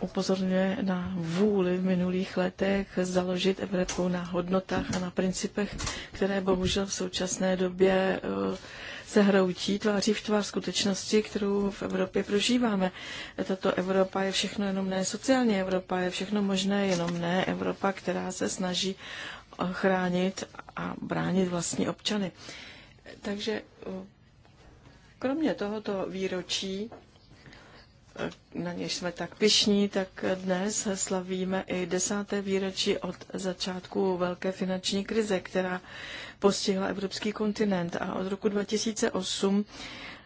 upozorňuje na vůli v minulých letech založit Evropu na hodnotách a na principech, které bohužel v současné době eh, se hroutí tváří v tvář skutečnosti, kterou v Evropě prožíváme. Tato Evropa je všechno jenom ne sociální Evropa, je všechno možné, jenom ne Evropa, která se snaží eh, chránit a bránit vlastní občany. Takže eh, kromě tohoto výročí na něž jsme tak pišní, tak dnes slavíme i desáté výročí od začátku velké finanční krize, která postihla evropský kontinent a od roku 2008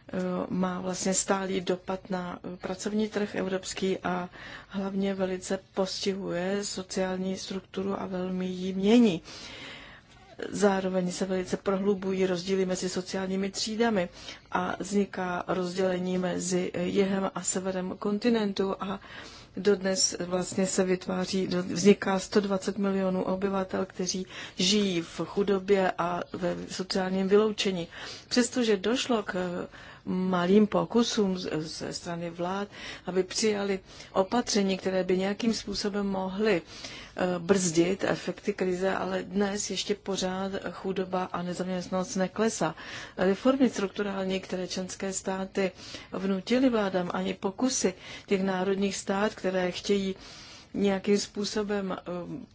eh, má vlastně stálý dopad na pracovní trh evropský a hlavně velice postihuje sociální strukturu a velmi ji mění. Zároveň se velice prohlubují rozdíly mezi sociálními třídami a vzniká rozdělení mezi jihem a severem kontinentu a dodnes vlastně se vytváří, vzniká 120 milionů obyvatel, kteří žijí v chudobě a ve sociálním vyloučení. Přestože došlo k malým pokusům ze strany vlád, aby přijali opatření, které by nějakým způsobem mohly eh, brzdit efekty krize, ale dnes ještě pořád chudoba a nezaměstnanost neklesá. Reformy strukturální, které členské státy vnutily vládám, ani pokusy těch národních stát, které chtějí nějakým způsobem eh,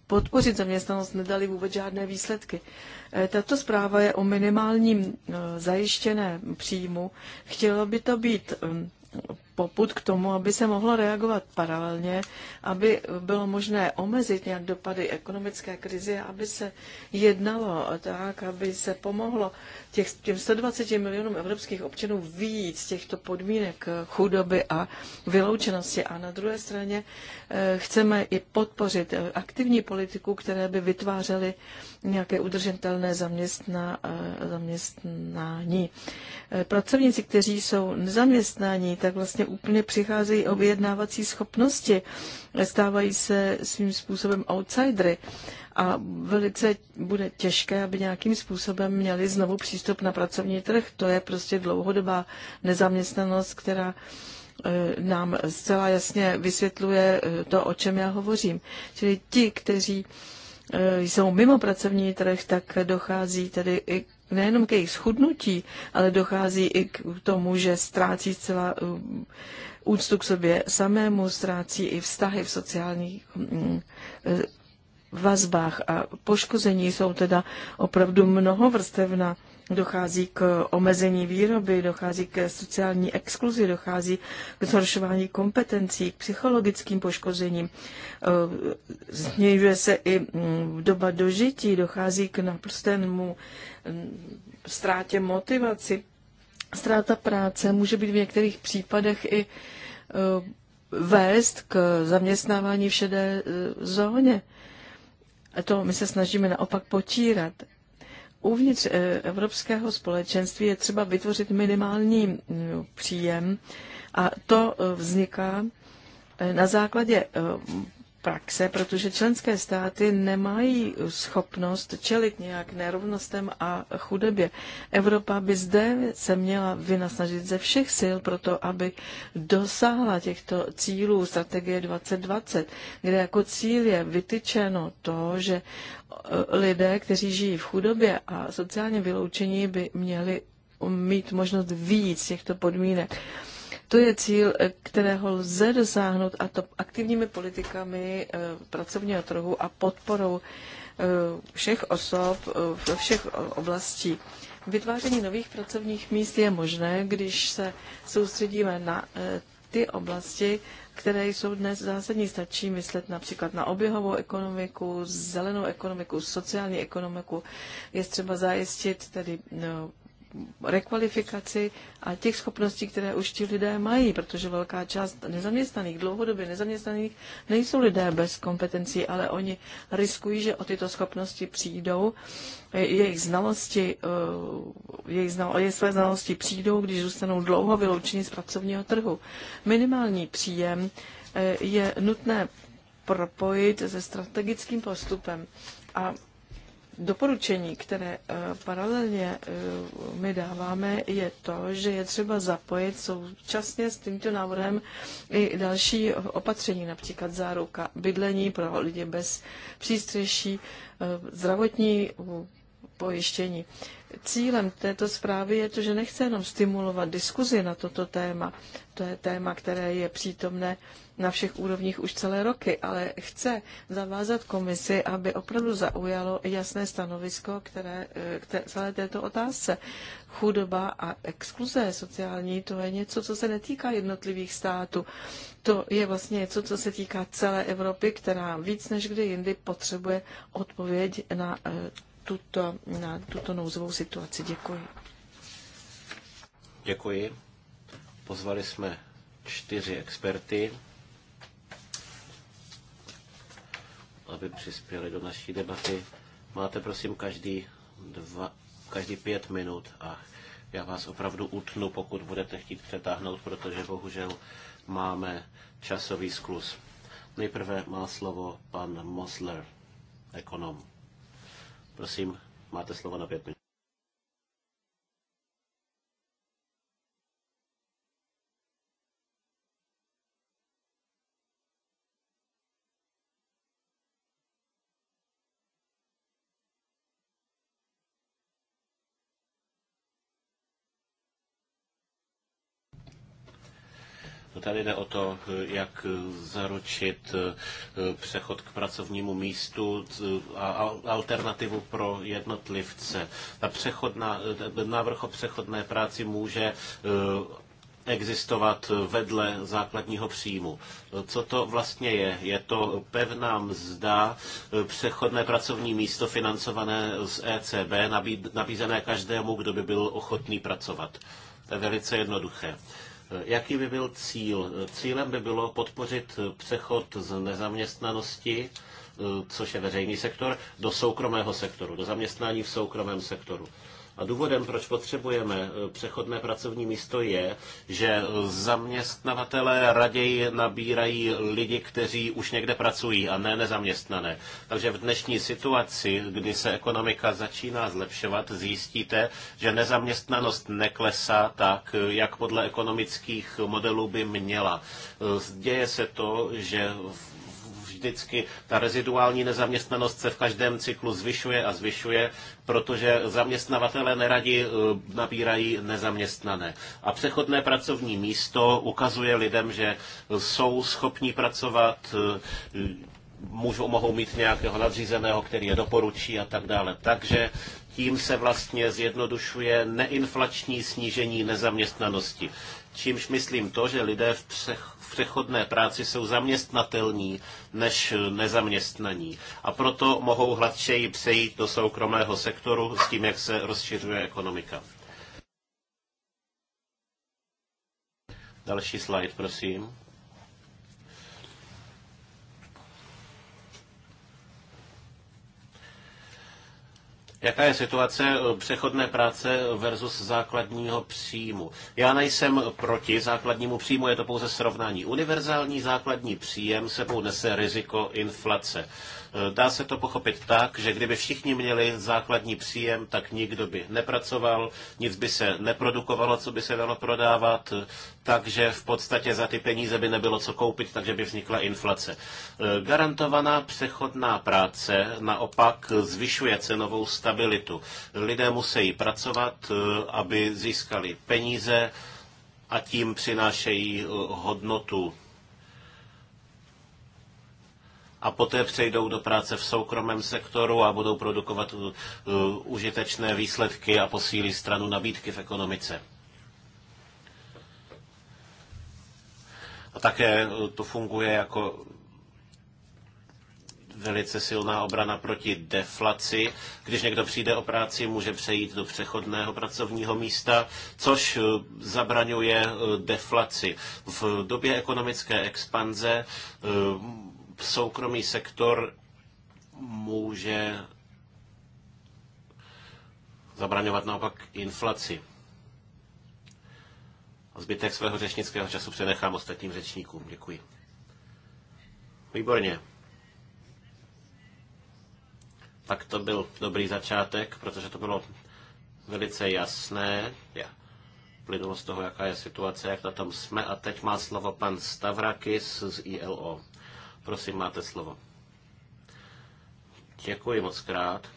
podpořit zaměstnanost, nedali vůbec žádné výsledky. Eh, tato zpráva je o minimálním eh, zajištěné příjmu. Chtělo by to být poput k tomu, aby se mohlo reagovat paralelně, aby bylo možné omezit nějak dopady ekonomické krize, aby se jednalo tak, aby se pomohlo těch, těm 120 milionům evropských občanů víc těchto podmínek chudoby a vyloučenosti. A na druhé straně eh, chceme i podpořit aktivní politiku, které by vytvářely nějaké udržitelné zaměstná, eh, zaměstnání. Eh, pracovníci, kteří jsou nezaměstnaní, tak vlastně úplně přicházejí o vyjednávací schopnosti, stávají se svým způsobem outsidery a velice bude těžké, aby nějakým způsobem měli znovu přístup na pracovní trh. To je prostě dlouhodobá nezaměstnanost, která eh, nám zcela jasně vysvětluje eh, to, o čem já hovořím. Čili ti, kteří eh, jsou mimo pracovní trh, tak dochází tedy i nejenom k jejich schudnutí, ale dochází i k tomu, že ztrácí zcela um, úctu k sobě samému, ztrácí i vztahy v sociálních um, eh, vazbách a poškození jsou teda opravdu mnohovrstevná dochází k omezení výroby, dochází k sociální exkluzi, dochází k zhoršování kompetencí, k psychologickým poškozením, snižuje eh, se i mm, doba dožití, dochází k naprostému mm, ztrátě motivaci. Ztráta práce může být v některých případech i eh, vést k zaměstnávání v šedé eh, zóně. A to my se snažíme naopak potírat uvnitř eh, Evropského společenství je třeba vytvořit minimální mm, příjem a to eh, vzniká eh, na základě praxe, protože členské státy nemají schopnost čelit nějak nerovnostem a chudobě. Evropa by zde se měla vynasnažit ze všech sil pro to, aby dosáhla těchto cílů strategie 2020, kde jako cíl je vytyčeno to, že lidé, kteří žijí v chudobě a sociálně vyloučení, by měli mít možnost víc těchto podmínek. To je cíl, eh, kterého lze dosáhnout a to aktivními politikami eh, pracovního trhu a podporou eh, všech osob ve všech oblastí. Vytváření nových pracovních míst je možné, když se soustředíme na ty oblasti, které jsou dnes zásadní. Stačí myslet například na oběhovou ekonomiku, zelenou ekonomiku, sociální ekonomiku. Je třeba zajistit tedy no, rekvalifikaci a těch schopností, které už ti lidé mají, protože velká část nezaměstnaných, dlouhodobě nezaměstnaných, nejsou lidé bez kompetencí, ale oni riskují, že o tyto schopnosti přijdou, jejich znalosti, eh, jejich, znal, jejich své znalosti přijdou, když zůstanou dlouho vyloučeni z pracovního trhu. Minimální příjem eh, je nutné propojit se strategickým postupem a doporučení, které eh, paralelně eh, my dáváme, je to, že je třeba zapojit současně s tímto návrhem i další opatření, například záruka bydlení pro lidi bez přístřeší, eh, zdravotní pojištění cílem této zprávy je to, že nechce jenom stimulovat diskuzi na toto téma, to je téma, které je přítomné na všech úrovních už celé roky, ale chce zavázat komisi, aby opravdu zaujalo jasné stanovisko které, eh, k té, celé této otázce. Chudoba a exkluze sociální, to je něco, co se netýká jednotlivých států. To je vlastně něco, co se týká celé Evropy, která víc než kdy jindy potřebuje odpověď na eh, tuto, na tuto nouzovou situaci. Děkuji. Děkuji. Pozvali jsme čtyři experty, aby přispěli do naší debaty. Máte prosím každý, dva, každý pět minut a já vás opravdu utnu, pokud budete chtít přetáhnout, protože bohužel máme časový sklus. Nejprve má slovo pan Mosler, ekonom. Prosím, máte slovo na pět minut. Tady jde o to, jak zaručit eh, přechod k pracovnímu místu eh, a alternativu pro jednotlivce. Ta přechodná, eh, návrh o přechodné práci může existovat vedle základního příjmu. Co to vlastně je? Je to pevná mzda, přechodné pracovní místo financované z ECB, nabízené každému, kdo by byl ochotný pracovat. To je velice jednoduché. Jaký by byl cíl? Cílem by bylo podpořit přechod z nezaměstnanosti, eh, což je veřejný sektor, do soukromého sektoru, do zaměstnání v soukromém sektoru. A důvodem, proč potřebujeme eh, přechodné pracovní místo, je, že eh, zaměstnavatele raději nabírají lidi, kteří už někde pracují a ne nezaměstnané. Takže v dnešní situaci, kdy se ekonomika začíná zlepšovat, zjistíte, že nezaměstnanost neklesá tak, eh, jak podle ekonomických modelů by měla. Děje se to, že v vždycky ta reziduální nezaměstnanost se v každém cyklu zvyšuje a zvyšuje, protože zaměstnavatele neradi eh, nabírají nezaměstnané. A přechodné pracovní místo ukazuje lidem, že jsou schopní pracovat, eh, můžou, mohou mít nějakého nadřízeného, který je doporučí a tak dále. Takže tím se vlastně zjednodušuje neinflační snížení nezaměstnanosti. Čímž myslím to, že lidé v přech v přechodné práci jsou zaměstnatelní než nezaměstnaní. A proto mohou hladčeji přejít do soukromého sektoru s tím, jak se rozšiřuje ekonomika. Další slide, prosím. Jaká je situace eh, přechodné práce versus základního příjmu? Já nejsem proti základnímu příjmu, je to pouze srovnání. Univerzální základní příjem sebou nese riziko inflace. Dá se to pochopit tak, že kdyby všichni měli základní příjem, tak nikdo by nepracoval, nic by se neprodukovalo, co by se dalo prodávat, takže v podstatě za ty peníze by nebylo co koupit, takže by vznikla inflace. E, garantovaná přechodná práce naopak zvyšuje cenovou stabilitu. Lidé musí pracovat, e, aby získali peníze a tím přinášejí e, hodnotu a poté přejdou do práce v soukromém sektoru a budou produkovat uh, užitečné výsledky a posílí stranu nabídky v ekonomice. A také uh, to funguje jako velice silná obrana proti deflaci. Když někdo přijde o práci, může přejít do přechodného pracovního místa, což uh, zabraňuje deflaci. V době ekonomické expanze soukromý sektor může zabraňovat naopak inflaci. Zbytek svého řečnického času přenechám ostatním řečníkům. Děkuji. Výborně. Tak to byl dobrý začátek, protože to bylo velice jasné. Yeah plynulo z toho, jaká je situace, jak na tom jsme. A teď má slovo pan Stavrakis z ILO. Prosím, máte slovo. Děkuji moc krát.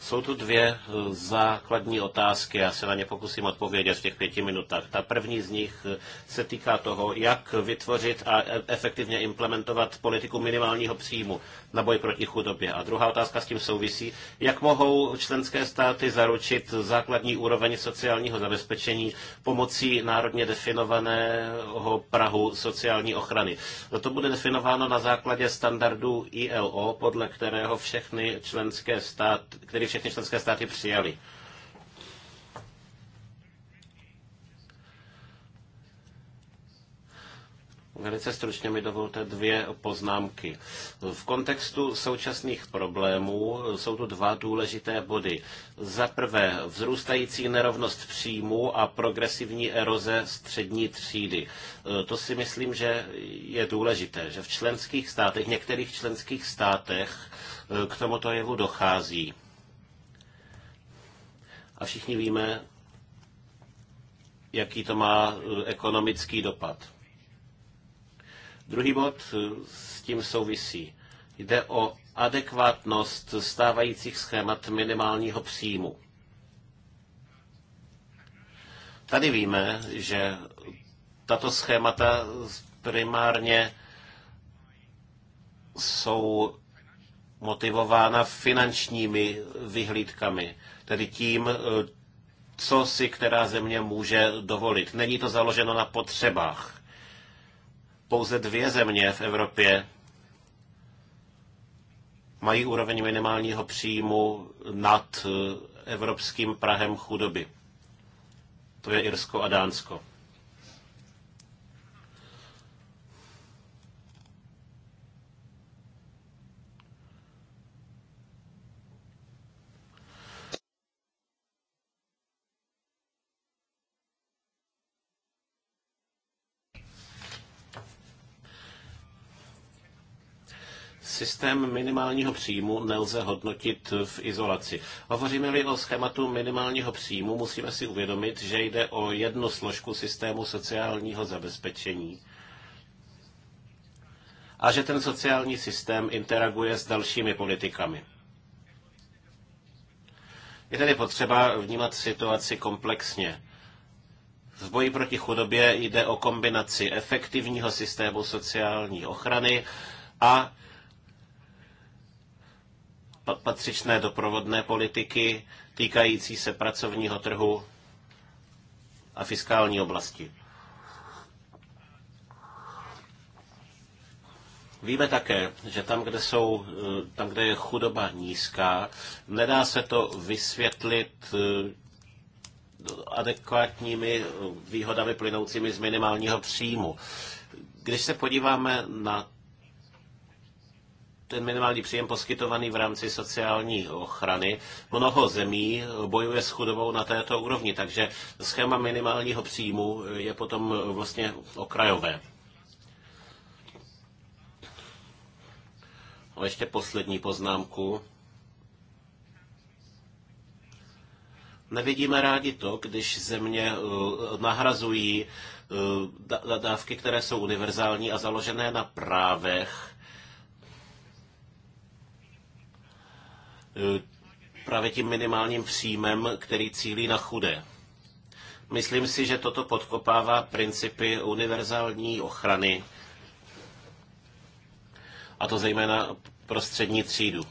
Jsou tu dvě eh, základní otázky, já se na ně pokusím odpovědět v těch pěti minutách. Ta první z nich eh, se týká toho, jak vytvořit a e- efektivně implementovat politiku minimálního příjmu, na boj proti chudobě. A druhá otázka s tím souvisí, jak mohou členské státy zaručit základní úroveň sociálního zabezpečení pomocí národně definovaného Prahu sociální ochrany. No to bude definováno na základě standardu ILO, podle kterého všechny členské státy, který všechny členské státy přijali. Velice stručně mi dovolte dvě poznámky. V kontextu současných problémů jsou tu dva důležité body. Za prvé vzrůstající nerovnost příjmů a progresivní eroze střední třídy. E, to si myslím, že je důležité, že v členských státech, některých členských státech e, k tomuto jevu dochází. A všichni víme, jaký to má e, ekonomický dopad. Druhý bod eh, s tím souvisí. Jde o adekvátnost stávajících schémat minimálního příjmu. Tady víme, že tato schémata primárně jsou motivována finančními vyhlídkami, tedy tím, eh, co si která země může dovolit. Není to založeno na potřebách pouze dvě země v Evropě mají úroveň minimálního příjmu nad eh, evropským Prahem chudoby. To je Irsko a Dánsko. Systém minimálního příjmu nelze hodnotit v izolaci. Hovoříme-li o schématu minimálního příjmu, musíme si uvědomit, že jde o jednu složku systému sociálního zabezpečení a že ten sociální systém interaguje s dalšími politikami. Je tedy potřeba vnímat situaci komplexně. V boji proti chudobě jde o kombinaci efektivního systému sociální ochrany a patřičné doprovodné politiky týkající se pracovního trhu a fiskální oblasti. Víme také, že tam, kde, jsou, eh, tam, kde je chudoba nízká, nedá se to vysvětlit eh, adekvátními eh, výhodami plynoucími z minimálního příjmu. Když se podíváme na ten minimální příjem poskytovaný v rámci sociální ochrany. Mnoho zemí bojuje s chudobou na této úrovni, takže schéma minimálního příjmu je potom vlastně okrajové. A ještě poslední poznámku. Nevidíme rádi to, když země eh, nahrazují eh, dávky, které jsou univerzální a založené na právech E, právě tím minimálním příjmem, který cílí na chudé. Myslím si, že toto podkopává principy univerzální ochrany, a to zejména pro střední třídu.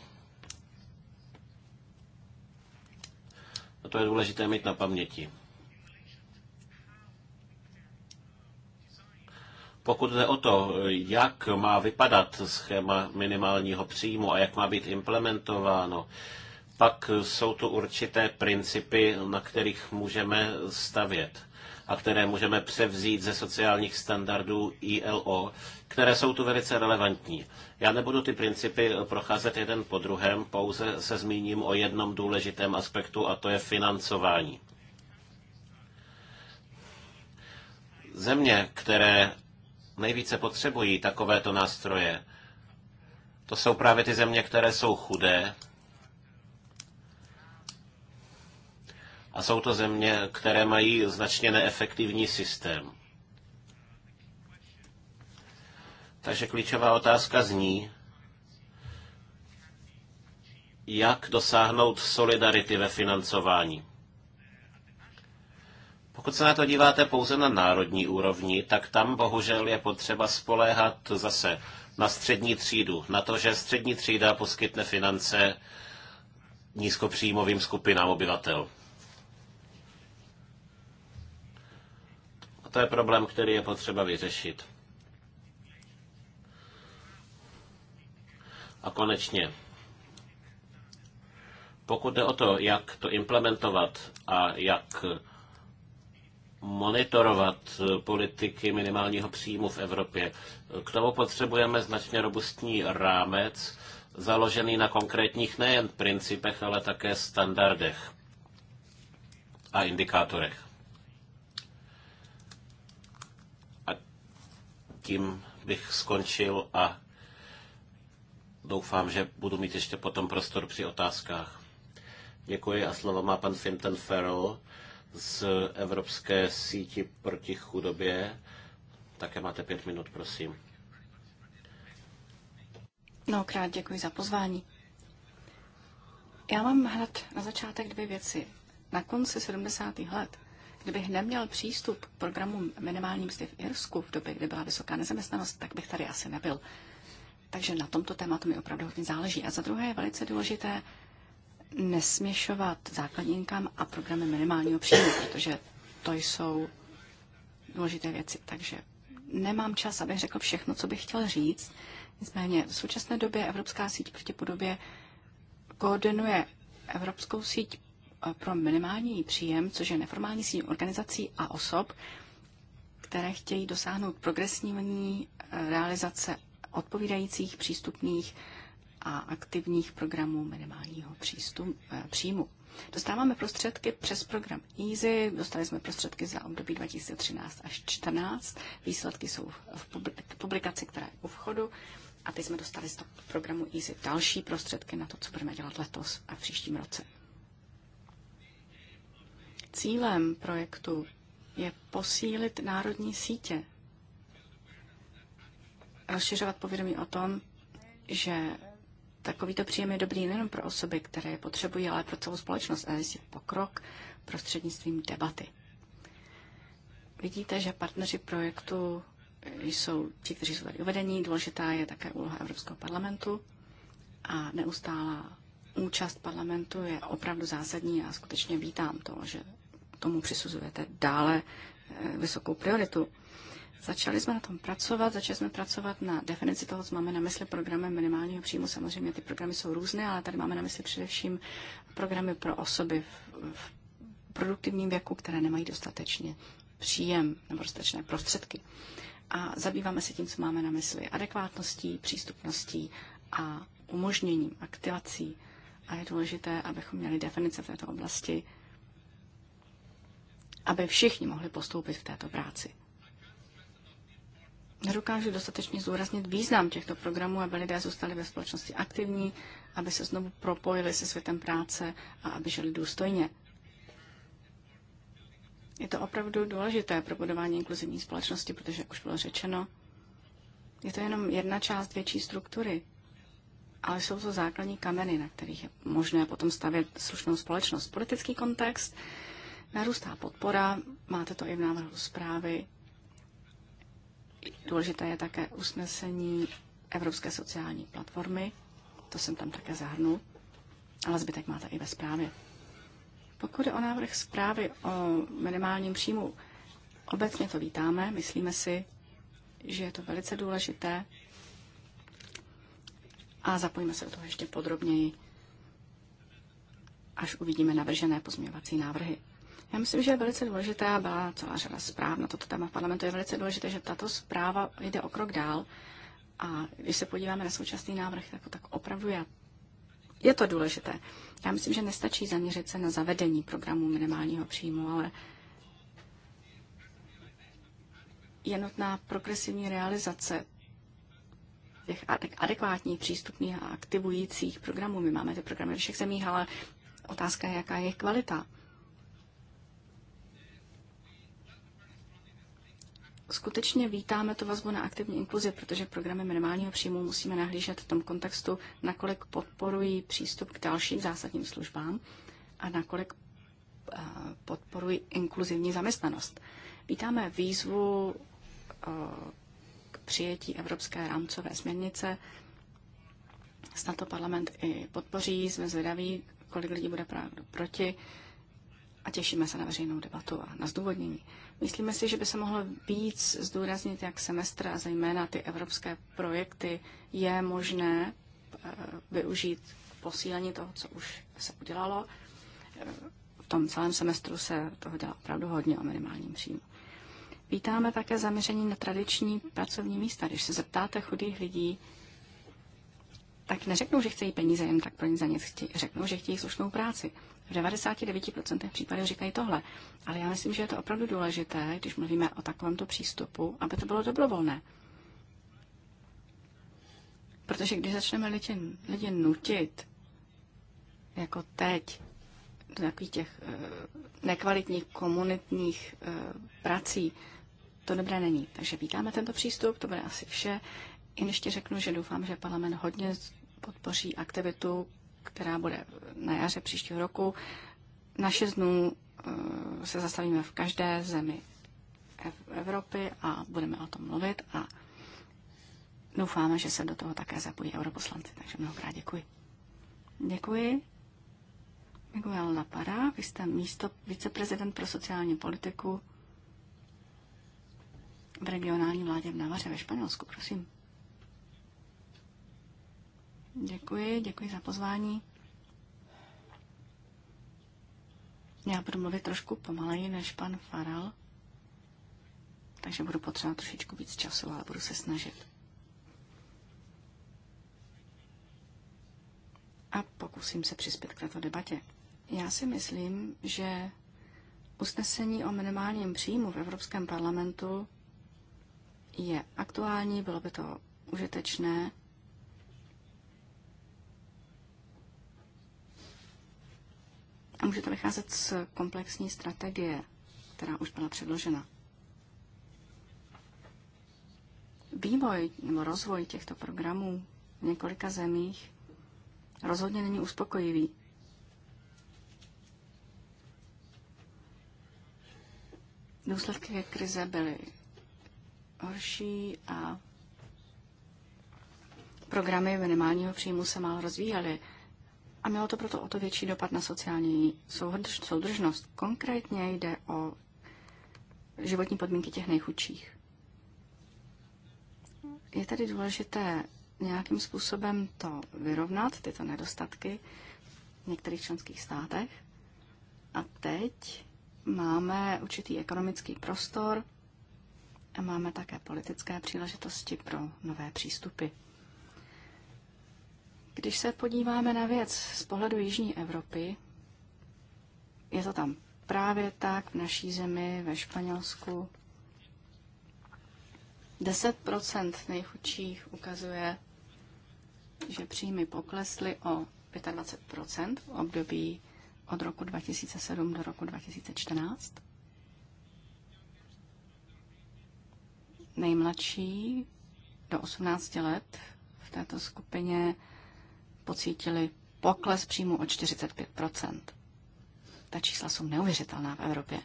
A to je důležité mít na paměti. Pokud jde o to, jak má vypadat schéma minimálního příjmu a jak má být implementováno, pak jsou tu určité principy, na kterých můžeme stavět a které můžeme převzít ze sociálních standardů ILO, které jsou tu velice relevantní. Já nebudu ty principy procházet jeden po druhém, pouze se zmíním o jednom důležitém aspektu a to je financování. Země, které nejvíce potřebují takovéto nástroje, to jsou právě ty země, které jsou chudé. A jsou to země, které mají značně neefektivní systém. Takže klíčová otázka zní, jak dosáhnout solidarity ve financování. Pokud se na to díváte pouze na národní úrovni, tak tam bohužel je potřeba spoléhat zase na střední třídu, na to, že střední třída poskytne finance nízkopříjmovým skupinám obyvatel. A to je problém, který je potřeba vyřešit. A konečně, pokud jde o to, jak to implementovat a jak monitorovat eh, politiky minimálního příjmu v Evropě. K tomu potřebujeme značně robustní rámec, založený na konkrétních nejen principech, ale také standardech a indikátorech. A tím bych skončil a doufám, že budu mít ještě potom prostor při otázkách. Děkuji a slovo má pan Fintan Farrell z Evropské síti proti chudobě. Také máte pět minut, prosím. Mnohokrát děkuji za pozvání. Já mám hned na začátek dvě věci. Na konci 70. let, kdybych neměl přístup k programu minimální mzdy v Irsku v době, kdy byla vysoká nezaměstnanost, tak bych tady asi nebyl. Takže na tomto tématu mi opravdu hodně záleží. A za druhé je velice důležité, nesměšovat základní inkam a programy minimálního příjmu, protože to jsou důležité věci. Takže nemám čas, abych řekl všechno, co bych chtěl říct. Nicméně v současné době Evropská síť proti podobě koordinuje Evropskou síť eh, pro minimální příjem, což je neformální síť organizací a osob, které chtějí dosáhnout progresivní eh, realizace odpovídajících přístupných a aktivních programů minimálního přístup, eh, příjmu. Dostáváme prostředky přes program EASY, dostali jsme prostředky za období 2013 až 2014, výsledky jsou v publikaci, která je u vchodu a teď jsme dostali z programu EASY další prostředky na to, co budeme dělat letos a v příštím roce. Cílem projektu je posílit národní sítě, rozšiřovat povědomí o tom, že Takovýto příjem je dobrý nejen pro osoby, které je potřebují, ale pro celou společnost a zjistit pokrok prostřednictvím debaty. Vidíte, že partneři projektu jsou ti, kteří jsou tady uvedení. Důležitá je také úloha Evropského parlamentu a neustálá účast parlamentu je opravdu zásadní a skutečně vítám to, že tomu přisuzujete dále eh, vysokou prioritu. Začali jsme na tom pracovat, začali jsme pracovat na definici toho, co máme na mysli programem minimálního příjmu. Samozřejmě ty programy jsou různé, ale tady máme na mysli především programy pro osoby v, v produktivním věku, které nemají dostatečně příjem nebo dostatečné prostředky. A zabýváme se tím, co máme na mysli adekvátností, přístupností a umožněním, aktivací. A je důležité, abychom měli definice v této oblasti, aby všichni mohli postoupit v této práci nedokáže dostatečně zúraznit význam těchto programů, aby lidé zůstali ve společnosti aktivní, aby se znovu propojili se světem práce a aby žili důstojně. Je to opravdu důležité pro budování inkluzivní společnosti, protože, jak už bylo řečeno, je to jenom jedna část větší struktury, ale jsou to základní kameny, na kterých je možné potom stavět slušnou společnost. Politický kontext, narůstá podpora, máte to i v návrhu zprávy, Důležité je také usnesení Evropské sociální platformy, to jsem tam také zahrnul, ale zbytek máte i ve zprávě. Pokud je o návrh zprávy o minimálním příjmu, obecně to vítáme, myslíme si, že je to velice důležité a zapojíme se do toho ještě podrobněji, až uvidíme navržené pozměňovací návrhy. Já myslím, že je velice důležité, a byla celá řada zpráv na toto téma v parlamentu, je velice důležité, že tato zpráva jde o krok dál. A když se podíváme na současný návrh, tak, tak opravdu je, je to důležité. Já myslím, že nestačí zaměřit se na zavedení programu minimálního příjmu, ale je nutná progresivní realizace těch adekvátních, přístupných a aktivujících programů. My máme ty programy všech zemích, ale otázka je, jaká je jejich kvalita. skutečně vítáme tu vazbu na aktivní inkluzi, protože programy minimálního příjmu musíme nahlížet v tom kontextu, nakolik podporují přístup k dalším zásadním službám a nakolik eh, podporují inkluzivní zaměstnanost. Vítáme výzvu eh, k přijetí Evropské rámcové směrnice. Snad to parlament i podpoří, jsme zvědaví, kolik lidí bude proti a těšíme se na veřejnou debatu a na zdůvodnění. Myslíme si, že by se mohlo víc zdůraznit, jak semestr a zejména ty evropské projekty je možné eh, využít posílení toho, co už se udělalo. Eh, v tom celém semestru se toho dělá opravdu hodně o minimálním příjmu. Vítáme také zaměření na tradiční pracovní místa. Když se zeptáte chudých lidí, tak neřeknou, že chtějí peníze jen tak pro ně za nic, chtějí, řeknou, že chtějí slušnou práci. V 99% případů říkají tohle. Ale já myslím, že je to opravdu důležité, když mluvíme o takovémto přístupu, aby to bylo dobrovolné. Protože když začneme lidi, lidi nutit, jako teď, do takových těch eh, nekvalitních komunitních eh, prací, to dobré není. Takže vítáme tento přístup, to bude asi vše. I ještě řeknu, že doufám, že parlament hodně podpoří aktivitu která bude na jaře příštího roku. Na šest dnů eh, se zastavíme v každé zemi Evropy a budeme o tom mluvit a doufáme, že se do toho také zapojí europoslanci. Takže mnohokrát děkuji. Děkuji. Miguel Lapara, vy jste místo viceprezident pro sociální politiku v regionální vládě v Navaře ve Španělsku. Prosím. Děkuji, děkuji za pozvání. Já budu mluvit trošku pomaleji než pan Faral, takže budu potřebovat trošičku víc času, ale budu se snažit. A pokusím se přispět k této debatě. Já si myslím, že usnesení o minimálním příjmu v Evropském parlamentu je aktuální, bylo by to užitečné A může to vycházet z komplexní strategie, která už byla předložena. Vývoj nebo rozvoj těchto programů v několika zemích rozhodně není uspokojivý. Důsledky krize byly horší a programy minimálního příjmu se málo rozvíjely a mělo to proto o to větší dopad na sociální soudržnost. Konkrétně jde o životní podmínky těch nejchudších. Je tady důležité nějakým způsobem to vyrovnat, tyto nedostatky v některých členských státech. A teď máme určitý ekonomický prostor a máme také politické příležitosti pro nové přístupy. Když se podíváme na věc z pohledu Jižní Evropy, je to tam právě tak v naší zemi, ve Španělsku. 10% nejchudších ukazuje, že příjmy poklesly o 25% v období od roku 2007 do roku 2014. Nejmladší do 18 let v této skupině pocítili pokles příjmu o 45 Ta čísla jsou neuvěřitelná v Evropě.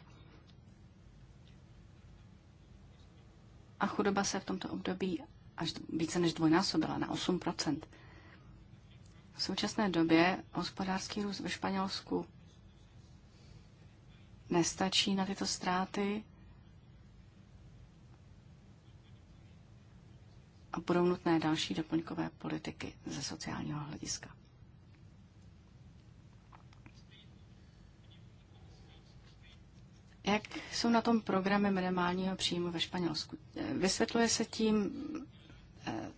A chudoba se v tomto období až více než dvojnásobila na 8 V současné době hospodářský růst ve Španělsku nestačí na tyto ztráty a budou nutné další doplňkové politiky ze sociálního hlediska. Jak jsou na tom programy minimálního příjmu ve Španělsku? Eh, vysvětluje se tím eh,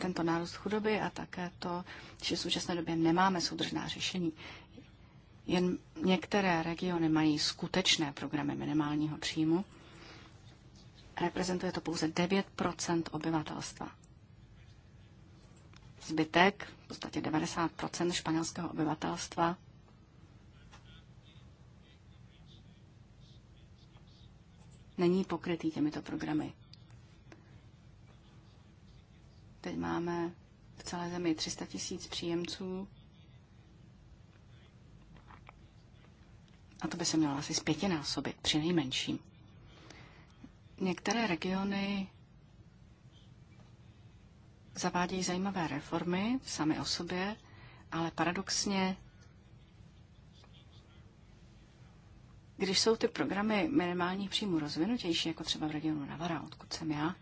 tento nárůst chudoby a také to, že v současné době nemáme soudržná řešení. Jen některé regiony mají skutečné programy minimálního příjmu Reprezentuje to pouze 9 obyvatelstva. Zbytek, v podstatě 90 španělského obyvatelstva, není pokrytý těmito programy. Teď máme v celé zemi 300 tisíc příjemců a to by se mělo asi zpětinásobit při nejmenším. Některé regiony zavádějí zajímavé reformy sami o sobě, ale paradoxně, když jsou ty programy minimální příjmu rozvinutější, jako třeba v regionu Navara, odkud jsem já,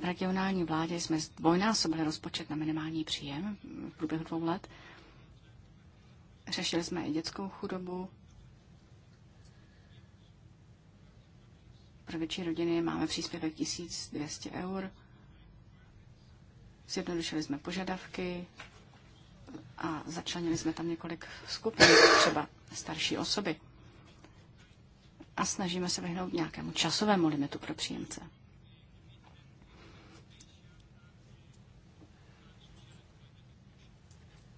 v regionální vládě jsme zdvojnásobili rozpočet na minimální příjem v průběhu dvou let. Řešili jsme i dětskou chudobu, Pro větší rodiny máme příspěvek 1200 eur. Zjednodušili jsme požadavky a začlenili jsme tam několik skupin, třeba starší osoby. A snažíme se vyhnout nějakému časovému limitu pro příjemce.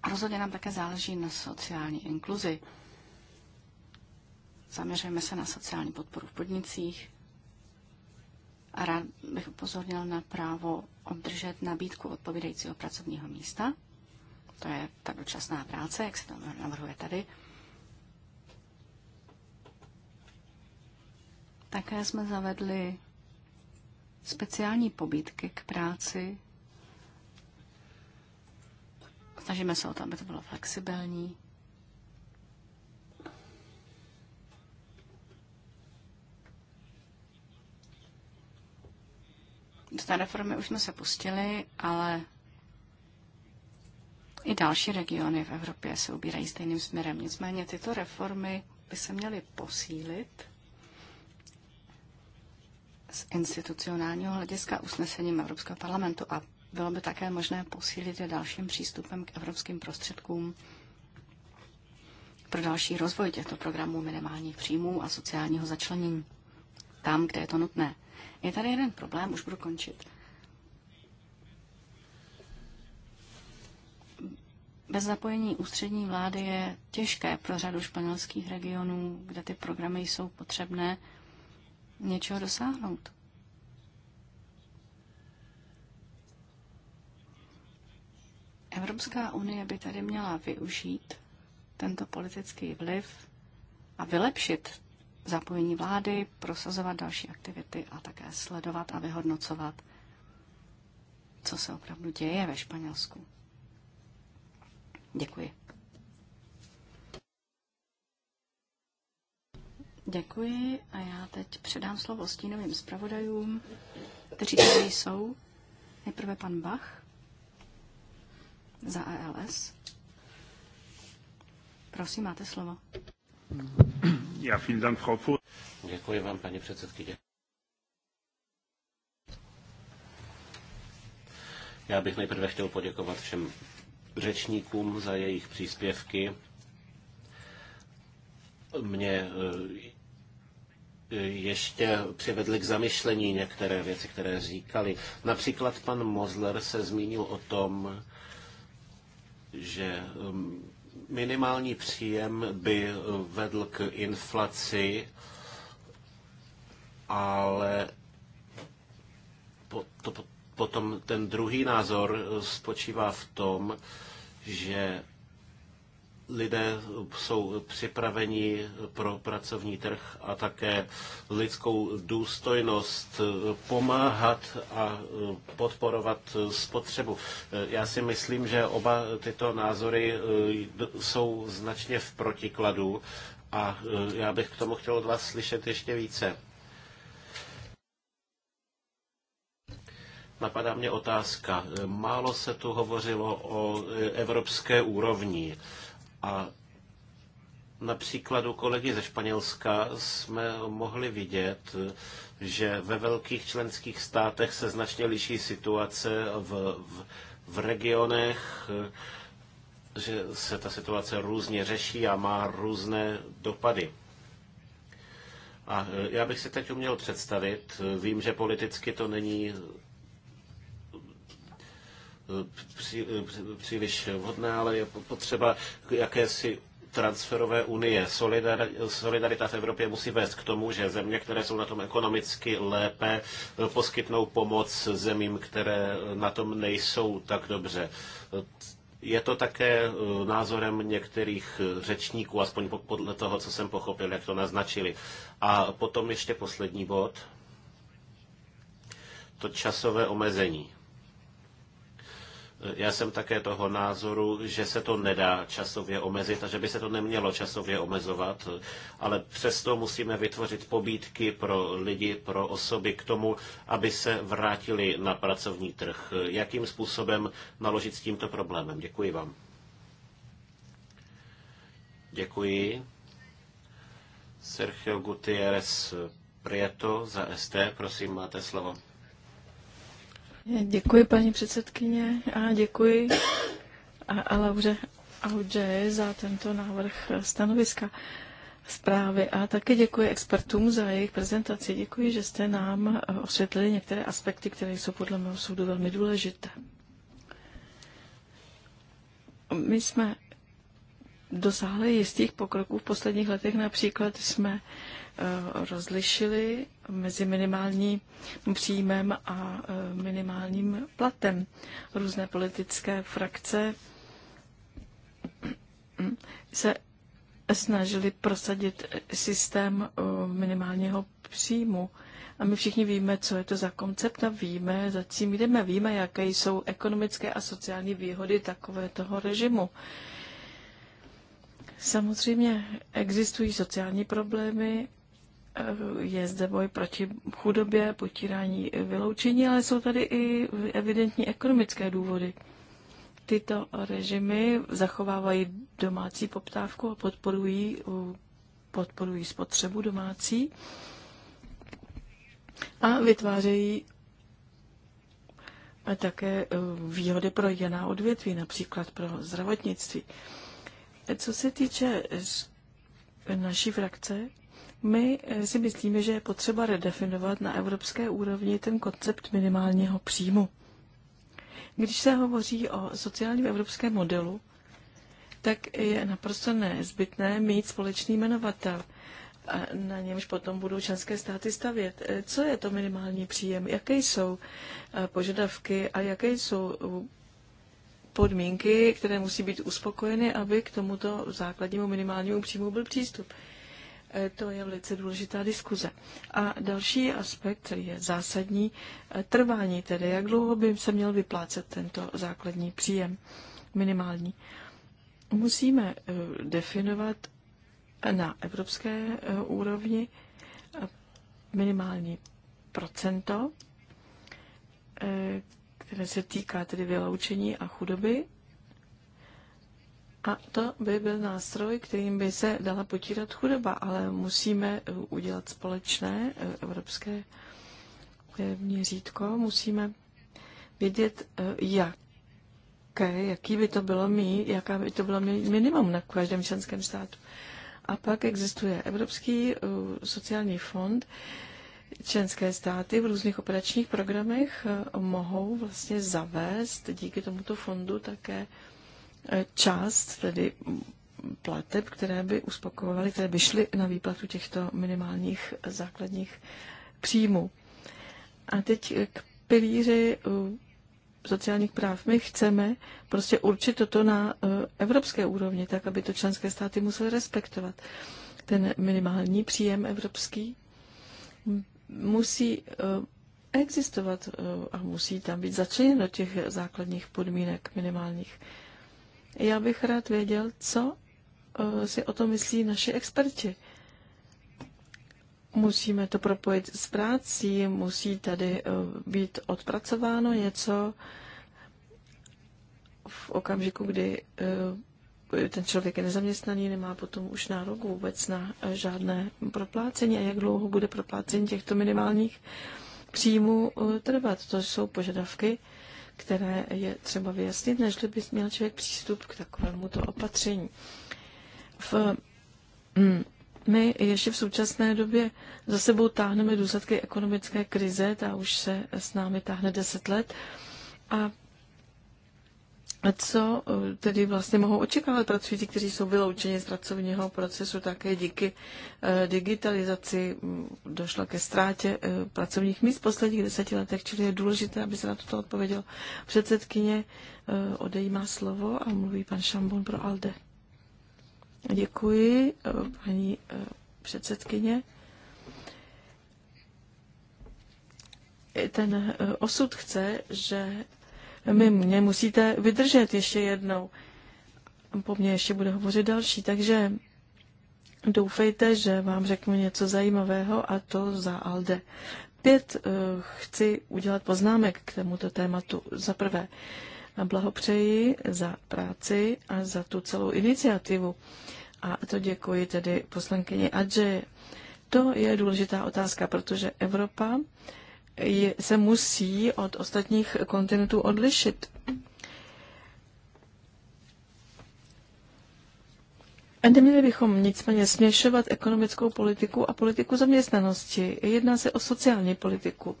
A rozhodně nám také záleží na sociální inkluzi. Zaměřujeme se na sociální podporu v podnicích, a rád bych upozornil na právo obdržet nabídku odpovídajícího pracovního místa. To je ta dočasná práce, jak se to navrhuje tady. Také jsme zavedli speciální pobídky k práci. Snažíme se o to, aby to bylo flexibilní. Z té reformy už jsme se pustili, ale i další regiony v Evropě se ubírají stejným směrem. Nicméně tyto reformy by se měly posílit z institucionálního hlediska usnesením Evropského parlamentu a bylo by také možné posílit je dalším přístupem k evropským prostředkům pro další rozvoj těchto programů minimálních příjmů a sociálního začlenění tam, kde je to nutné. Je tady jeden problém, už budu končit. Bez zapojení ústřední vlády je těžké pro řadu španělských regionů, kde ty programy jsou potřebné, něčeho dosáhnout. Evropská unie by tady měla využít tento politický vliv a vylepšit zapojení vlády, prosazovat další aktivity a také sledovat a vyhodnocovat, co se opravdu děje ve Španělsku. Děkuji. Děkuji a já teď předám slovo stínovým zpravodajům, kteří tady jsou. Nejprve pan Bach za ALS. Prosím, máte slovo. Děkuji vám, paní předsedkyně. Já bych nejprve chtěl poděkovat všem řečníkům za jejich příspěvky. Mě e, ještě přivedly k zamyšlení některé věci, které říkali. Například pan Mozler se zmínil o tom, že minimální příjem by vedl k inflaci, ale potom ten druhý názor spočívá v tom, že lidé jsou připraveni pro pracovní trh a také lidskou důstojnost pomáhat a podporovat spotřebu. Já si myslím, že oba tyto názory eh, jsou značně v protikladu a eh, já bych k tomu chtěl od vás slyšet ještě více. Napadá mě otázka. Málo se tu hovořilo o eh, evropské úrovni. A na příkladu kolegy ze Španělska jsme mohli vidět, že ve velkých členských státech se značně liší situace v, v, v regionech, že se ta situace různě řeší a má různé dopady. A já bych si teď uměl představit, vím, že politicky to není pří, příliš vhodné, ale je potřeba jakési transferové unie. Solidarita v Evropě musí vést k tomu, že země, které jsou na tom ekonomicky lépe, poskytnou pomoc zemím, které na tom nejsou tak dobře. Je to také eh, názorem některých řečníků, aspoň podle toho, co jsem pochopil, jak to naznačili. A potom ještě poslední bod, to časové omezení. Já jsem také toho názoru, že se to nedá časově omezit a že by se to nemělo časově omezovat, ale přesto musíme vytvořit pobídky pro lidi, pro osoby k tomu, aby se vrátili na pracovní trh. Jakým způsobem naložit s tímto problémem? Děkuji vám. Děkuji. Sergio Gutierrez Prieto za ST, prosím, máte slovo. Děkuji, paní předsedkyně, a děkuji a, a Laure Audže za tento návrh stanoviska zprávy a také děkuji expertům za jejich prezentaci. Děkuji, že jste nám eh, osvětlili některé aspekty, které jsou podle mého soudu velmi důležité. My jsme dosáhli jistých pokroků v posledních letech. Například jsme eh, rozlišili mezi minimálním příjmem a eh, minimálním platem. Různé politické frakce se snažili prosadit systém eh, minimálního příjmu. A my všichni víme, co je to za koncept a víme, za čím jdeme, víme, jaké jsou ekonomické a sociální výhody takového režimu. Samozřejmě existují sociální problémy, eh, je zde boj proti chudobě, potírání eh, vyloučení, ale jsou tady i evidentní ekonomické důvody. Tyto režimy zachovávají domácí poptávku a podporují, podporují spotřebu domácí a vytvářejí eh, také výhody pro jiná odvětví, například pro zdravotnictví. Co se týče eh, naší frakce, my eh, si myslíme, že je potřeba redefinovat na evropské úrovni ten koncept minimálního příjmu. Když se hovoří o sociálním evropském modelu, tak je naprosto nezbytné mít společný jmenovatel, na němž potom budou členské státy stavět. Eh, co je to minimální příjem? Jaké jsou požadavky a jaké jsou podmínky, které musí být uspokojeny, aby k tomuto základnímu minimálnímu příjmu byl přístup. E, to je velice důležitá diskuze. A další aspekt, který je zásadní, e, trvání tedy, jak dlouho by se měl vyplácet tento základní příjem minimální. Musíme e, definovat na evropské úrovni minimální procento, které se týká tedy vyloučení a chudoby. A to by byl nástroj, kterým by se dala potírat chudoba, ale musíme udělat společné eh, evropské eh, měřítko, musíme vědět, eh, jaké, jaký by to bylo mý, jaká by to bylo mít minimum na každém členském státu. A pak existuje Evropský sociální fond, členské státy v různých operačních programech eh, mohou vlastně zavést díky tomuto fondu také eh, část tedy plateb, které by uspokojovaly, které by šly na výplatu těchto minimálních základních příjmů. A teď eh, k pilíři sociálních práv. My chceme prostě určit toto na evropské úrovni, tak aby to členské státy musely respektovat. Ten minimální příjem evropský musí eh, existovat eh, a musí tam být začleněno těch základních podmínek minimálních. Já bych rád věděl, co eh, si o tom myslí naši experti. Musíme to propojit s prací, musí tady být odpracováno něco v okamžiku, kdy ten člověk je nezaměstnaný, nemá potom už nárok vůbec na eh, žádné proplácení a jak dlouho bude proplácení těchto minimálních příjmů eh, trvat. To jsou požadavky, které je třeba vyjasnit, než by měl člověk přístup k takovému to opatření. V, hm, my ještě v současné době za sebou táhneme důsledky ekonomické krize, ta už se s námi táhne deset let a co e, tedy vlastně mohou očekávat pracující, kteří jsou vyloučeni z pracovního procesu také díky e, digitalizaci mm, došlo ke ztrátě e, pracovních míst v posledních deseti letech, čili je důležité, aby se na toto odpověděl předsedkyně. Odejímá slovo a mluví pan Šambon pro ALDE. Děkuji, paní předsedkyně. Ten osud chce, že vy mě musíte vydržet ještě jednou. Po mně ještě bude hovořit další, takže doufejte, že vám řeknu něco zajímavého a to za Alde. Pět eh, chci udělat poznámek k tomuto tématu. Za prvé, blahopřeji za práci a za tu celou iniciativu. A to děkuji tedy poslankyni Adže. To je důležitá otázka, protože Evropa je, se musí od ostatních kontinentů odlišit. A neměli bychom nicméně směšovat ekonomickou politiku a politiku zaměstnanosti. Jedná se o sociální politiku.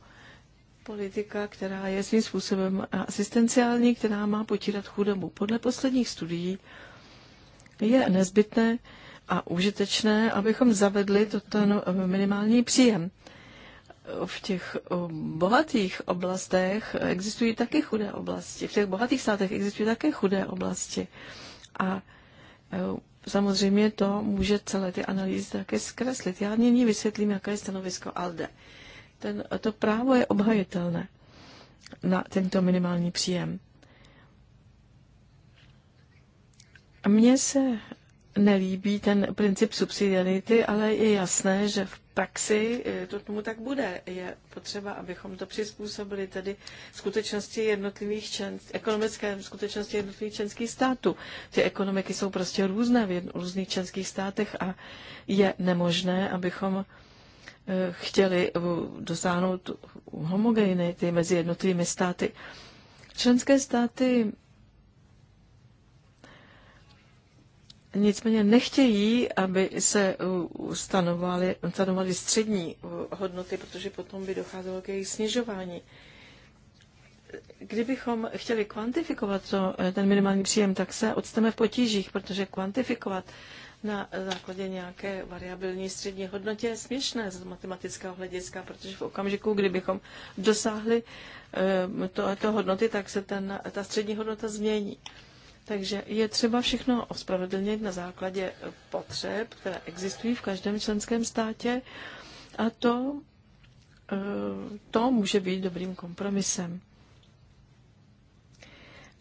Politika, která je svým způsobem asistenciální, která má potírat chudobu. Podle posledních studií je nezbytné a užitečné, abychom zavedli toto no- minimální příjem v těch eh, bohatých oblastech existují také chudé oblasti. V těch bohatých státech existují také chudé oblasti. A eh, samozřejmě to může celé ty analýzy také zkreslit. Já nyní vysvětlím, jaké je stanovisko ALDE. Ten, to právo je obhajitelné na tento minimální příjem. Mně se nelíbí ten princip subsidiarity, ale je jasné, že v praxi eh, to tomu tak bude. Je potřeba, abychom to přizpůsobili tedy skutečnosti jednotlivých člen, ekonomické skutečnosti jednotlivých členských států. Ty ekonomiky jsou prostě různé v jedno, různých členských státech a je nemožné, abychom eh, chtěli dosáhnout homogenity mezi jednotlivými státy. Členské státy Nicméně nechtějí, aby se uh, stanovaly, stanovaly střední uh, hodnoty, protože potom by docházelo k jejich snižování. Kdybychom chtěli kvantifikovat to, eh, ten minimální příjem, tak se odsteme v potížích, protože kvantifikovat na základě nějaké variabilní střední hodnotě je směšné z matematického hlediska, protože v okamžiku, kdybychom dosáhli eh, to, to hodnoty, tak se ten, ta střední hodnota změní. Takže je třeba všechno ospravedlnit na základě potřeb, které existují v každém členském státě a to, eh, to může být dobrým kompromisem.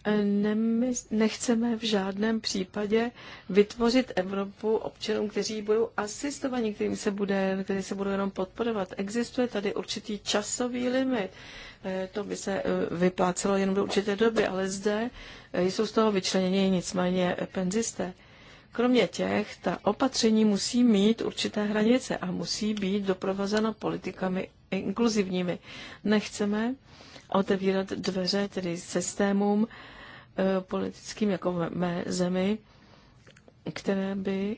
Eh, nemy, nechceme v žádném případě vytvořit Evropu občanům, kteří budou asistovaní, kteří se bude, který se budou jenom podporovat. Existuje tady určitý časový limit. Eh, to by se eh, vyplácelo jenom do určité doby, ale zde eh, jsou z toho vyčleněni nicméně penzisté. Kromě těch, ta opatření musí mít určité hranice a musí být doprovázeno politikami inkluzivními. Nechceme otevírat dveře tedy systémům politickým jako mé zemi, které by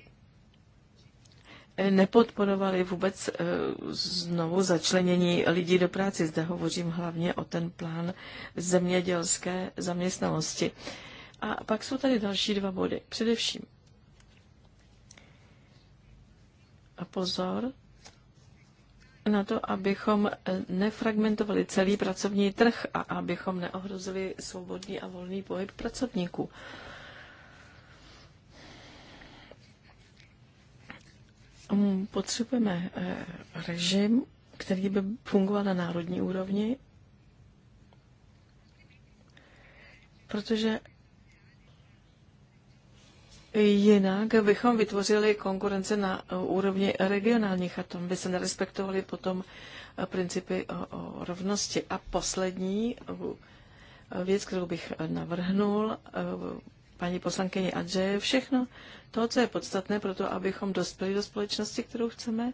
nepodporovali vůbec eh, znovu začlenění lidí do práce. Zde hovořím hlavně o ten plán zemědělské zaměstnanosti. A pak jsou tady další dva body. Především a pozor na to, abychom eh, nefragmentovali celý pracovní trh a abychom neohrozili svobodný a volný pohyb pracovníků. Uh, Mm, potřebujeme eh, režim, který by fungoval na národní úrovni, protože Jinak bychom vytvořili konkurence na eh, úrovni regionálních a tom by se nerespektovali potom eh, principy o, o rovnosti. A poslední věc, kterou bych navrhnul, paní poslankyni Adže, všechno to, co je podstatné pro to, abychom dospěli do společnosti, kterou chceme,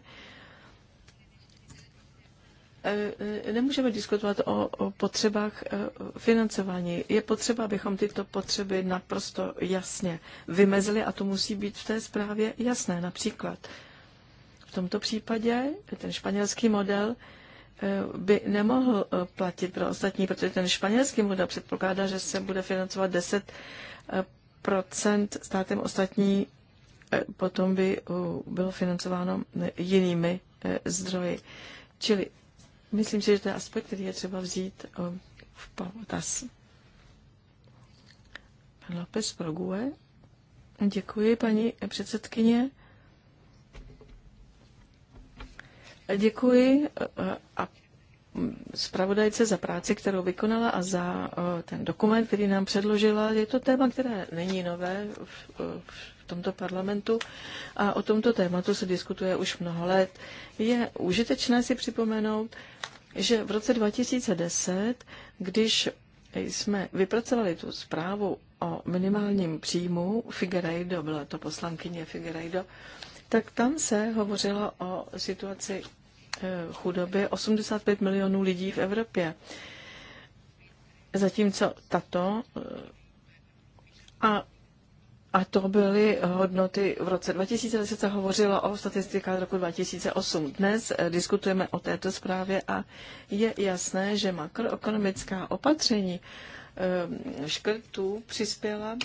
e, e, nemůžeme diskutovat o, o potřebách e, financování. Je potřeba, abychom tyto potřeby naprosto jasně vymezili a to musí být v té zprávě jasné. Například v tomto případě ten španělský model by nemohl platit pro ostatní, protože ten španělský model předpokládá, že se bude financovat 10 státem ostatní eh, potom by eh, bylo financováno eh, jinými zdroji. Čili myslím si, že ten aspekt, který je třeba vzít v potaz. Pan López Progue. Děkuji, paní předsedkyně. Děkuji a zpravodajce za práci, kterou vykonala a za eh, ten dokument, který nám předložila. Je to téma, které není nové v, eh, v tomto parlamentu a o tomto tématu se diskutuje už mnoho let. Je užitečné si připomenout, že v roce 2010, když jsme vypracovali tu zprávu o minimálním příjmu, Figueiredo, byla to poslankyně Figueiredo, tak tam se hovořilo o situaci Eh, chudoby 85 milionů lidí v Evropě. Zatímco tato eh, a a to byly hodnoty v roce 2010 se hovořilo o statistikách roku 2008. Dnes eh, diskutujeme o této zprávě a je jasné, že makroekonomická opatření škrtů přispěla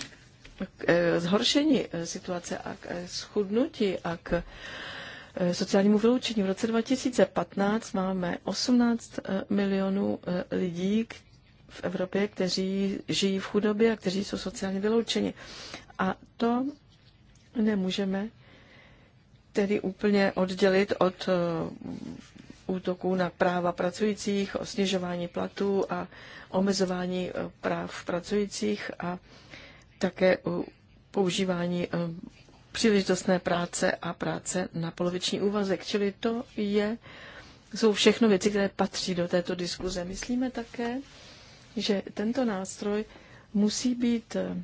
k zhoršení situace a k schudnutí a k Eh, sociálnímu vyloučení. V roce 2015 máme 18 eh, milionů eh, lidí v Evropě, kteří žijí v chudobě a kteří jsou sociálně vyloučeni. A to nemůžeme tedy úplně oddělit od útoků na práva pracujících, o snižování platů a omezování práv pracujících a také používání příležitostné práce a práce na poloviční úvazek. Čili to je, jsou všechno věci, které patří do této diskuze. Myslíme také, že tento nástroj musí být eh,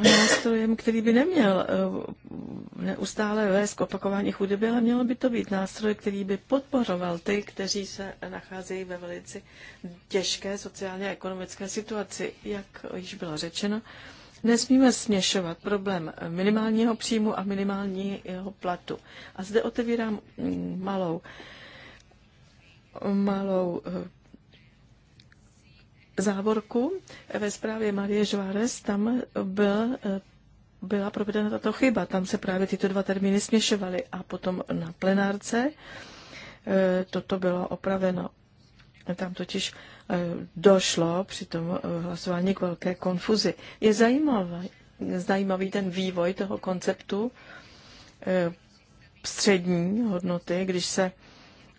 nástrojem, který by neměl eh, neustále vést k opakování chudoby, ale mělo by to být nástroj, který by podporoval ty, kteří se nacházejí ve velice těžké sociálně a ekonomické situaci. Jak již bylo řečeno, nesmíme směšovat problém minimálního příjmu a minimálního platu. A zde otevírám mm, malou, malou eh, závorku ve zprávě Marie Žvárez, tam byl, byla provedena tato chyba. Tam se právě tyto dva termíny směšovaly a potom na plenárce eh, toto bylo opraveno. Tam totiž eh, došlo při tom eh, hlasování k velké konfuzi. Je zajímavý, zajímavý ten vývoj toho konceptu střední hodnoty, když se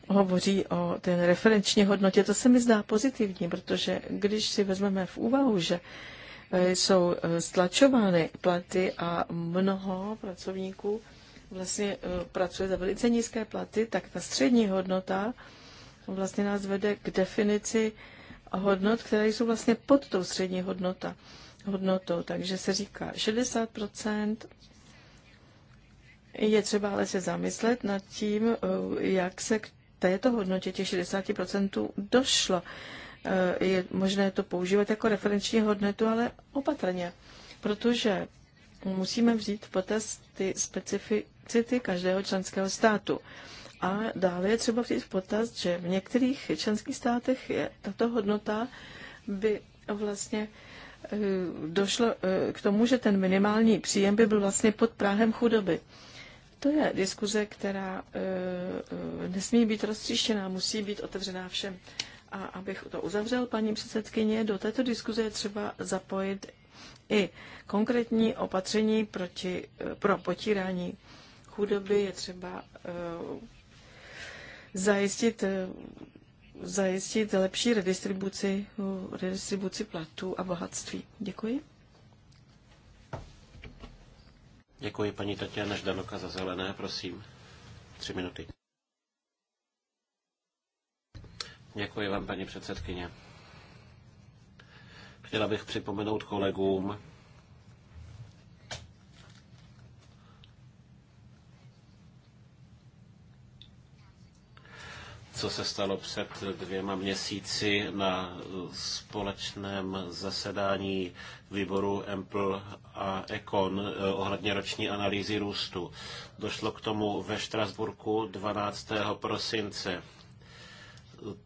hovoří o té referenční hodnotě. To se mi zdá pozitivní, protože když si vezmeme v úvahu, že e, jsou e, stlačovány platy a mnoho pracovníků vlastně e, pracuje za velice nízké platy, tak ta střední hodnota vlastně nás vede k definici hodnot, které jsou vlastně pod tou střední hodnota, hodnotou. Takže se říká 60 je třeba ale se zamyslet nad tím, jak se k této hodnotě těch 60% došlo. E, je možné to používat jako referenční hodnotu, ale opatrně, protože musíme vzít v potaz ty specificity každého členského státu. A dále je třeba vzít v potaz, že v některých členských státech je tato hodnota by vlastně e, došlo e, k tomu, že ten minimální příjem by byl vlastně pod práhem chudoby. To je diskuze, která e, e, nesmí být roztříštěná, musí být otevřená všem. A abych to uzavřel, paní předsedkyně, do této diskuze je třeba zapojit i konkrétní opatření proti, e, pro potírání chudoby. Je třeba zajistit zajistit lepší redistribuci, redistribuci platů a bohatství. Děkuji. Děkuji paní Tatiana Ždanoka za zelené, prosím. Tři minuty. Děkuji vám, paní předsedkyně. Chtěla bych připomenout kolegům, co se stalo před dvěma měsíci na společném zasedání výboru EMPL a ECON eh, ohledně roční analýzy růstu. Došlo k tomu ve Štrasburku 12. prosince.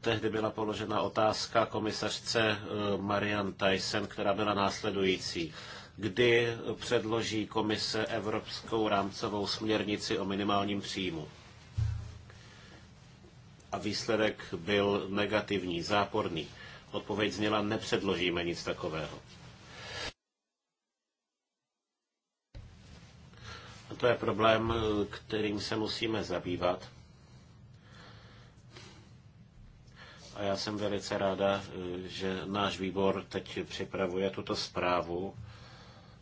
Tehdy byla položena otázka komisařce eh, Marian Tyson, která byla následující kdy předloží komise Evropskou rámcovou směrnici o minimálním příjmu a výsledek byl negativní, záporný. Odpověď zněla, nepředložíme nic takového. A to je problém, kterým se musíme zabývat. A já jsem velice ráda, že náš výbor teď připravuje tuto zprávu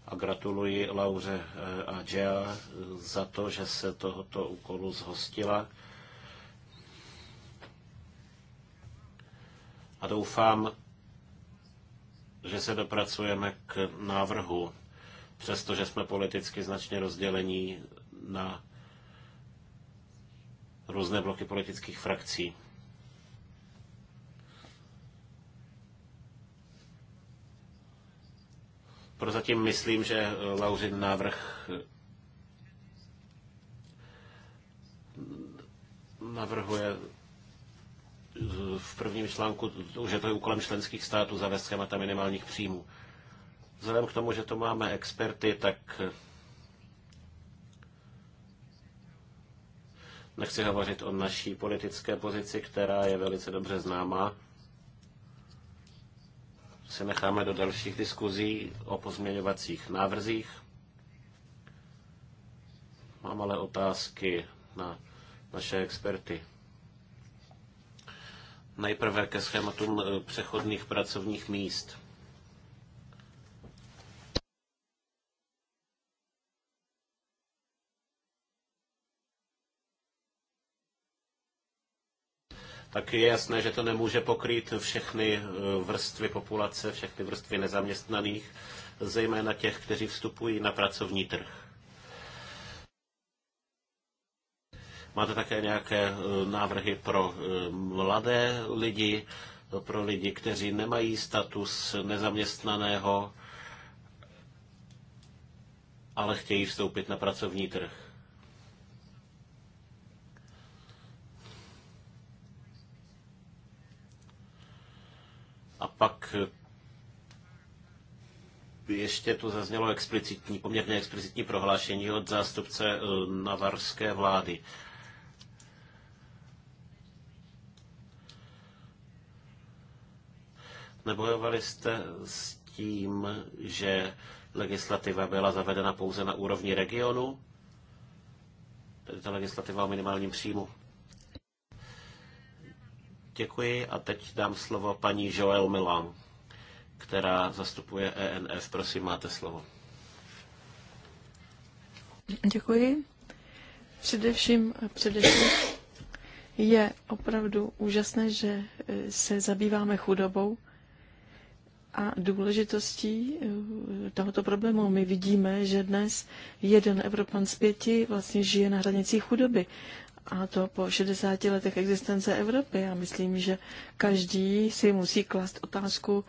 a gratuluji Lauře a Gia za to, že se tohoto úkolu zhostila a doufám, že se dopracujeme k návrhu, přestože jsme politicky značně rozdělení na různé bloky politických frakcí. Prozatím myslím, že Lauřin návrh navrhuje v prvním článku, že to je úkolem členských států zavést schémata minimálních příjmů. Vzhledem k tomu, že to máme experty, tak eh, nechci hovořit o naší politické pozici, která je velice dobře známá. Se necháme do dalších diskuzí o pozměňovacích návrzích. Mám ale otázky na naše experty. Nejprve ke schématům eh, přechodných pracovních míst. tak je jasné, že to nemůže pokrýt všechny eh, vrstvy populace, všechny vrstvy nezaměstnaných, zejména těch, kteří vstupují na pracovní trh. Máte také nějaké e, návrhy pro e, mladé lidi, pro lidi, kteří nemají status nezaměstnaného, ale chtějí vstoupit na pracovní trh? A pak e, ještě tu zaznělo explicitní, poměrně explicitní prohlášení od zástupce navarské vlády. Nebojovali jste s tím, že legislativa byla zavedena pouze na úrovni regionu, tedy ta legislativa o minimálním příjmu. Děkuji a teď dám slovo paní Joel Milan, která zastupuje ENF. Prosím, máte slovo. Děkuji. Především, především je opravdu úžasné, že eh, se zabýváme chudobou a důležitostí eh, tohoto problému. My vidíme, že dnes jeden Evropan z pěti vlastně žije na hranicích chudoby. A to po 60 letech existence Evropy. Já myslím, že každý si musí klást otázku,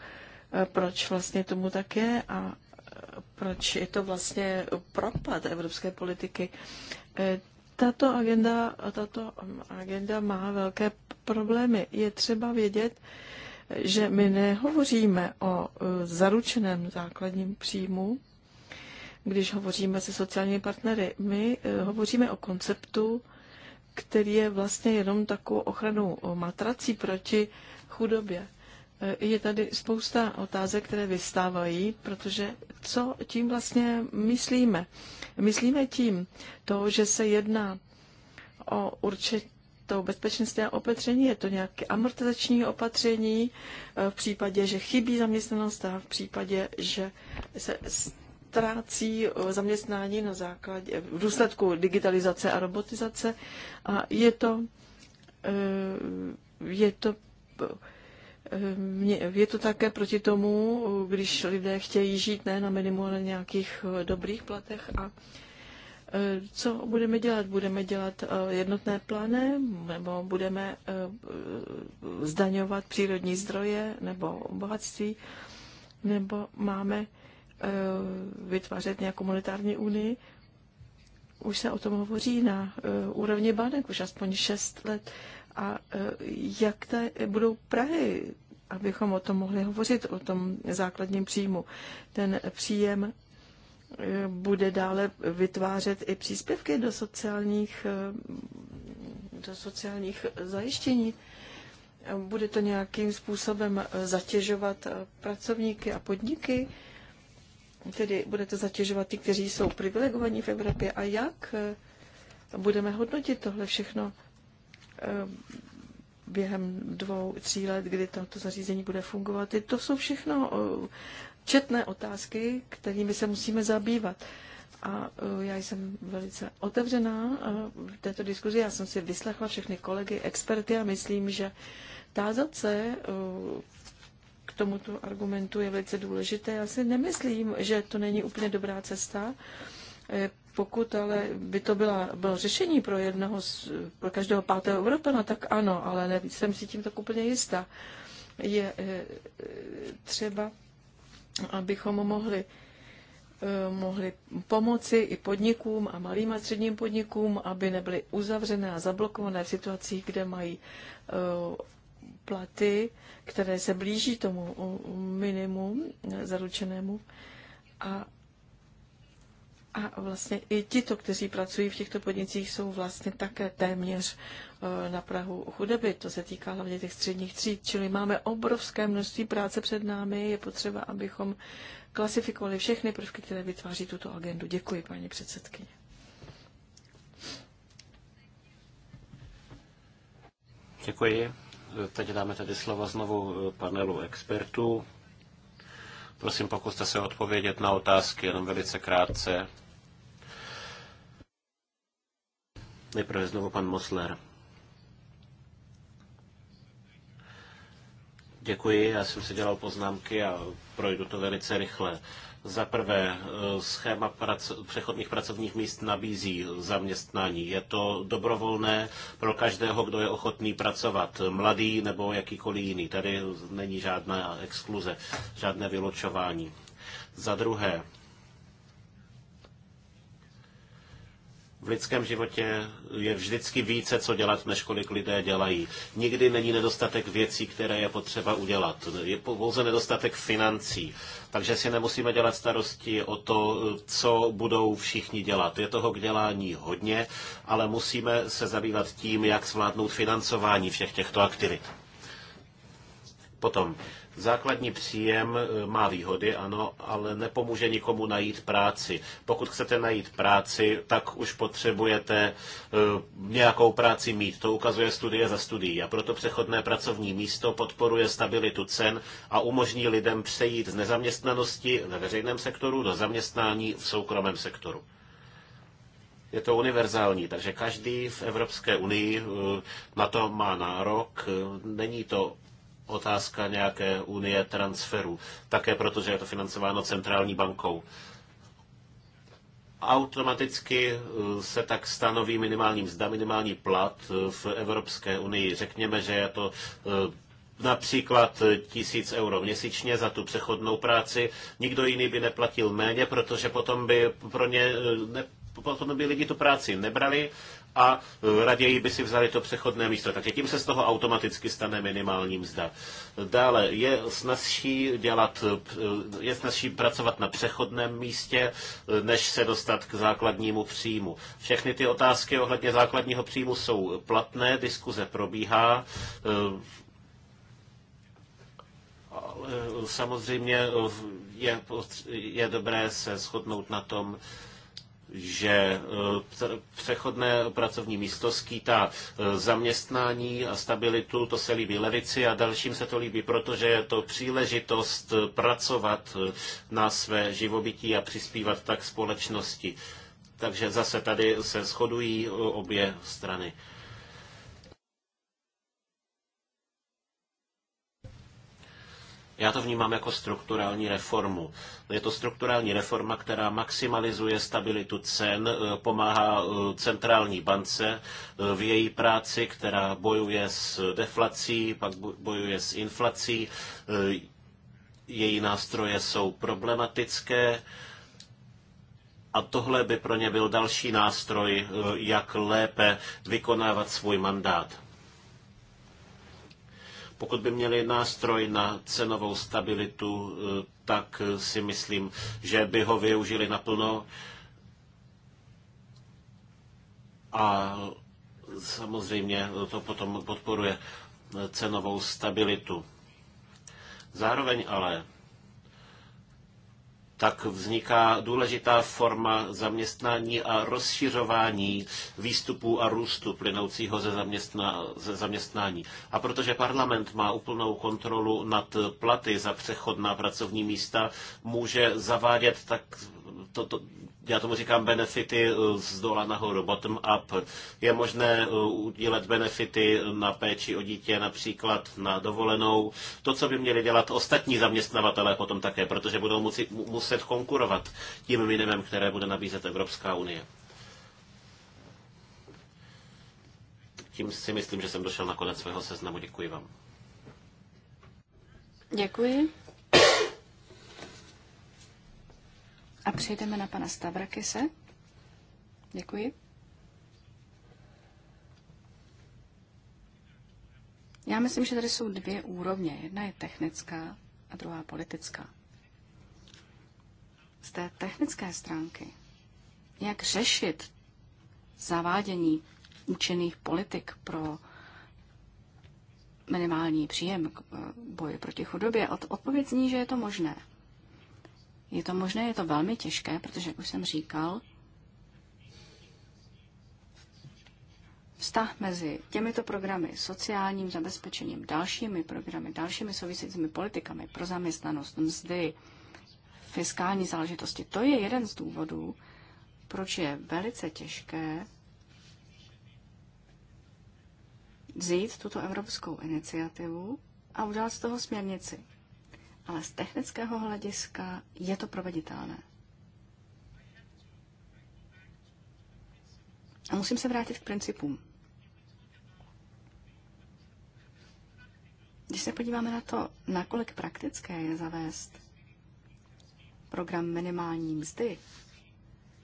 eh, proč vlastně tomu tak je a eh, proč je to vlastně propad evropské politiky. Tato agenda, tato mm, agenda má velké problémy. Je třeba vědět, že my nehovoříme o e, zaručeném základním příjmu, když hovoříme se sociálními partnery. My e, hovoříme o konceptu, který je vlastně jenom takovou ochranou matrací proti chudobě. E, je tady spousta otázek, které vystávají, protože co tím vlastně myslíme? Myslíme tím to, že se jedná o určitě to bezpečnostní opatření? Je to nějaké amortizační opatření eh, v případě, že chybí zaměstnanost a v případě, že se ztrácí eh, zaměstnání na základě, eh, v důsledku digitalizace a robotizace. A je to, je to je to také proti tomu, když lidé chtějí žít ne na minimu, ale nějakých dobrých platech a Eh, co budeme dělat? Budeme dělat eh, jednotné plány, nebo budeme eh, zdaňovat přírodní zdroje nebo bohatství, nebo máme vytvářet nějakou monetární unii? Už se o tom hovoří na úrovni banek už aspoň 6 let. A jak te budou Prahy, abychom o tom mohli hovořit, o tom základním příjmu? Ten příjem bude dále vytvářet i příspěvky do sociálních, eh, do sociálních zajištění. Bude to nějakým způsobem eh, zatěžovat eh, pracovníky a podniky, tedy bude to zatěžovat ty, kteří jsou privilegovaní v Evropě. A jak budeme hodnotit tohle všechno během dvou, tří let, kdy tato zařízení bude fungovat? To jsou všechno četné otázky, kterými se musíme zabývat. A eh, já jsem velice otevřená eh, v této diskuzi. Já jsem si vyslechla všechny kolegy, experty a myslím, že tázat se eh, k tomuto argumentu je velice důležité. Já si nemyslím, že to není úplně dobrá cesta. Pokud ale by to byla, bylo řešení pro jednoho, pro každého pátého Evropana, tak ano, ale ne, jsem si tím tak úplně jistá. Je třeba abychom mohli, eh, mohli pomoci i podnikům a malým a středním podnikům, aby nebyly uzavřené a zablokované v situacích, kde mají eh, platy, které se blíží tomu eh, minimum zaručenému. A, a vlastně i ti, kteří pracují v těchto podnicích, jsou vlastně také téměř Eh, na Prahu chudoby. To se týká hlavně těch středních tříd, čili máme obrovské množství práce před námi. Je potřeba, abychom klasifikovali všechny prvky, které vytváří tuto agendu. Děkuji, paní předsedkyně. Děkuji. Teď dáme tady slovo znovu panelu expertů. Prosím, pokuste se odpovědět na otázky jenom velice krátce. Nejprve znovu pan Mosler. Děkuji, já jsem si dělal poznámky a projdu to velice rychle. Za prvé, eh, schéma prac, přechodných pracovních míst nabízí zaměstnání. Je to dobrovolné pro každého, kdo je ochotný pracovat, mladý nebo jakýkoliv jiný. Tady není žádná exkluze, žádné vyločování. Za druhé, v lidském životě je vždycky více, co dělat, než kolik lidé dělají. Nikdy není nedostatek věcí, které je potřeba udělat. Je pouze nedostatek financí. Takže si nemusíme dělat starosti o to, co budou všichni dělat. Je toho k dělání hodně, ale musíme se zabývat tím, jak zvládnout financování všech těchto aktivit. Potom, Základní příjem e, má výhody, ano, ale nepomůže nikomu najít práci. Pokud chcete najít práci, tak už potřebujete e, nějakou práci mít. To ukazuje studie za studií. A proto přechodné pracovní místo podporuje stabilitu cen a umožní lidem přejít z nezaměstnanosti ve veřejném sektoru do zaměstnání v soukromém sektoru je to univerzální, takže každý v Evropské unii e, na to má nárok. Není to otázka nějaké unie transferu, také protože je to financováno centrální bankou. Automaticky eh, se tak stanoví minimální mzda, minimální plat eh, v Evropské unii. Řekněme, že je to eh, například tisíc euro měsíčně za tu přechodnou práci. Nikdo jiný by neplatil méně, protože potom by pro ně ne, potom by lidi tu práci nebrali a e, raději by si vzali to přechodné místo. Takže tím se z toho automaticky stane minimální mzda. Dále je snazší dělat, e, je snazší pracovat na přechodném místě, e, než se dostat k základnímu příjmu. Všechny ty otázky ohledně základního příjmu jsou platné, diskuze probíhá samozřejmě je, je dobré se shodnout na tom, že eh, přechodné pracovní místo skýtá eh, zaměstnání a stabilitu, to se líbí levici a dalším se to líbí, protože je to příležitost eh, pracovat na své živobytí a přispívat tak společnosti. Takže zase tady se shodují obě strany. Já to vnímám jako strukturální reformu. Je to strukturální reforma, která maximalizuje stabilitu cen, e, pomáhá e, centrální bance e, v její práci, která bojuje s deflací, pak bojuje s inflací. Její nástroje jsou problematické. A tohle by pro ně byl další nástroj, jak lépe vykonávat svůj mandát. Pokud by měli nástroj na cenovou stabilitu, eh, tak eh, si myslím, že by ho využili naplno. A samozřejmě to potom podporuje eh, cenovou stabilitu. Zároveň ale tak vzniká důležitá forma zaměstnání a rozšiřování výstupů a růstu plynoucího ze, zaměstna, ze zaměstnání. A protože parlament má úplnou kontrolu nad platy za přechodná pracovní místa, může zavádět tak to, to, já tomu říkám benefity eh, z dola nahoru, bottom up. Je možné eh, udělat benefity na péči o dítě, například na dovolenou. To, co by měli dělat ostatní zaměstnavatelé potom také, protože budou muset, muset konkurovat tím minimem, které bude nabízet Evropská unie. Tím si myslím, že jsem došel na konec svého seznamu. Děkuji vám. Děkuji. A přejdeme na pana Stavrakise. Děkuji. Já myslím, že tady jsou dvě úrovně. Jedna je technická a druhá politická. Z té technické stránky, jak řešit zavádění účinných politik pro minimální příjem k eh, boji proti chudobě, odpověď zní, že je to možné. Je to možné, je to velmi těžké, protože, jak už jsem říkal, vztah mezi těmito programy, sociálním zabezpečením, dalšími programy, dalšími souvisícími politikami pro zaměstnanost, mzdy, fiskální záležitosti, to je jeden z důvodů, proč je velice těžké vzít tuto evropskou iniciativu a udělat z toho směrnici ale z technického hlediska je to proveditelné. A musím se vrátit k principům. Když se podíváme na to, nakolik praktické je zavést program minimální mzdy,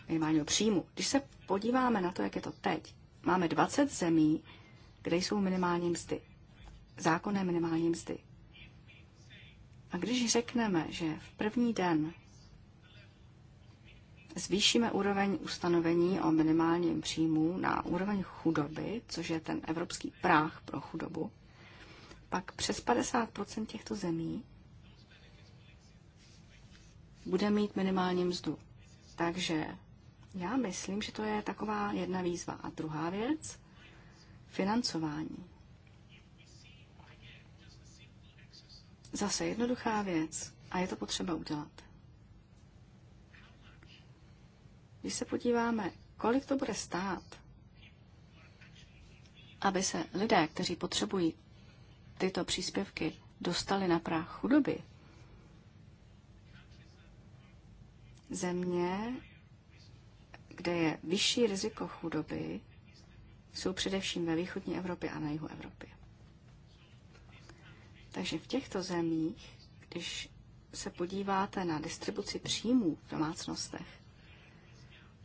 minimálního příjmu, když se podíváme na to, jak je to teď, máme 20 zemí, kde jsou minimální mzdy, zákonné minimální mzdy. A když řekneme, že v první den zvýšíme úroveň ustanovení o minimálním příjmu na úroveň chudoby, což je ten evropský práh pro chudobu, pak přes 50 těchto zemí bude mít minimální mzdu. Takže já myslím, že to je taková jedna výzva. A druhá věc, financování. Zase jednoduchá věc a je to potřeba udělat. Když se podíváme, kolik to bude stát, aby se lidé, kteří potřebují tyto příspěvky, dostali na práh chudoby, země, kde je vyšší riziko chudoby, jsou především ve východní Evropě a na jihu Evropy. Takže v těchto zemích, když se podíváte na distribuci příjmů v domácnostech,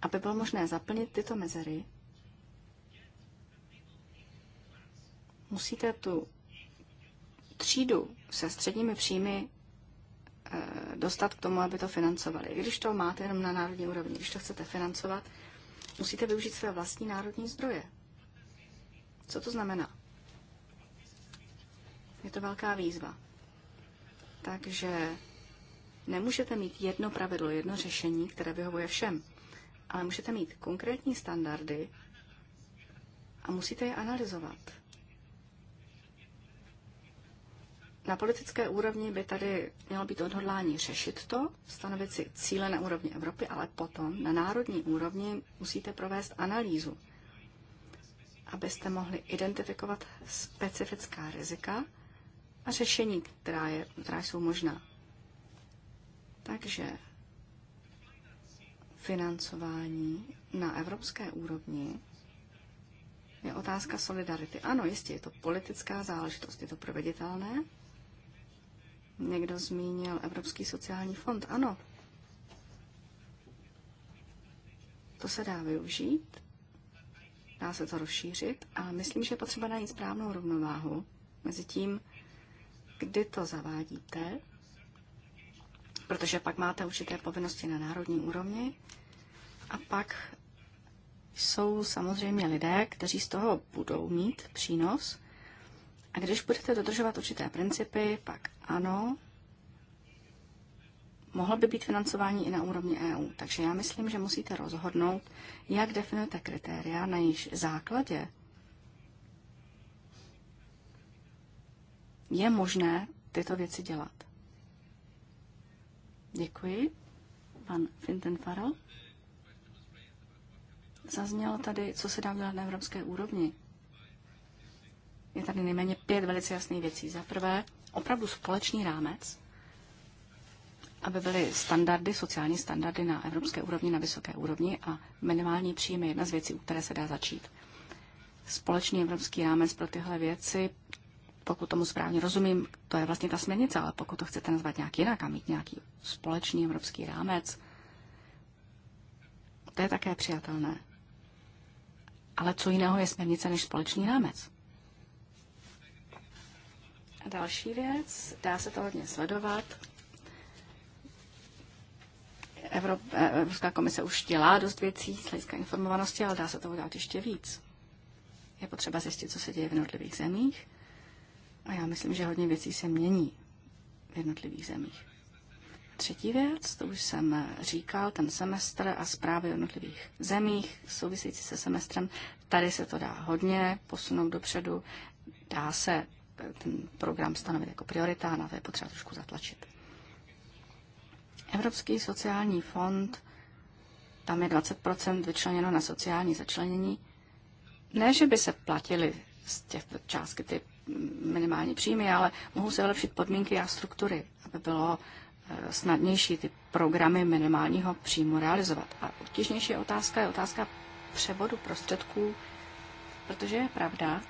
aby bylo možné zaplnit tyto mezery, musíte tu třídu se středními příjmy eh, dostat k tomu, aby to financovali. I když to máte jenom na národní úrovni, když to chcete financovat, musíte využít své vlastní národní zdroje. Co to znamená? Je to velká výzva. Takže nemůžete mít jedno pravidlo, jedno řešení, které vyhovuje všem, ale můžete mít konkrétní standardy a musíte je analyzovat. Na politické úrovni by tady mělo být odhodlání řešit to, stanovit si cíle na úrovni Evropy, ale potom na národní úrovni musíte provést analýzu, abyste mohli identifikovat specifická rizika a řešení, která, je, která jsou možná. Takže financování na evropské úrovni je otázka solidarity. Ano, jistě, je to politická záležitost, je to proveditelné. Někdo zmínil Evropský sociální fond. Ano, to se dá využít, dá se to rozšířit, ale myslím, že je potřeba najít správnou rovnováhu mezi tím, kdy to zavádíte, protože pak máte určité povinnosti na národní úrovni a pak jsou samozřejmě lidé, kteří z toho budou mít přínos. A když budete dodržovat určité principy, pak ano, mohlo by být financování i na úrovni EU. Takže já myslím, že musíte rozhodnout, jak definujete kritéria, na jejich základě je možné tyto věci dělat. Děkuji. Pan Finten Farrell. Zaznělo tady, co se dá dělat na evropské úrovni. Je tady nejméně pět velice jasných věcí. Za prvé, opravdu společný rámec, aby byly standardy, sociální standardy na evropské úrovni, na vysoké úrovni a minimální příjmy je jedna z věcí, u které se dá začít. Společný evropský rámec pro tyhle věci, pokud tomu správně rozumím, to je vlastně ta směrnice, ale pokud to chcete nazvat nějak jinak a mít nějaký společný evropský rámec, to je také přijatelné. Ale co jiného je směrnice než společný rámec? A další věc, dá se to hodně sledovat. Evrop, e, Evropská komise už dělá dost věcí z hlediska informovanosti, ale dá se to udělat ještě víc. Je potřeba zjistit, co se děje v jednotlivých zemích a já myslím, že hodně věcí se mění v jednotlivých zemích. Třetí věc, to už jsem říkal, ten semestr a zprávy o jednotlivých zemích související se semestrem. Tady se to dá hodně posunout dopředu, dá se ten program stanovit jako priorita, na to je potřeba trošku zatlačit. Evropský sociální fond, tam je 20 vyčleněno na sociální začlenění. Ne, že by se platili z těchto částky ty minimální příjmy, ale mohou se vylepšit podmínky a struktury, aby bylo eh, snadnější ty programy minimálního příjmu realizovat. A obtížnější otázka je otázka převodu prostředků, protože je pravda,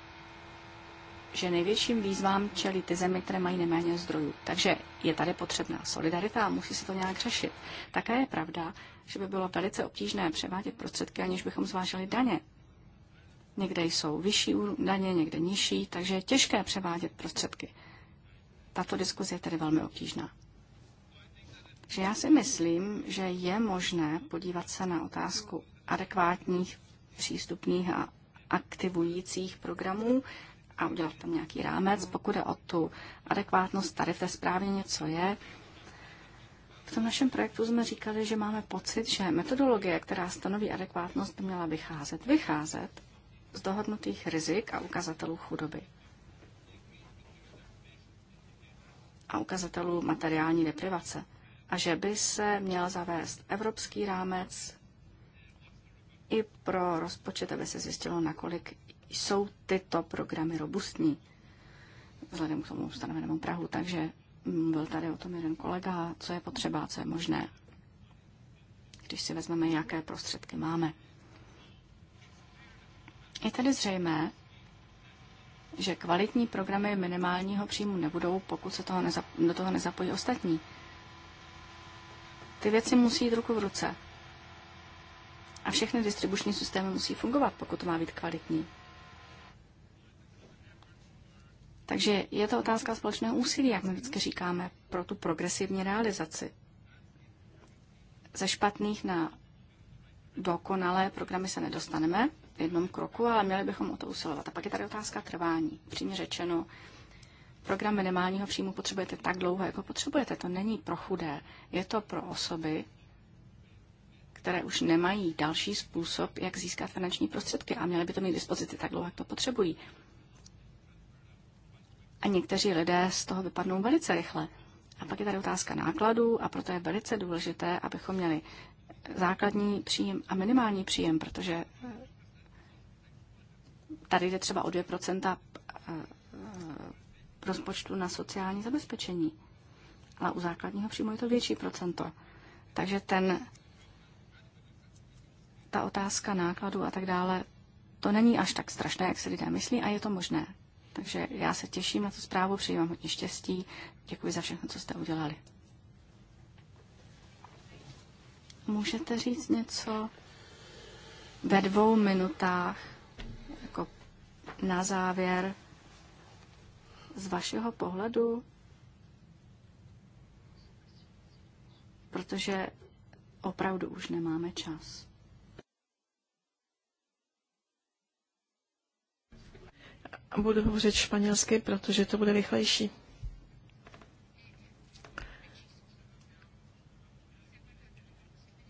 že největším výzvám čelí ty země, které mají neméně zdrojů. Takže je tady potřebná solidarita a musí se to nějak řešit. Také je pravda, že by bylo velice obtížné převádět prostředky, aniž bychom zvážili daně. Někde jsou vyšší daně, někde nižší, takže je těžké převádět prostředky. Tato diskuze je tedy velmi obtížná. Že já si myslím, že je možné podívat se na otázku adekvátních, přístupných a aktivujících programů a udělat tam nějaký rámec. Pokud je o tu adekvátnost, tady v té správě něco je. V tom našem projektu jsme říkali, že máme pocit, že metodologie, která stanoví adekvátnost, by měla vycházet, vycházet z dohodnutých rizik a ukazatelů chudoby a ukazatelů materiální deprivace a že by se měl zavést evropský rámec i pro rozpočet, aby se zjistilo, nakolik jsou tyto programy robustní vzhledem k tomu stanovenému Prahu. Takže byl tady o tom jeden kolega, co je potřeba, co je možné, když si vezmeme, jaké prostředky máme. Je tedy zřejmé, že kvalitní programy minimálního příjmu nebudou, pokud se toho do toho nezapojí ostatní. Ty věci musí jít ruku v ruce. A všechny distribuční systémy musí fungovat, pokud to má být kvalitní. Takže je to otázka společného úsilí, jak my vždycky říkáme, pro tu progresivní realizaci. Ze špatných na dokonalé programy se nedostaneme, jednom kroku, ale měli bychom o to usilovat. A pak je tady otázka trvání. Přímě řečeno, program minimálního příjmu potřebujete tak dlouho, jako potřebujete. To není pro chudé. Je to pro osoby, které už nemají další způsob, jak získat finanční prostředky a měly by to mít dispozici tak dlouho, jak to potřebují. A někteří lidé z toho vypadnou velice rychle. A pak je tady otázka nákladů a proto je velice důležité, abychom měli základní příjem a minimální příjem, protože Tady jde třeba o 2% eh, eh, rozpočtu na sociální zabezpečení, ale u základního příjmu je to větší procento. Takže ten, ta otázka nákladu a tak dále, to není až tak strašné, jak se lidé myslí a je to možné. Takže já se těším na tu zprávu, přeji vám hodně štěstí, děkuji za všechno, co jste udělali. Můžete říct něco ve dvou minutách na závěr, z vašeho pohledu, protože opravdu už nemáme čas. Budu hovořit španělsky, protože to bude rychlejší.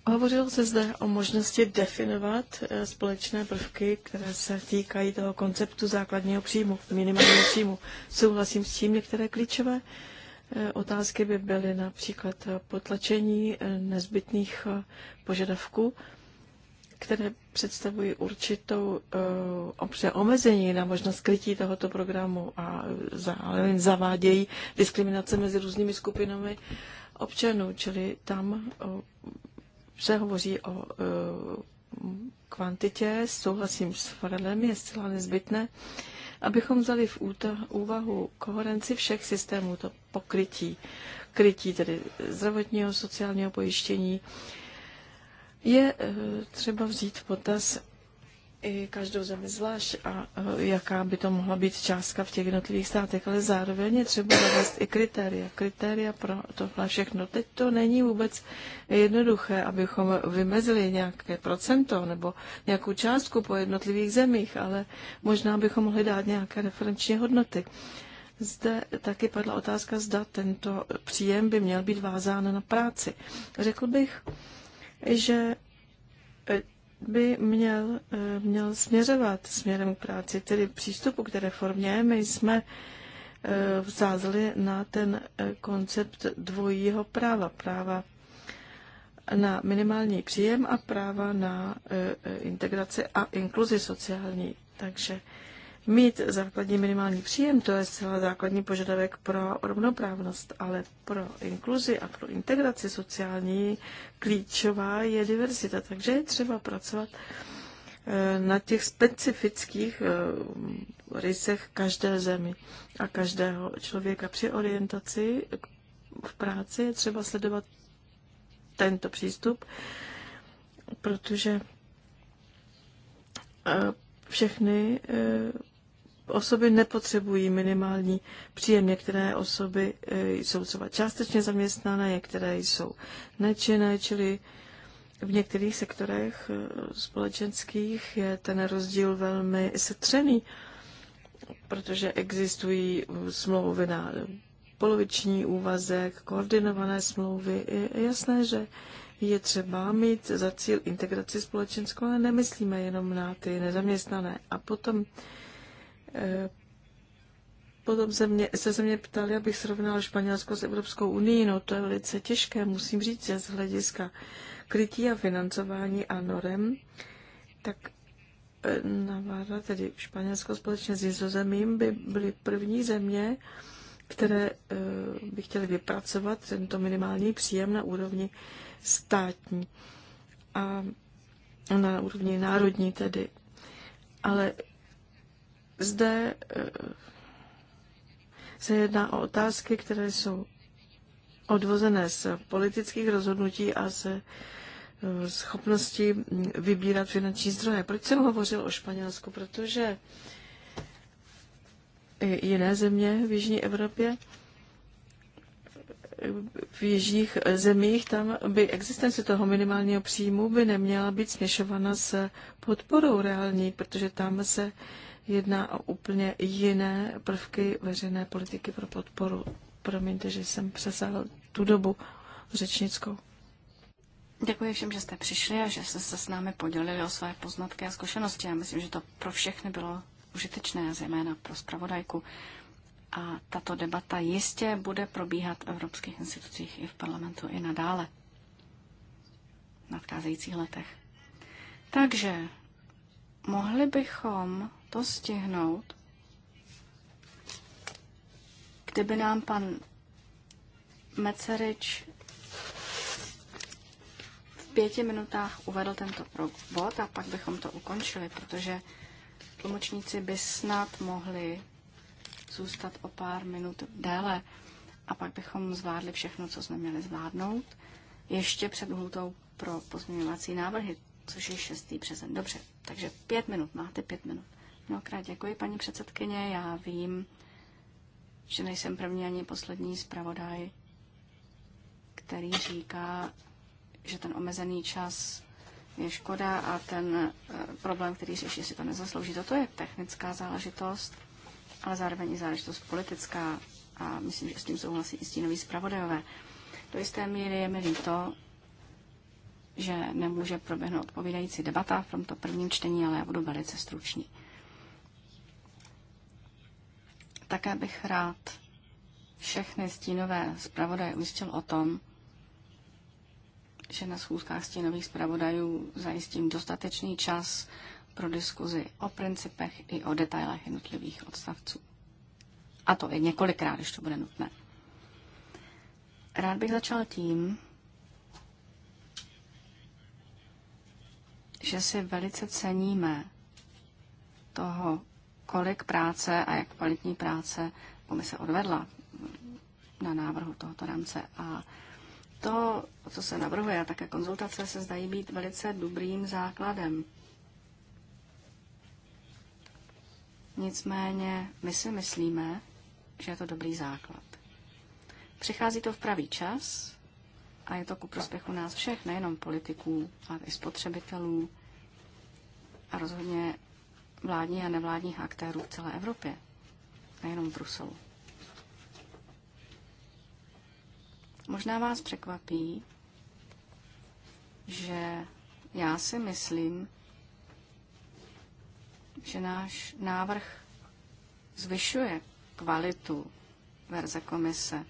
Hovořilo se zde o možnosti definovat eh, společné prvky, které se týkají toho konceptu základního příjmu, minimálního příjmu. Souhlasím s tím, některé klíčové eh, otázky by byly například eh, potlačení nezbytných požadavků, které představují určitou opře omezení na možnost krytí tohoto programu a zároveň zavádějí diskriminace mezi různými skupinami občanů, čili tam se hovoří o e, kvantitě, souhlasím s Forelem, je zcela nezbytné, abychom vzali v úvahu koherenci všech systémů, to pokrytí, krytí tedy zdravotního, sociálního pojištění, je e, třeba vzít v potaz i každou zemi zvlášť a e, jaká by to mohla být částka v těch jednotlivých státech, ale zároveň je třeba zavést i kritéria, kritéria pro tohle všechno. Teď to není vůbec jednoduché, abychom vymezili nějaké procento nebo nějakou částku po jednotlivých zemích, ale možná bychom mohli dát nějaké referenční hodnoty. Zde taky padla otázka, zda tento příjem by měl být vázán na práci. Řekl bych, že by měl, eh, měl směřovat směrem k práci, tedy přístupu k té reformě. My jsme eh, vzázli na ten eh, koncept dvojího práva. Práva na minimální příjem a práva na integraci a inkluzi sociální. Takže mít základní minimální příjem, to je zcela základní požadavek pro rovnoprávnost, ale pro inkluzi a pro integraci sociální klíčová je diverzita, takže je třeba pracovat eh, na těch specifických eh, rysech každé zemi a každého člověka. Při orientaci v práci je třeba sledovat tento přístup, protože eh, všechny osoby nepotřebují minimální příjem. Některé osoby eh, jsou třeba částečně zaměstnané, některé jsou nečinné, čili v některých sektorech eh, společenských je ten rozdíl velmi setřený, protože existují smlouvy na poloviční úvazek, koordinované smlouvy. Je jasné, že je třeba mít za cíl integraci společenskou, ale nemyslíme jenom na ty nezaměstnané. A potom Eh, potom se mě, se, se mě ptali, abych srovnala Španělsko s Evropskou unii. No to je velice těžké, musím říct, že z hlediska krytí a financování a norem, tak eh, Navarra, tedy Španělsko společně s Nizozemím, by byly první země, které eh, by chtěly vypracovat tento minimální příjem na úrovni státní a na úrovni národní tedy. Ale zde eh, se jedná o otázky, které jsou odvozené z politických rozhodnutí a ze eh, schopnosti vybírat finanční zdroje. Proč jsem hovořil o Španělsku? Protože jiné země v Jižní Evropě, v jižních eh, zemích, tam by existence toho minimálního příjmu by neměla být směšována s podporou reální, protože tam se jedná o úplně jiné prvky veřejné politiky pro podporu. Promiňte, že jsem přesal tu dobu řečnickou. Děkuji všem, že jste přišli a že jste se s námi podělili o své poznatky a zkušenosti. Já myslím, že to pro všechny bylo užitečné, zejména pro zpravodajku. A tato debata jistě bude probíhat v evropských institucích i v parlamentu i nadále v nadcházejících letech. Takže mohli bychom to stihnout, kdyby nám pan Mecerič v pěti minutách uvedl tento bod a pak bychom to ukončili, protože tlumočníci by snad mohli zůstat o pár minut déle a pak bychom zvládli všechno, co jsme měli zvládnout, ještě před hlutou pro pozměňovací návrhy, což je šestý březen. Dobře, takže pět minut, máte pět minut. Mnohokrát děkuji, paní předsedkyně. Já vím, že nejsem první ani poslední zpravodaj, který říká, že ten omezený čas je škoda a ten eh, problém, který řeší, si to nezaslouží. Toto je technická záležitost, ale zároveň i záležitost politická a myslím, že s tím souhlasí i stínoví zpravodajové. Do jisté míry je mi líto, že nemůže proběhnout odpovídající debata v tomto prvním čtení, ale já budu velice stručný. Také bych rád všechny stínové zpravodaje ujistil o tom, že na schůzkách stínových zpravodajů zajistím dostatečný čas pro diskuzi o principech i o detailech jednotlivých odstavců. A to i několikrát, když to bude nutné. Rád bych začal tím, že si velice ceníme toho, kolik práce a jak kvalitní práce komise odvedla na návrhu tohoto rámce. A to, co se navrhuje, a také konzultace se zdají být velice dobrým základem. Nicméně my si myslíme, že je to dobrý základ. Přichází to v pravý čas a je to ku prospěchu nás všech, nejenom politiků, ale i spotřebitelů a rozhodně vládních a nevládních aktérů v celé Evropě, nejenom v Bruselu. Možná vás překvapí, že já si myslím, že náš návrh zvyšuje kvalitu verze komise.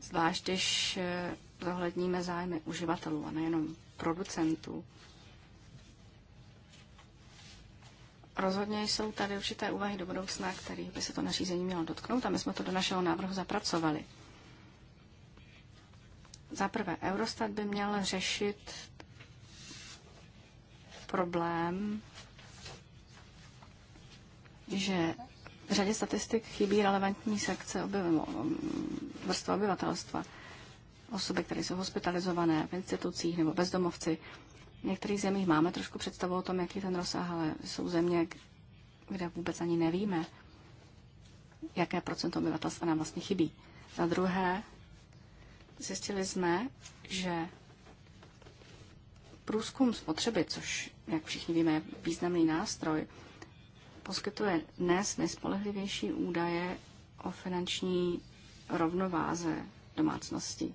Zvlášť, když eh, zohledníme zájmy uživatelů a nejenom producentů Rozhodně jsou tady určité úvahy do budoucna, kterých by se to nařízení mělo dotknout a my jsme to do našeho návrhu zapracovali. Za prvé, Eurostat by měl řešit problém, že v řadě statistik chybí relevantní sekce vrstva obyvatelstva. Osoby, které jsou hospitalizované v institucích nebo bezdomovci, v některých zemích máme trošku představu o tom, jaký je ten rozsah, ale jsou země, kde vůbec ani nevíme, jaké procento obyvatelstva nám vlastně chybí. Za druhé, zjistili jsme, že průzkum spotřeby, což, jak všichni víme, je významný nástroj, poskytuje dnes nejspolehlivější údaje o finanční rovnováze domácnosti.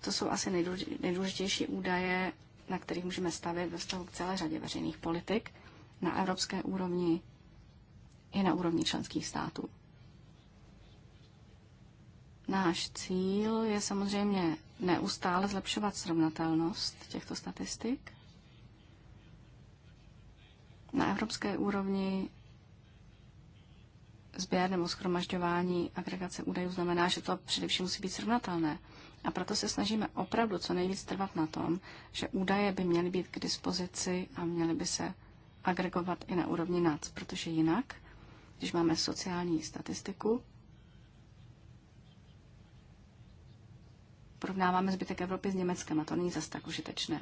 To jsou asi nejdůležitější údaje na kterých můžeme stavět ve vztahu k celé řadě veřejných politik na evropské úrovni i na úrovni členských států. Náš cíl je samozřejmě neustále zlepšovat srovnatelnost těchto statistik. Na evropské úrovni sběr nebo schromažďování agregace údajů znamená, že to především musí být srovnatelné. A proto se snažíme opravdu co nejvíc trvat na tom, že údaje by měly být k dispozici a měly by se agregovat i na úrovni NAC, protože jinak, když máme sociální statistiku, porovnáváme zbytek Evropy s Německem a to není zas tak užitečné.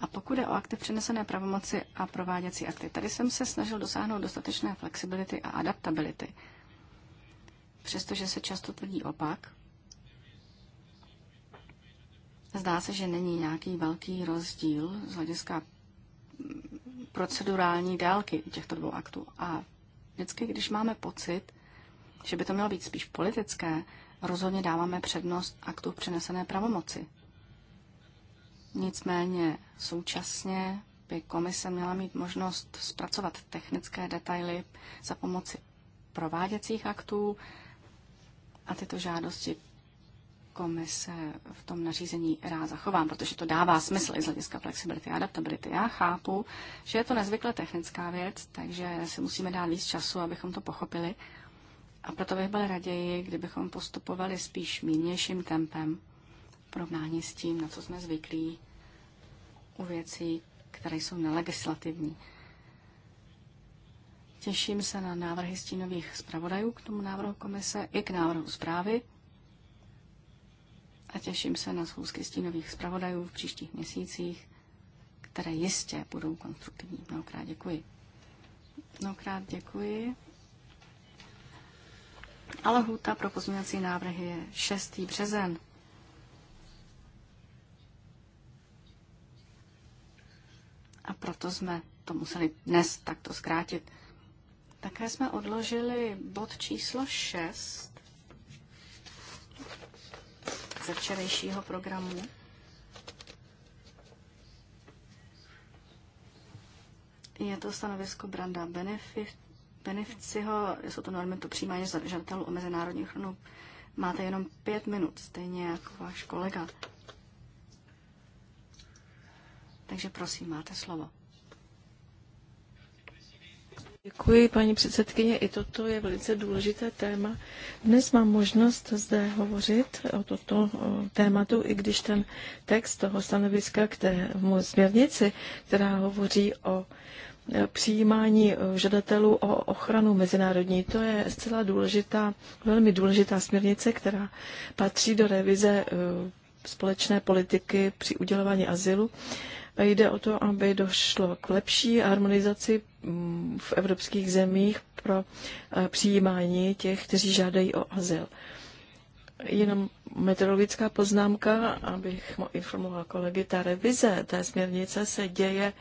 A pokud je o akty přenesené pravomoci a prováděcí akty, tady jsem se snažil dosáhnout dostatečné flexibility a adaptability. Přestože se často tvrdí opak, Zdá se, že není nějaký velký rozdíl z hlediska procedurální délky těchto dvou aktů. A vždycky, když máme pocit, že by to mělo být spíš politické, rozhodně dáváme přednost aktu v přenesené pravomoci. Nicméně současně by komise měla mít možnost zpracovat technické detaily za pomoci prováděcích aktů a tyto žádosti komise v tom nařízení rád zachovám, protože to dává smysl i z hlediska flexibility a adaptability. Já chápu, že je to nezvykle technická věc, takže si musíme dát víc času, abychom to pochopili. A proto bych byl raději, kdybychom postupovali spíš mírnějším tempem v porovnání s tím, na co jsme zvyklí u věcí, které jsou nelegislativní. Těším se na návrhy stínových zpravodajů k tomu návrhu komise i k návrhu zprávy a těším se na schůzky stínových zpravodajů v příštích měsících, které jistě budou konstruktivní. Mnohokrát děkuji. Mnohokrát děkuji. Ale hůta pro pozměňovací návrhy je 6. březen. A proto jsme to museli dnes takto zkrátit. Také jsme odložili bod číslo 6, ze včerejšího programu. Je to stanovisko Branda Benefit, Beneficiho, jsou to normy pro přijímání žadatelů o mezinárodní ochranu. Máte jenom pět minut, stejně jako váš kolega. Takže prosím, máte slovo. Děkuji, paní předsedkyně. I toto je velice důležité téma. Dnes mám možnost zde hovořit o toto tématu, i když ten text toho stanoviska k tému směrnici, která hovoří o e, přijímání e, žadatelů o ochranu mezinárodní. To je zcela důležitá, velmi důležitá směrnice, která patří do revize e, společné politiky při udělování azylu Jde o to, aby došlo k lepší harmonizaci mm, v evropských zemích pro eh, přijímání těch, kteří žádají o azyl. Jenom meteorologická poznámka, abych informoval kolegy, ta revize té směrnice se děje uh,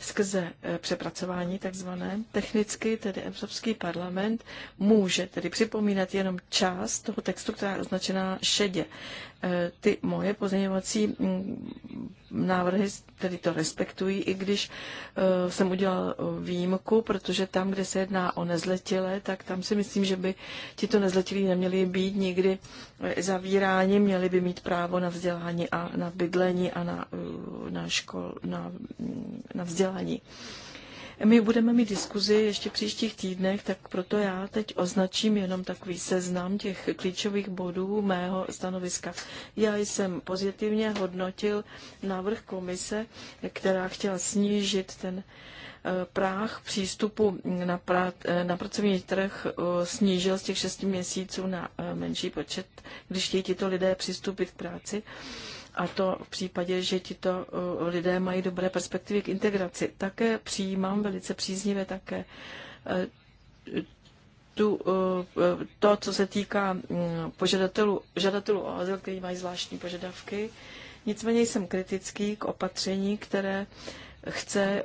skrze eh, přepracování takzvané. Technicky tedy Evropský parlament může tedy připomínat jenom část toho textu, která je označená šedě. Eh, ty moje pozměňovací mm, návrhy tedy to respektují, i když eh, jsem udělal výjimku, protože tam, kde se jedná o nezletilé, tak tam si myslím, že by tito nezletilí neměli být nikdy zavíráni, měli by mít právo na vzdělání a na bydlení a na, na, škol, na, mm, na vzdělání vzdělání. My budeme mít diskuzi ještě v příštích týdnech, tak proto já teď označím jenom takový seznam těch klíčových bodů mého stanoviska. Já jsem pozitivně hodnotil návrh komise, která chtěla snížit ten eh, práh přístupu na, pra, eh, na pracovní trh eh, snížil z těch šesti měsíců na menší počet, když chtějí tito lidé přistoupit k práci a to v případě, že tito eh, lidé mají dobré perspektivy k integraci. Také přijímám velice příznivě také eh, tu, eh, to, co se týká mm, požadatelů, žadatelů o azyl, kteří mají zvláštní požadavky. Nicméně jsem kritický k opatření, které chce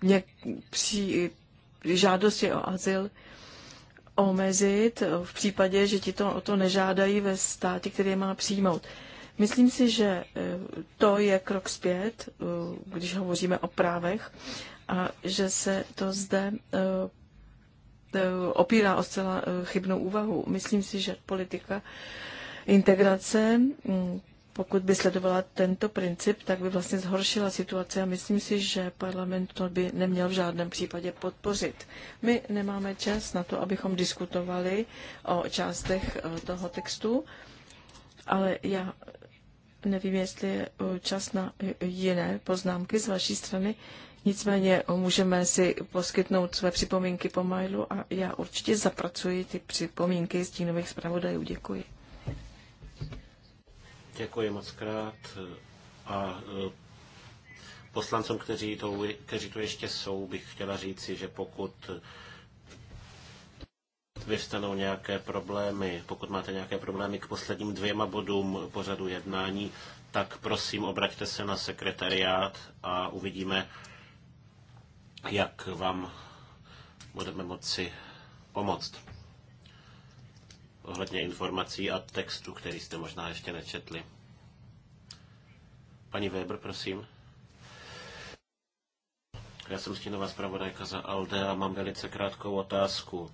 mě při žádosti o azyl omezit v případě, že ti to o to nežádají ve státě, který je má přijmout. Myslím si, že eh, to je krok zpět, eh, když hovoříme o právech, a že se to zde eh, opírá o zcela chybnou úvahu. Myslím si, že politika integrace, mm, pokud by sledovala tento princip, tak by vlastně zhoršila situaci a myslím si, že parlament to by neměl v žádném případě podpořit. My nemáme čas na to, abychom diskutovali o částech eh, toho textu, ale já nevím, jestli je eh, čas na eh, jiné poznámky z vaší strany. Nicméně můžeme si poskytnout své připomínky po mailu a já určitě zapracuji ty připomínky stínových zpravodajů. Děkuji. Děkuji moc krát a e, poslancům, kteří, to, kteří tu ještě jsou, bych chtěla říci, že pokud vyvstanou nějaké problémy, pokud máte nějaké problémy k posledním dvěma bodům pořadu jednání, tak prosím obraťte se na sekretariát a uvidíme, jak vám budeme moci pomoct ohledně informací a textu, který jste možná ještě nečetli. Paní Weber, prosím. Já jsem stínová zpravodajka za ALDE a mám velice krátkou otázku.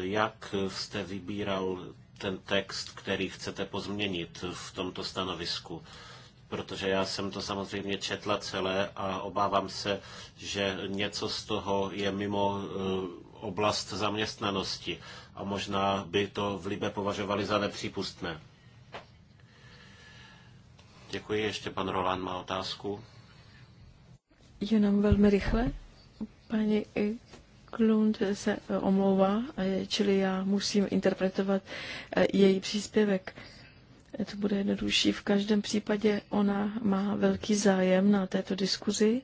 Jak jste vybíral ten text, který chcete pozměnit v tomto stanovisku? protože já jsem to samozřejmě četla celé a obávám se, že něco z toho je mimo eh, oblast zaměstnanosti a možná by to v Libe považovali za nepřípustné. Děkuji. Ještě pan Roland má otázku. Jenom velmi rychle. Paní Klund se omlouvá, čili já musím interpretovat eh, její příspěvek. To bude jednodušší. V každém případě ona má velký zájem na této diskuzi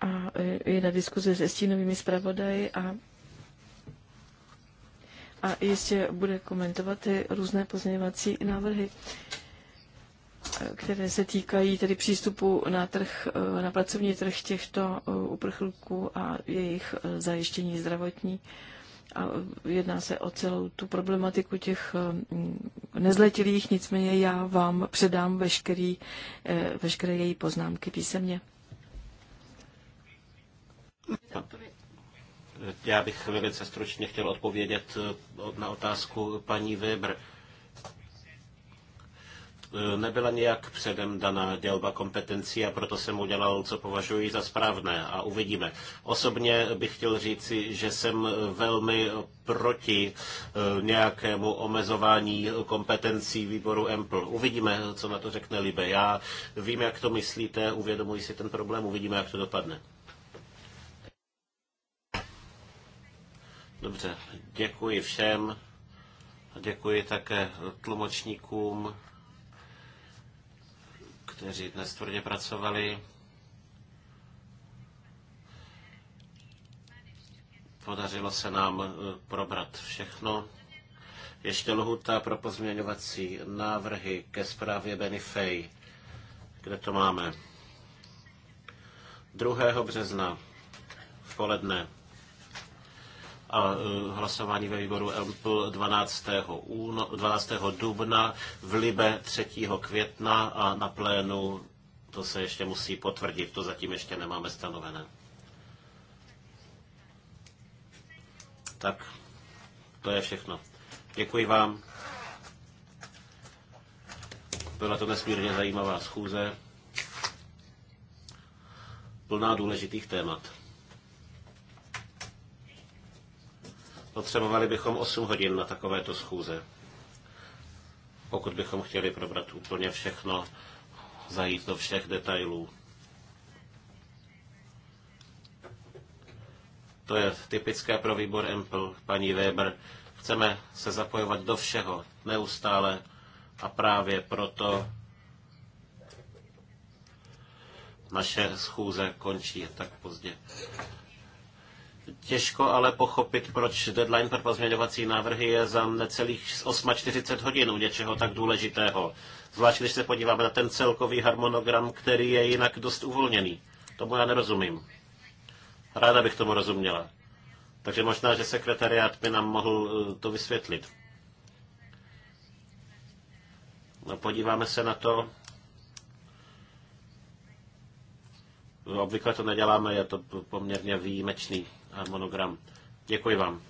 a eh, je na diskuzi se stínovými zpravodaji a a jistě bude komentovat ty různé pozměňovací návrhy, které se týkají tedy přístupu na, trh, eh, na pracovní trh těchto eh, uprchlíků a jejich eh, zajištění zdravotní. A jedná se o celou tu problematiku těch nezletilých, nicméně já vám předám veškerý, veškeré její poznámky písemně. My já bych velice stručně chtěl odpovědět eh, na otázku paní Weber. Eh, nebyla nějak předem daná dělba kompetencí a proto jsem udělal, co považuji za správné a uvidíme. Osobně bych chtěl říci, že jsem velmi proti eh, nějakému omezování kompetencí výboru EMPL. Uvidíme, co na to řekne Libe. Já vím, jak to myslíte, uvědomuji si ten problém, uvidíme, jak to dopadne. Dobře, děkuji všem. Děkuji také tlumočníkům, kteří dnes tvrdě pracovali. Podařilo se nám eh, probrat všechno. Ještě lhuta pro pozměňovací návrhy ke zprávě Benifej. Kde to máme? 2. března v poledne a e, hlasování ve výboru EMPL 12. Úno, 12. dubna, v Libe 3. května a na plénu to se ještě musí potvrdit, to zatím ještě nemáme stanovené. Tak, to je všechno. Děkuji vám. Byla to nesmírně zajímavá schůze, plná důležitých témat. Potřebovali bychom 8 hodin na takovéto schůze, pokud bychom chtěli probrat úplně všechno, zajít do všech detailů. To je typické pro výbor Empl, paní Weber. Chceme se zapojovat do všeho, neustále a právě proto naše schůze končí tak pozdě těžko ale pochopit, proč deadline pro pozměňovací návrhy je za necelých 48 hodin u něčeho tak důležitého. Zvlášť, když se podíváme na ten celkový harmonogram, který je jinak dost uvolněný. Tomu já nerozumím. Ráda bych tomu rozuměla. Takže možná, že sekretariát by nám mohl eh, to vysvětlit. No, podíváme se na to. Obvykle to neděláme, je to poměrně výjimečný harmonogram. Děkuji vám.